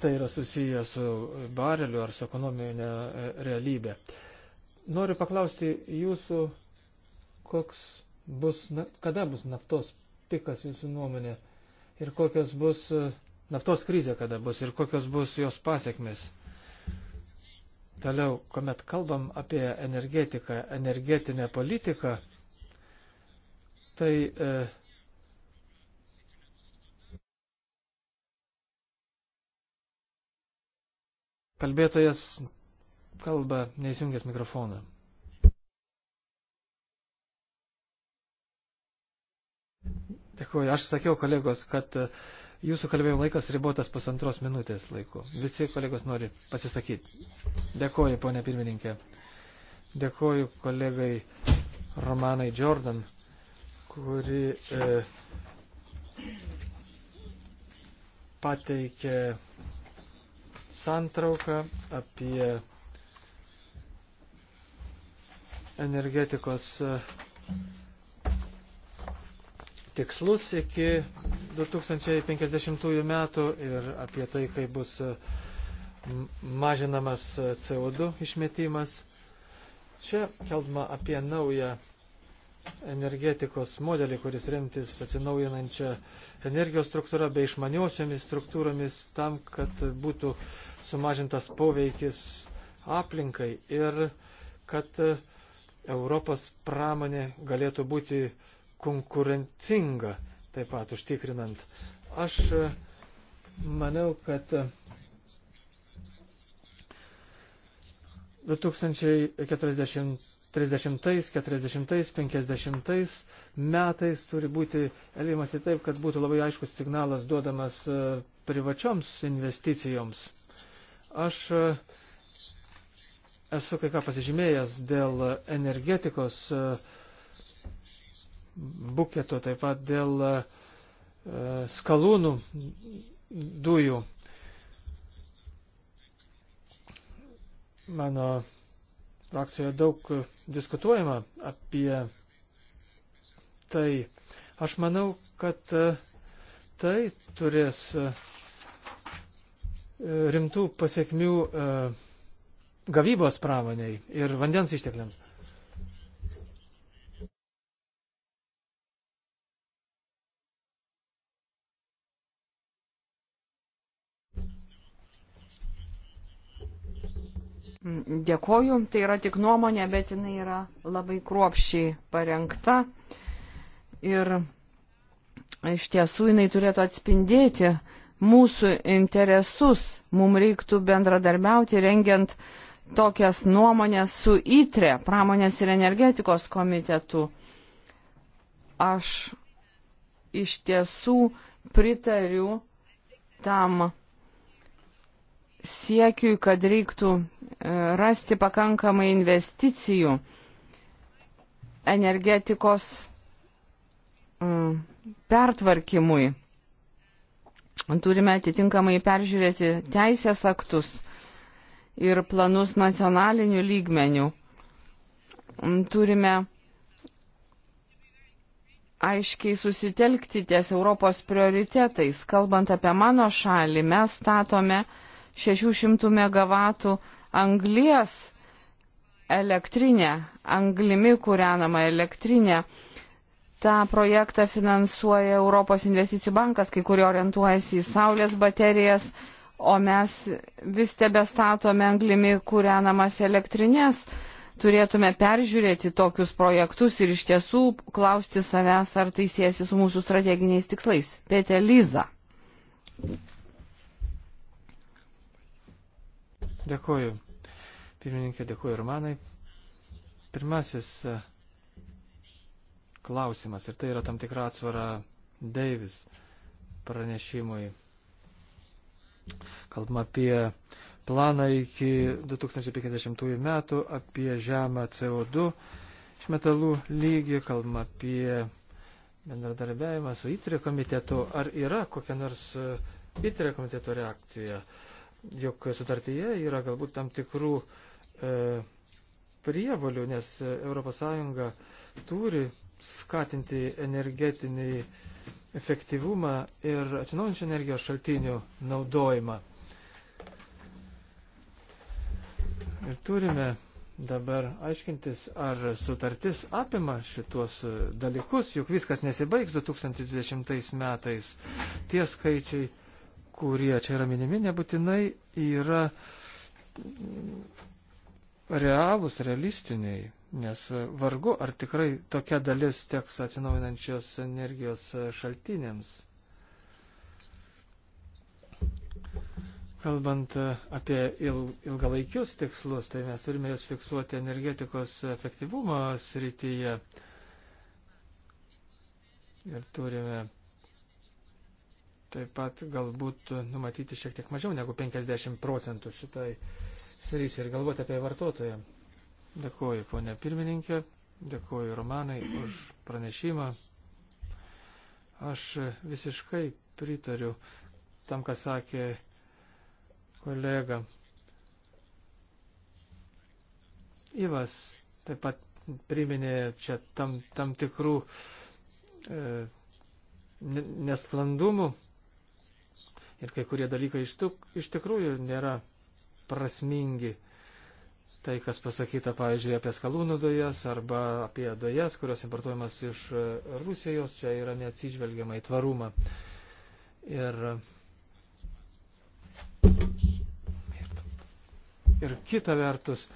tai yra susiję su bareliu ar su ekonominė e, realybė. Noriu paklausti jūsų, koks bus, na, kada bus naftos pikas jūsų nuomonė ir kokios bus uh, naftos krizė kada bus ir kokios bus jos pasiekmes. Toliau, kuomet kalbam apie energetiką, energetinę politiką, tai e, kalbėtojas kalba neįsijungęs mikrofoną. Dėkuoju, aš sakiau kolegos, kad e, Jūsų kalbėjimo laikas ribotas pusantros minutės laiku. Visi kolegos nori pasisakyti. Dėkoju, ponė pirmininkė. Dėkoju kolegai Romanai Jordan, kuri e, pateikė santrauką apie energetikos. E, tikslus iki 2050 metų ir apie tai, kaip bus e, mažinamas e, CO2 išmetimas. Čia kalbama apie naują energetikos modelį, kuris remtis atsinaujinančią energijos struktūrą bei išmaniosiomis struktūromis tam, kad būtų sumažintas poveikis aplinkai ir kad e, Europos pramonė galėtų būti konkurencinga, taip pat užtikrinant. Aš e, manau, kad 2040 30, 40, 50 metais turi būti elgimasi taip, kad būtų labai aiškus signalas duodamas e, privačioms investicijoms. Aš e, esu kai ką pasižymėjęs dėl energetikos uh, buketo, taip pat dėl e, skalūnų dujų. Mano frakcijoje daug diskutuojama apie tai. Aš manau, kad e, tai turės e, rimtų pasiekmių gavybos pramoniai ir vandens ištekliams. Dėkoju, tai yra tik nuomonė, bet jinai yra labai kruopščiai parengta ir iš tiesų jinai turėtų atspindėti mūsų interesus. Mums reiktų bendradarbiauti rengiant tokias nuomonės su ITRE, pramonės ir energetikos komitetu. Aš iš tiesų pritariu tam siekiui, kad reiktų e, rasti pakankamai investicijų energetikos e, pertvarkymui. Turime atitinkamai peržiūrėti teisės aktus ir planus nacionalinių lygmenių. Turime aiškiai susitelkti ties Europos prioritetais. Kalbant apie mano šalį, mes statome uh, 600 MW anglies elektrinę, anglimi kūrenamą elektrinę. Ta projektą finansuoja Europos investicijų bankas, kai kurie orientuojasi į saulės baterijas, o mes vis tebe statome anglimi kūrenamas elektrinės. Turėtume peržiūrėti tokius projektus ir iš tiesų klausti savęs, ar tai siejasi su mūsų strateginiais tikslais. Pete Liza. Dėkuoju. Pirmininkė, dėkuoju ir manai. Pirmasis e, klausimas, ir tai yra tam tikra atsvara Deivis pranešimui. Kalbama apie planą iki 2050 metų, apie žemą CO2 išmetalų lygį, kalbama apie bendradarbiavimą su ITRE komitetu. Ar yra kokia nors e, ITRE komiteto reakcija? Uh, jog sutartyje yra galbūt tam tikrų e, prievalių, nes ES turi skatinti energetinį efektyvumą ir atsinaujančių energijos šaltinių naudojimą. Ir turime dabar aiškintis, ar sutartis apima šitos dalykus, juk viskas nesibaigs 2020 metais. Tie skaičiai kurie čia yra minimi, nebūtinai yra realūs, realistiniai, nes vargu ar tikrai tokia dalis teks atsinaujinančios energijos šaltinėms. Kalbant apie ilgalaikius tikslus, tai mes turime juos fiksuoti energetikos efektyvumo srityje ir turime Taip pat galbūt numatyti šiek tiek mažiau negu 50 procentų šitai sričiai ir galvoti apie vartotoją. Dėkuoju, ponė pirmininkė, dėkuoju Romanai už pranešimą. Aš visiškai pritariu tam, ką sakė kolega. Ivas taip pat priminė čia tam, tam tikrų e, nesklandumų ir kai kurie dalykai iš, tuk, iš tikrųjų nėra prasmingi. Tai, kas pasakyta, pavyzdžiui, apie skalūnų dujas arba apie dujas, kurios importuojamas iš e, Rusijos, čia yra neatsižvelgiama į tvarumą. Ir, ir, ir kita vertus,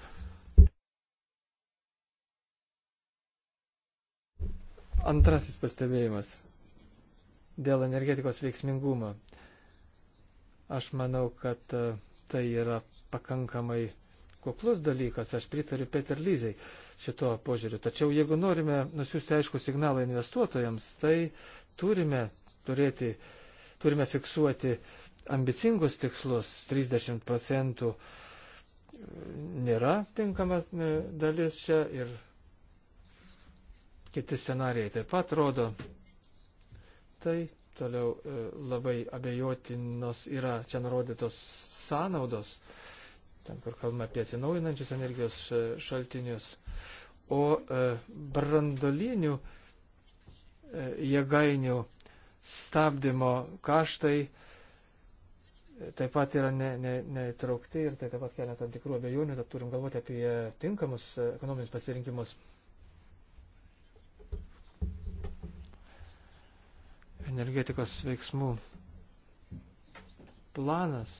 antrasis pastebėjimas dėl energetikos veiksmingumo. Aš manau, kad e, tai yra pakankamai kuklus dalykas, aš pritariu Peter Lyzai šituo požiūriu. Tačiau jeigu norime nusiųsti aišku signalą investuotojams, tai turime turėti, turime fiksuoti ambicingus tikslus, 30 procentų e, nėra tinkama e, dalis čia ir kiti scenarijai taip pat rodo. Tai Toliau e, labai abejotinos yra čia nurodytos sąnaudos, ten kur kalbame apie atsinaujinančius energijos e, šaltinius, o e, brandolinių jėgainių stabdymo kaštai taip pat yra ne, ne, neįtraukti ir tai taip pat kelia tam tikrų abejonių, tad turim galvoti apie tinkamus ekonominius pasirinkimus. energetikos veiksmų planas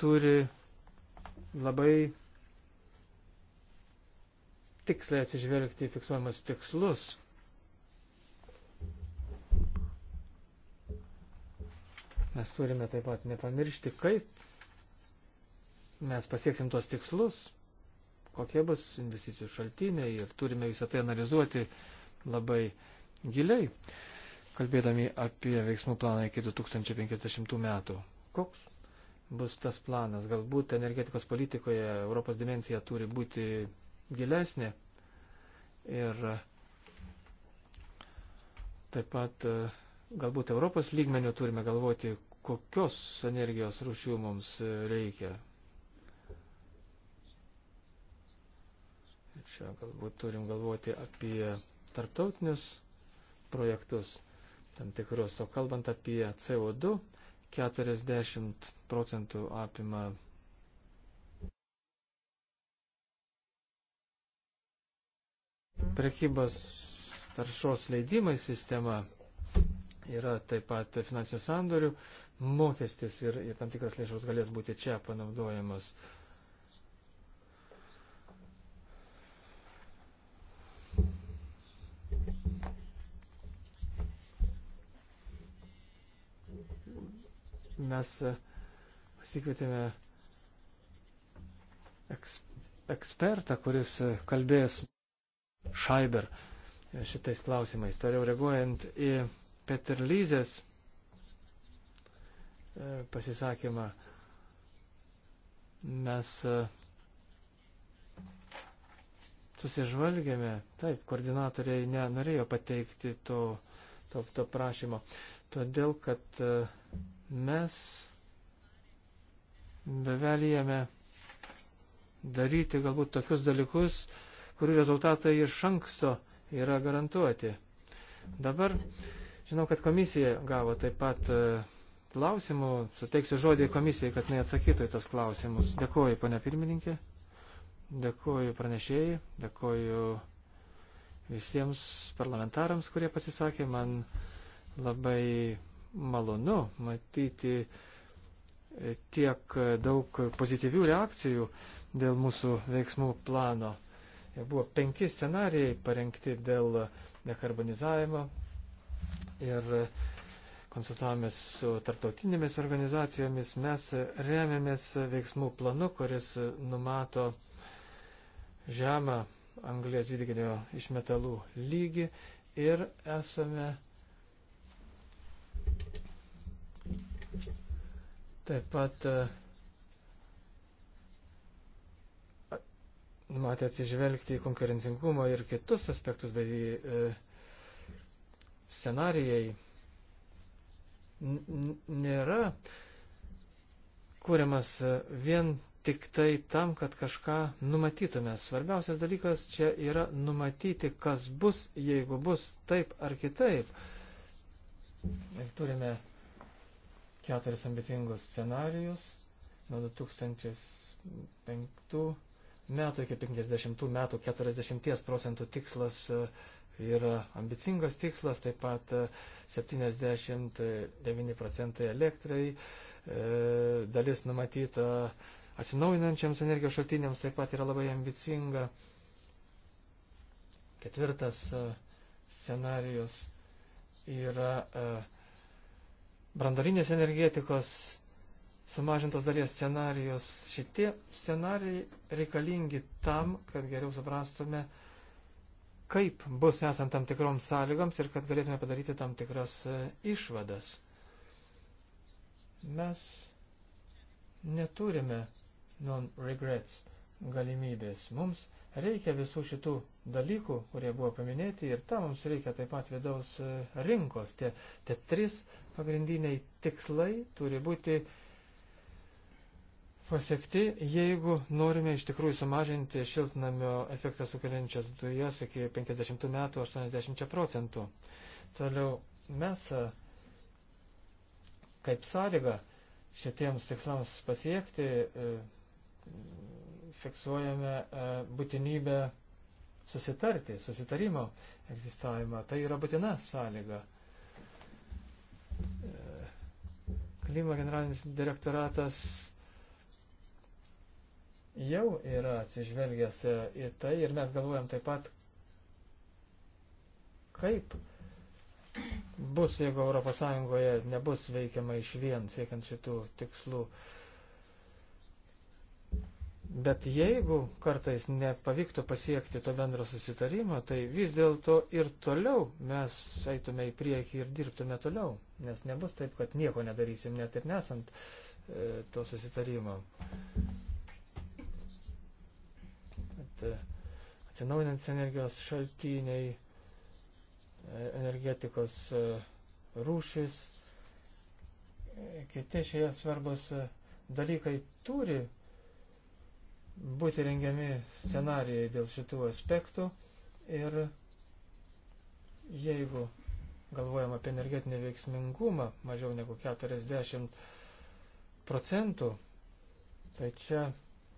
turi labai tiksliai atsižvelgti į fiksuojamas tikslus. Mes turime taip pat nepamiršti, kaip mes pasieksim tos tikslus, kokie bus investicijų šaltiniai ir turime visą tai analizuoti labai giliai kalbėdami apie veiksmų planą iki 2050 metų. Koks bus tas planas? Galbūt energetikos politikoje Europos dimensija turi būti gilesnė ir taip pat e, galbūt Europos lygmenių turime galvoti, kokios energijos rušių mums reikia. Čia galbūt turim galvoti apie tarptautinius projektus tam tikrus. O kalbant apie CO2, 40 procentų apima prekybos taršos leidimai sistema. Yra taip pat finansinių sandorių mokestis ir, ir tam tikras lėšos galės būti čia panaudojamos. Uh, mes e, pasikvietėme eks, ekspertą, kuris e, kalbės Šaiber e, šitais klausimais. Toliau reaguojant į Peter Lyzės pasisakymą, mes susižvalgėme, taip, koordinatoriai nenorėjo pateikti to, to, to prašymo, todėl kad uh, mes bevelijame daryti galbūt tokius dalykus, kurių rezultatai iš anksto yra garantuoti. Dabar žinau, kad komisija gavo taip pat e, klausimų, suteiksiu žodį komisijai, kad neatsakytų į tas klausimus. Dėkuoju, ponia pirmininkė, dėkuoju pranešėjai, dėkuoju visiems parlamentarams, kurie pasisakė. Man labai malonu matyti e, tiek daug pozityvių reakcijų dėl mūsų veiksmų plano. Jau e, buvo penki scenarijai parengti dėl dekarbonizavimo ir konsultavomės su tarptautinėmis organizacijomis. Mes remiamės veiksmų planu, kuris numato žemą anglės dvideginio išmetalų lygį ir esame Taip pat e, numatė atsižvelgti į konkurencingumą ir kitus aspektus, bet į e, scenarijai nėra kūriamas e, vien tik tai tam, kad kažką numatytume. Svarbiausias dalykas čia yra numatyti, kas bus, jeigu bus taip ar kitaip. Ir turime keturis ambicingus scenarius nuo 2005 metų iki 50 metų 40 procentų tikslas e, yra ambicingas tikslas, taip pat 79 e, procentai elektrai, e, dalis numatyta atsinaujinančiams energijos šaltiniams taip pat yra labai ambicinga. Ketvirtas scenarius yra uh, brandalinės energetikos sumažintos dalies scenarijos. Šitie scenarijai reikalingi tam, kad geriau suprastume, kaip bus esant tam tikroms sąlygoms ir kad galėtume padaryti tam tikras e, išvadas. Mes neturime non-regrets galimybės. Mums reikia visų šitų dalykų, kurie buvo paminėti ir tam mums reikia taip pat vidaus e, rinkos. Tie, tie trys pagrindiniai tikslai turi būti pasiekti, jeigu norime iš tikrųjų sumažinti šiltnamio efektą sukeliančias dujas iki 50 metų 80 procentų. Toliau mes e, kaip sąlyga šitiems tikslams pasiekti e, fiksuojame e, būtinybę susitarti, susitarimo egzistavimą. Tai yra būtina sąlyga. E, Klima generalinis direktoratas jau yra atsižvelgęs e, į tai ir mes galvojam taip pat, kaip bus, jeigu ES nebus veikiama iš vien siekiant šitų tikslų. Uh, Bet jeigu kartais nepavyktų pasiekti to bendro susitarimo, tai vis dėlto ir toliau mes eitume į priekį ir dirbtume toliau, nes nebus taip, kad nieko nedarysim, net ir nesant e, to susitarimo. At, e, atsinaujinant energijos šaltiniai, e, energetikos e, rūšis, e, kiti šie svarbus e, dalykai turi būti rengiami scenarijai dėl šitų aspektų ir jeigu galvojam apie energetinį veiksmingumą mažiau negu 40 procentų, tai čia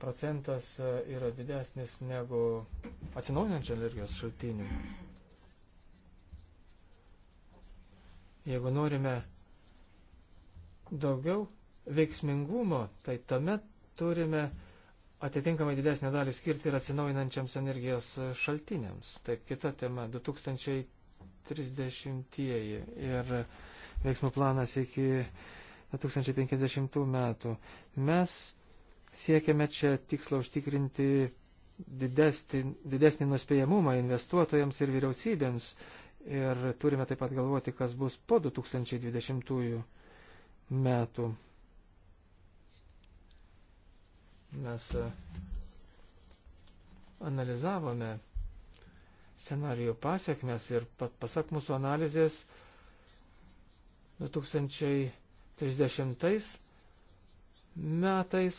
procentas e, yra didesnis negu atsinaujinančio energijos šaltinių. Jeigu norime daugiau veiksmingumo, tai tuomet turime atitinkamai didesnę dalį skirti ir atsinaujinančiams energijos šaltiniams. Taip, kita tema - 2030-ieji ir veiksmų planas iki 2050 metų. Mes siekiame čia tikslo užtikrinti didesnį, didesnį nuspėjamumą investuotojams ir vyriausybėms. Ir turime taip pat galvoti, kas bus po 2020 metų. Mes e, analizavome scenarijų pasiekmes ir pasak mūsų analizės 2030 metais,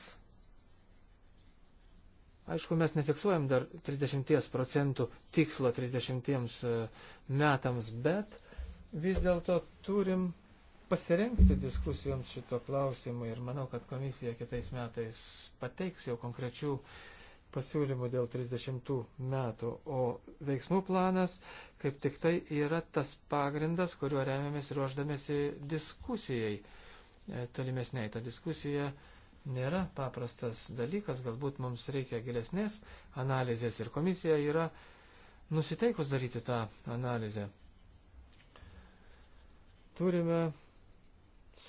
aišku, mes nefiksuojam dar 30 procentų tikslo 30 e, metams, bet vis dėlto turim pasirengti diskusijoms šito klausimu ir manau, kad komisija kitais metais pateiks jau konkrečių pasiūlymų dėl 30 metų, o veiksmų planas kaip tik tai yra tas pagrindas, kuriuo remiamės ruoždamėsi diskusijai. E, tolimesnei ta diskusija nėra paprastas dalykas, galbūt mums reikia gilesnės analizės ir komisija yra nusiteikus daryti tą analizę. Turime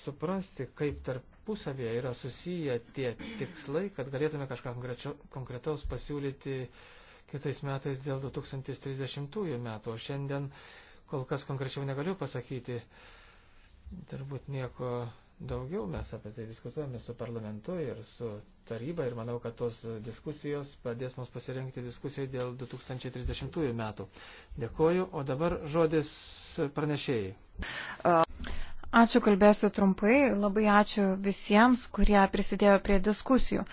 suprasti, kaip tarpusavėje yra susiję tie tikslai, kad galėtume kažką konkretaus pasiūlyti kitais metais dėl 2030 metų. O šiandien kol kas konkrečiau negaliu pasakyti. Turbūt nieko daugiau mes apie tai diskutuojame su parlamentu ir su taryba ir manau, kad tos diskusijos padės mums pasirengti diskusijai dėl 2030 metų. Dėkoju, o dabar žodis pranešėjai. Ačiū, kalbėsiu trumpai. Labai ačiū visiems, kurie prisidėjo prie diskusijų.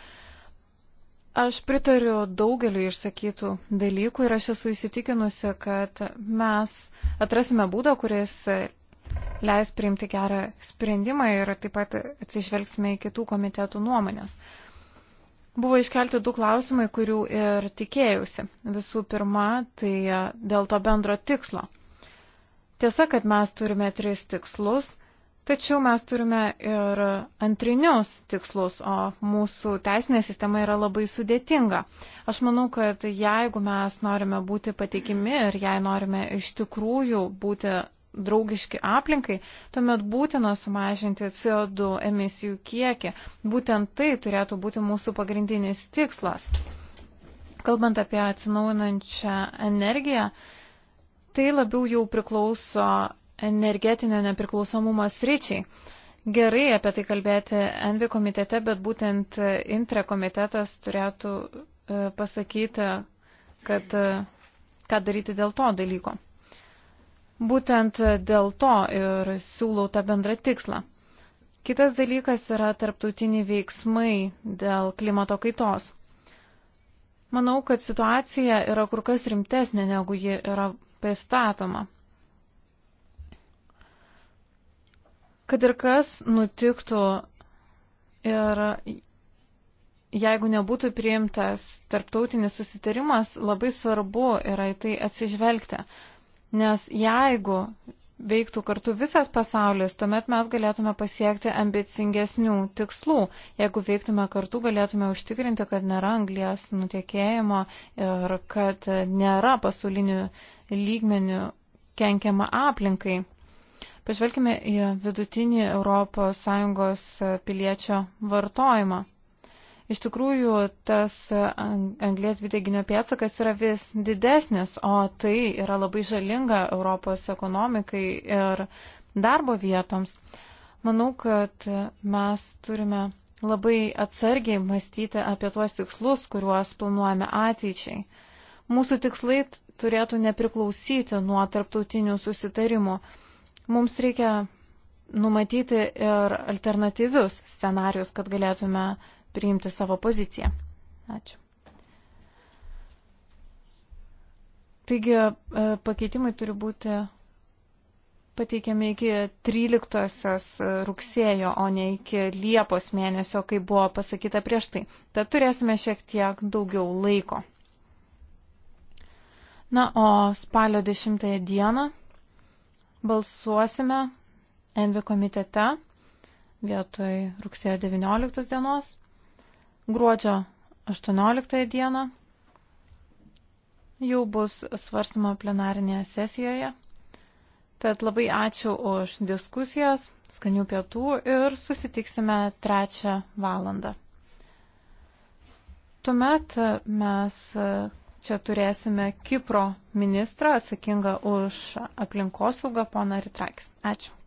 Aš pritariu daugeliu išsakytų dalykų ir aš esu įsitikinusi, kad mes atrasime būdą, kuris leis priimti gerą sprendimą ir taip pat atsižvelgsime į kitų komitetų nuomonės. Buvo iškelti du klausimai, kurių ir tikėjausi. Visų pirma, tai dėl to bendro tikslo. Tiesa, kad mes turime tris tikslus Tačiau mes turime ir antrinius tikslus, o mūsų teisinė sistema yra labai sudėtinga. Aš manau, kad jeigu mes norime būti patikimi ir jei norime iš tikrųjų būti draugiški aplinkai, tuomet būtina sumažinti CO2 emisijų kiekį. Būtent tai turėtų būti mūsų pagrindinis tikslas. Kalbant apie atsinaujinančią energiją, tai labiau jau priklauso energetinio nepriklausomumo sričiai. Gerai apie tai kalbėti Envi komitete, bet būtent Intre komitetas turėtų e, pasakyti, kad e, ką daryti dėl to dalyko. Būtent dėl to ir siūlau tą bendrą tikslą. Kitas dalykas yra tarptautiniai veiksmai dėl klimato kaitos. Manau, kad situacija yra kur kas rimtesnė, negu ji yra pristatoma. Kad ir kas nutiktų ir jeigu nebūtų priimtas tarptautinis susitarimas, labai svarbu yra į tai atsižvelgti. Nes jeigu veiktų kartu visas pasaulis, tuomet mes galėtume pasiekti ambicingesnių tikslų. Jeigu veiktume kartu, galėtume užtikrinti, kad nėra anglės nutiekėjimo ir kad nėra pasaulinių lygmenių kenkiama aplinkai. Pažvelkime į vidutinį ES piliečio vartojimą. Iš tikrųjų, tas anglės dvideginio pėtsakas yra vis didesnis, o tai yra labai žalinga Europos ekonomikai ir darbo vietoms. Manau, kad mes turime labai atsargiai mąstyti apie tuos tikslus, kuriuos planuojame ateičiai. Mūsų tikslai turėtų nepriklausyti nuo tarptautinių susitarimų. Mums reikia numatyti ir alternatyvius scenarius, kad galėtume priimti savo poziciją. Ačiū. Taigi e, pakeitimai turi būti pateikiami iki 13 e, rugsėjo, o ne iki Liepos mėnesio, kaip buvo pasakyta prieš tai. Tad turėsime šiek tiek daugiau laiko. Na, o spalio 10 dieną balsuosime Envi komitete vietoj rugsėjo 19 dienos, gruodžio 18 dieną jau bus svarstama plenarinėje sesijoje. Tad labai ačiū už diskusijas, skanių pietų ir susitiksime trečią valandą. Tuomet mes Čia turėsime Kipro ministrą atsakingą už aplinkosaugą, poną Ritrakis. Ačiū.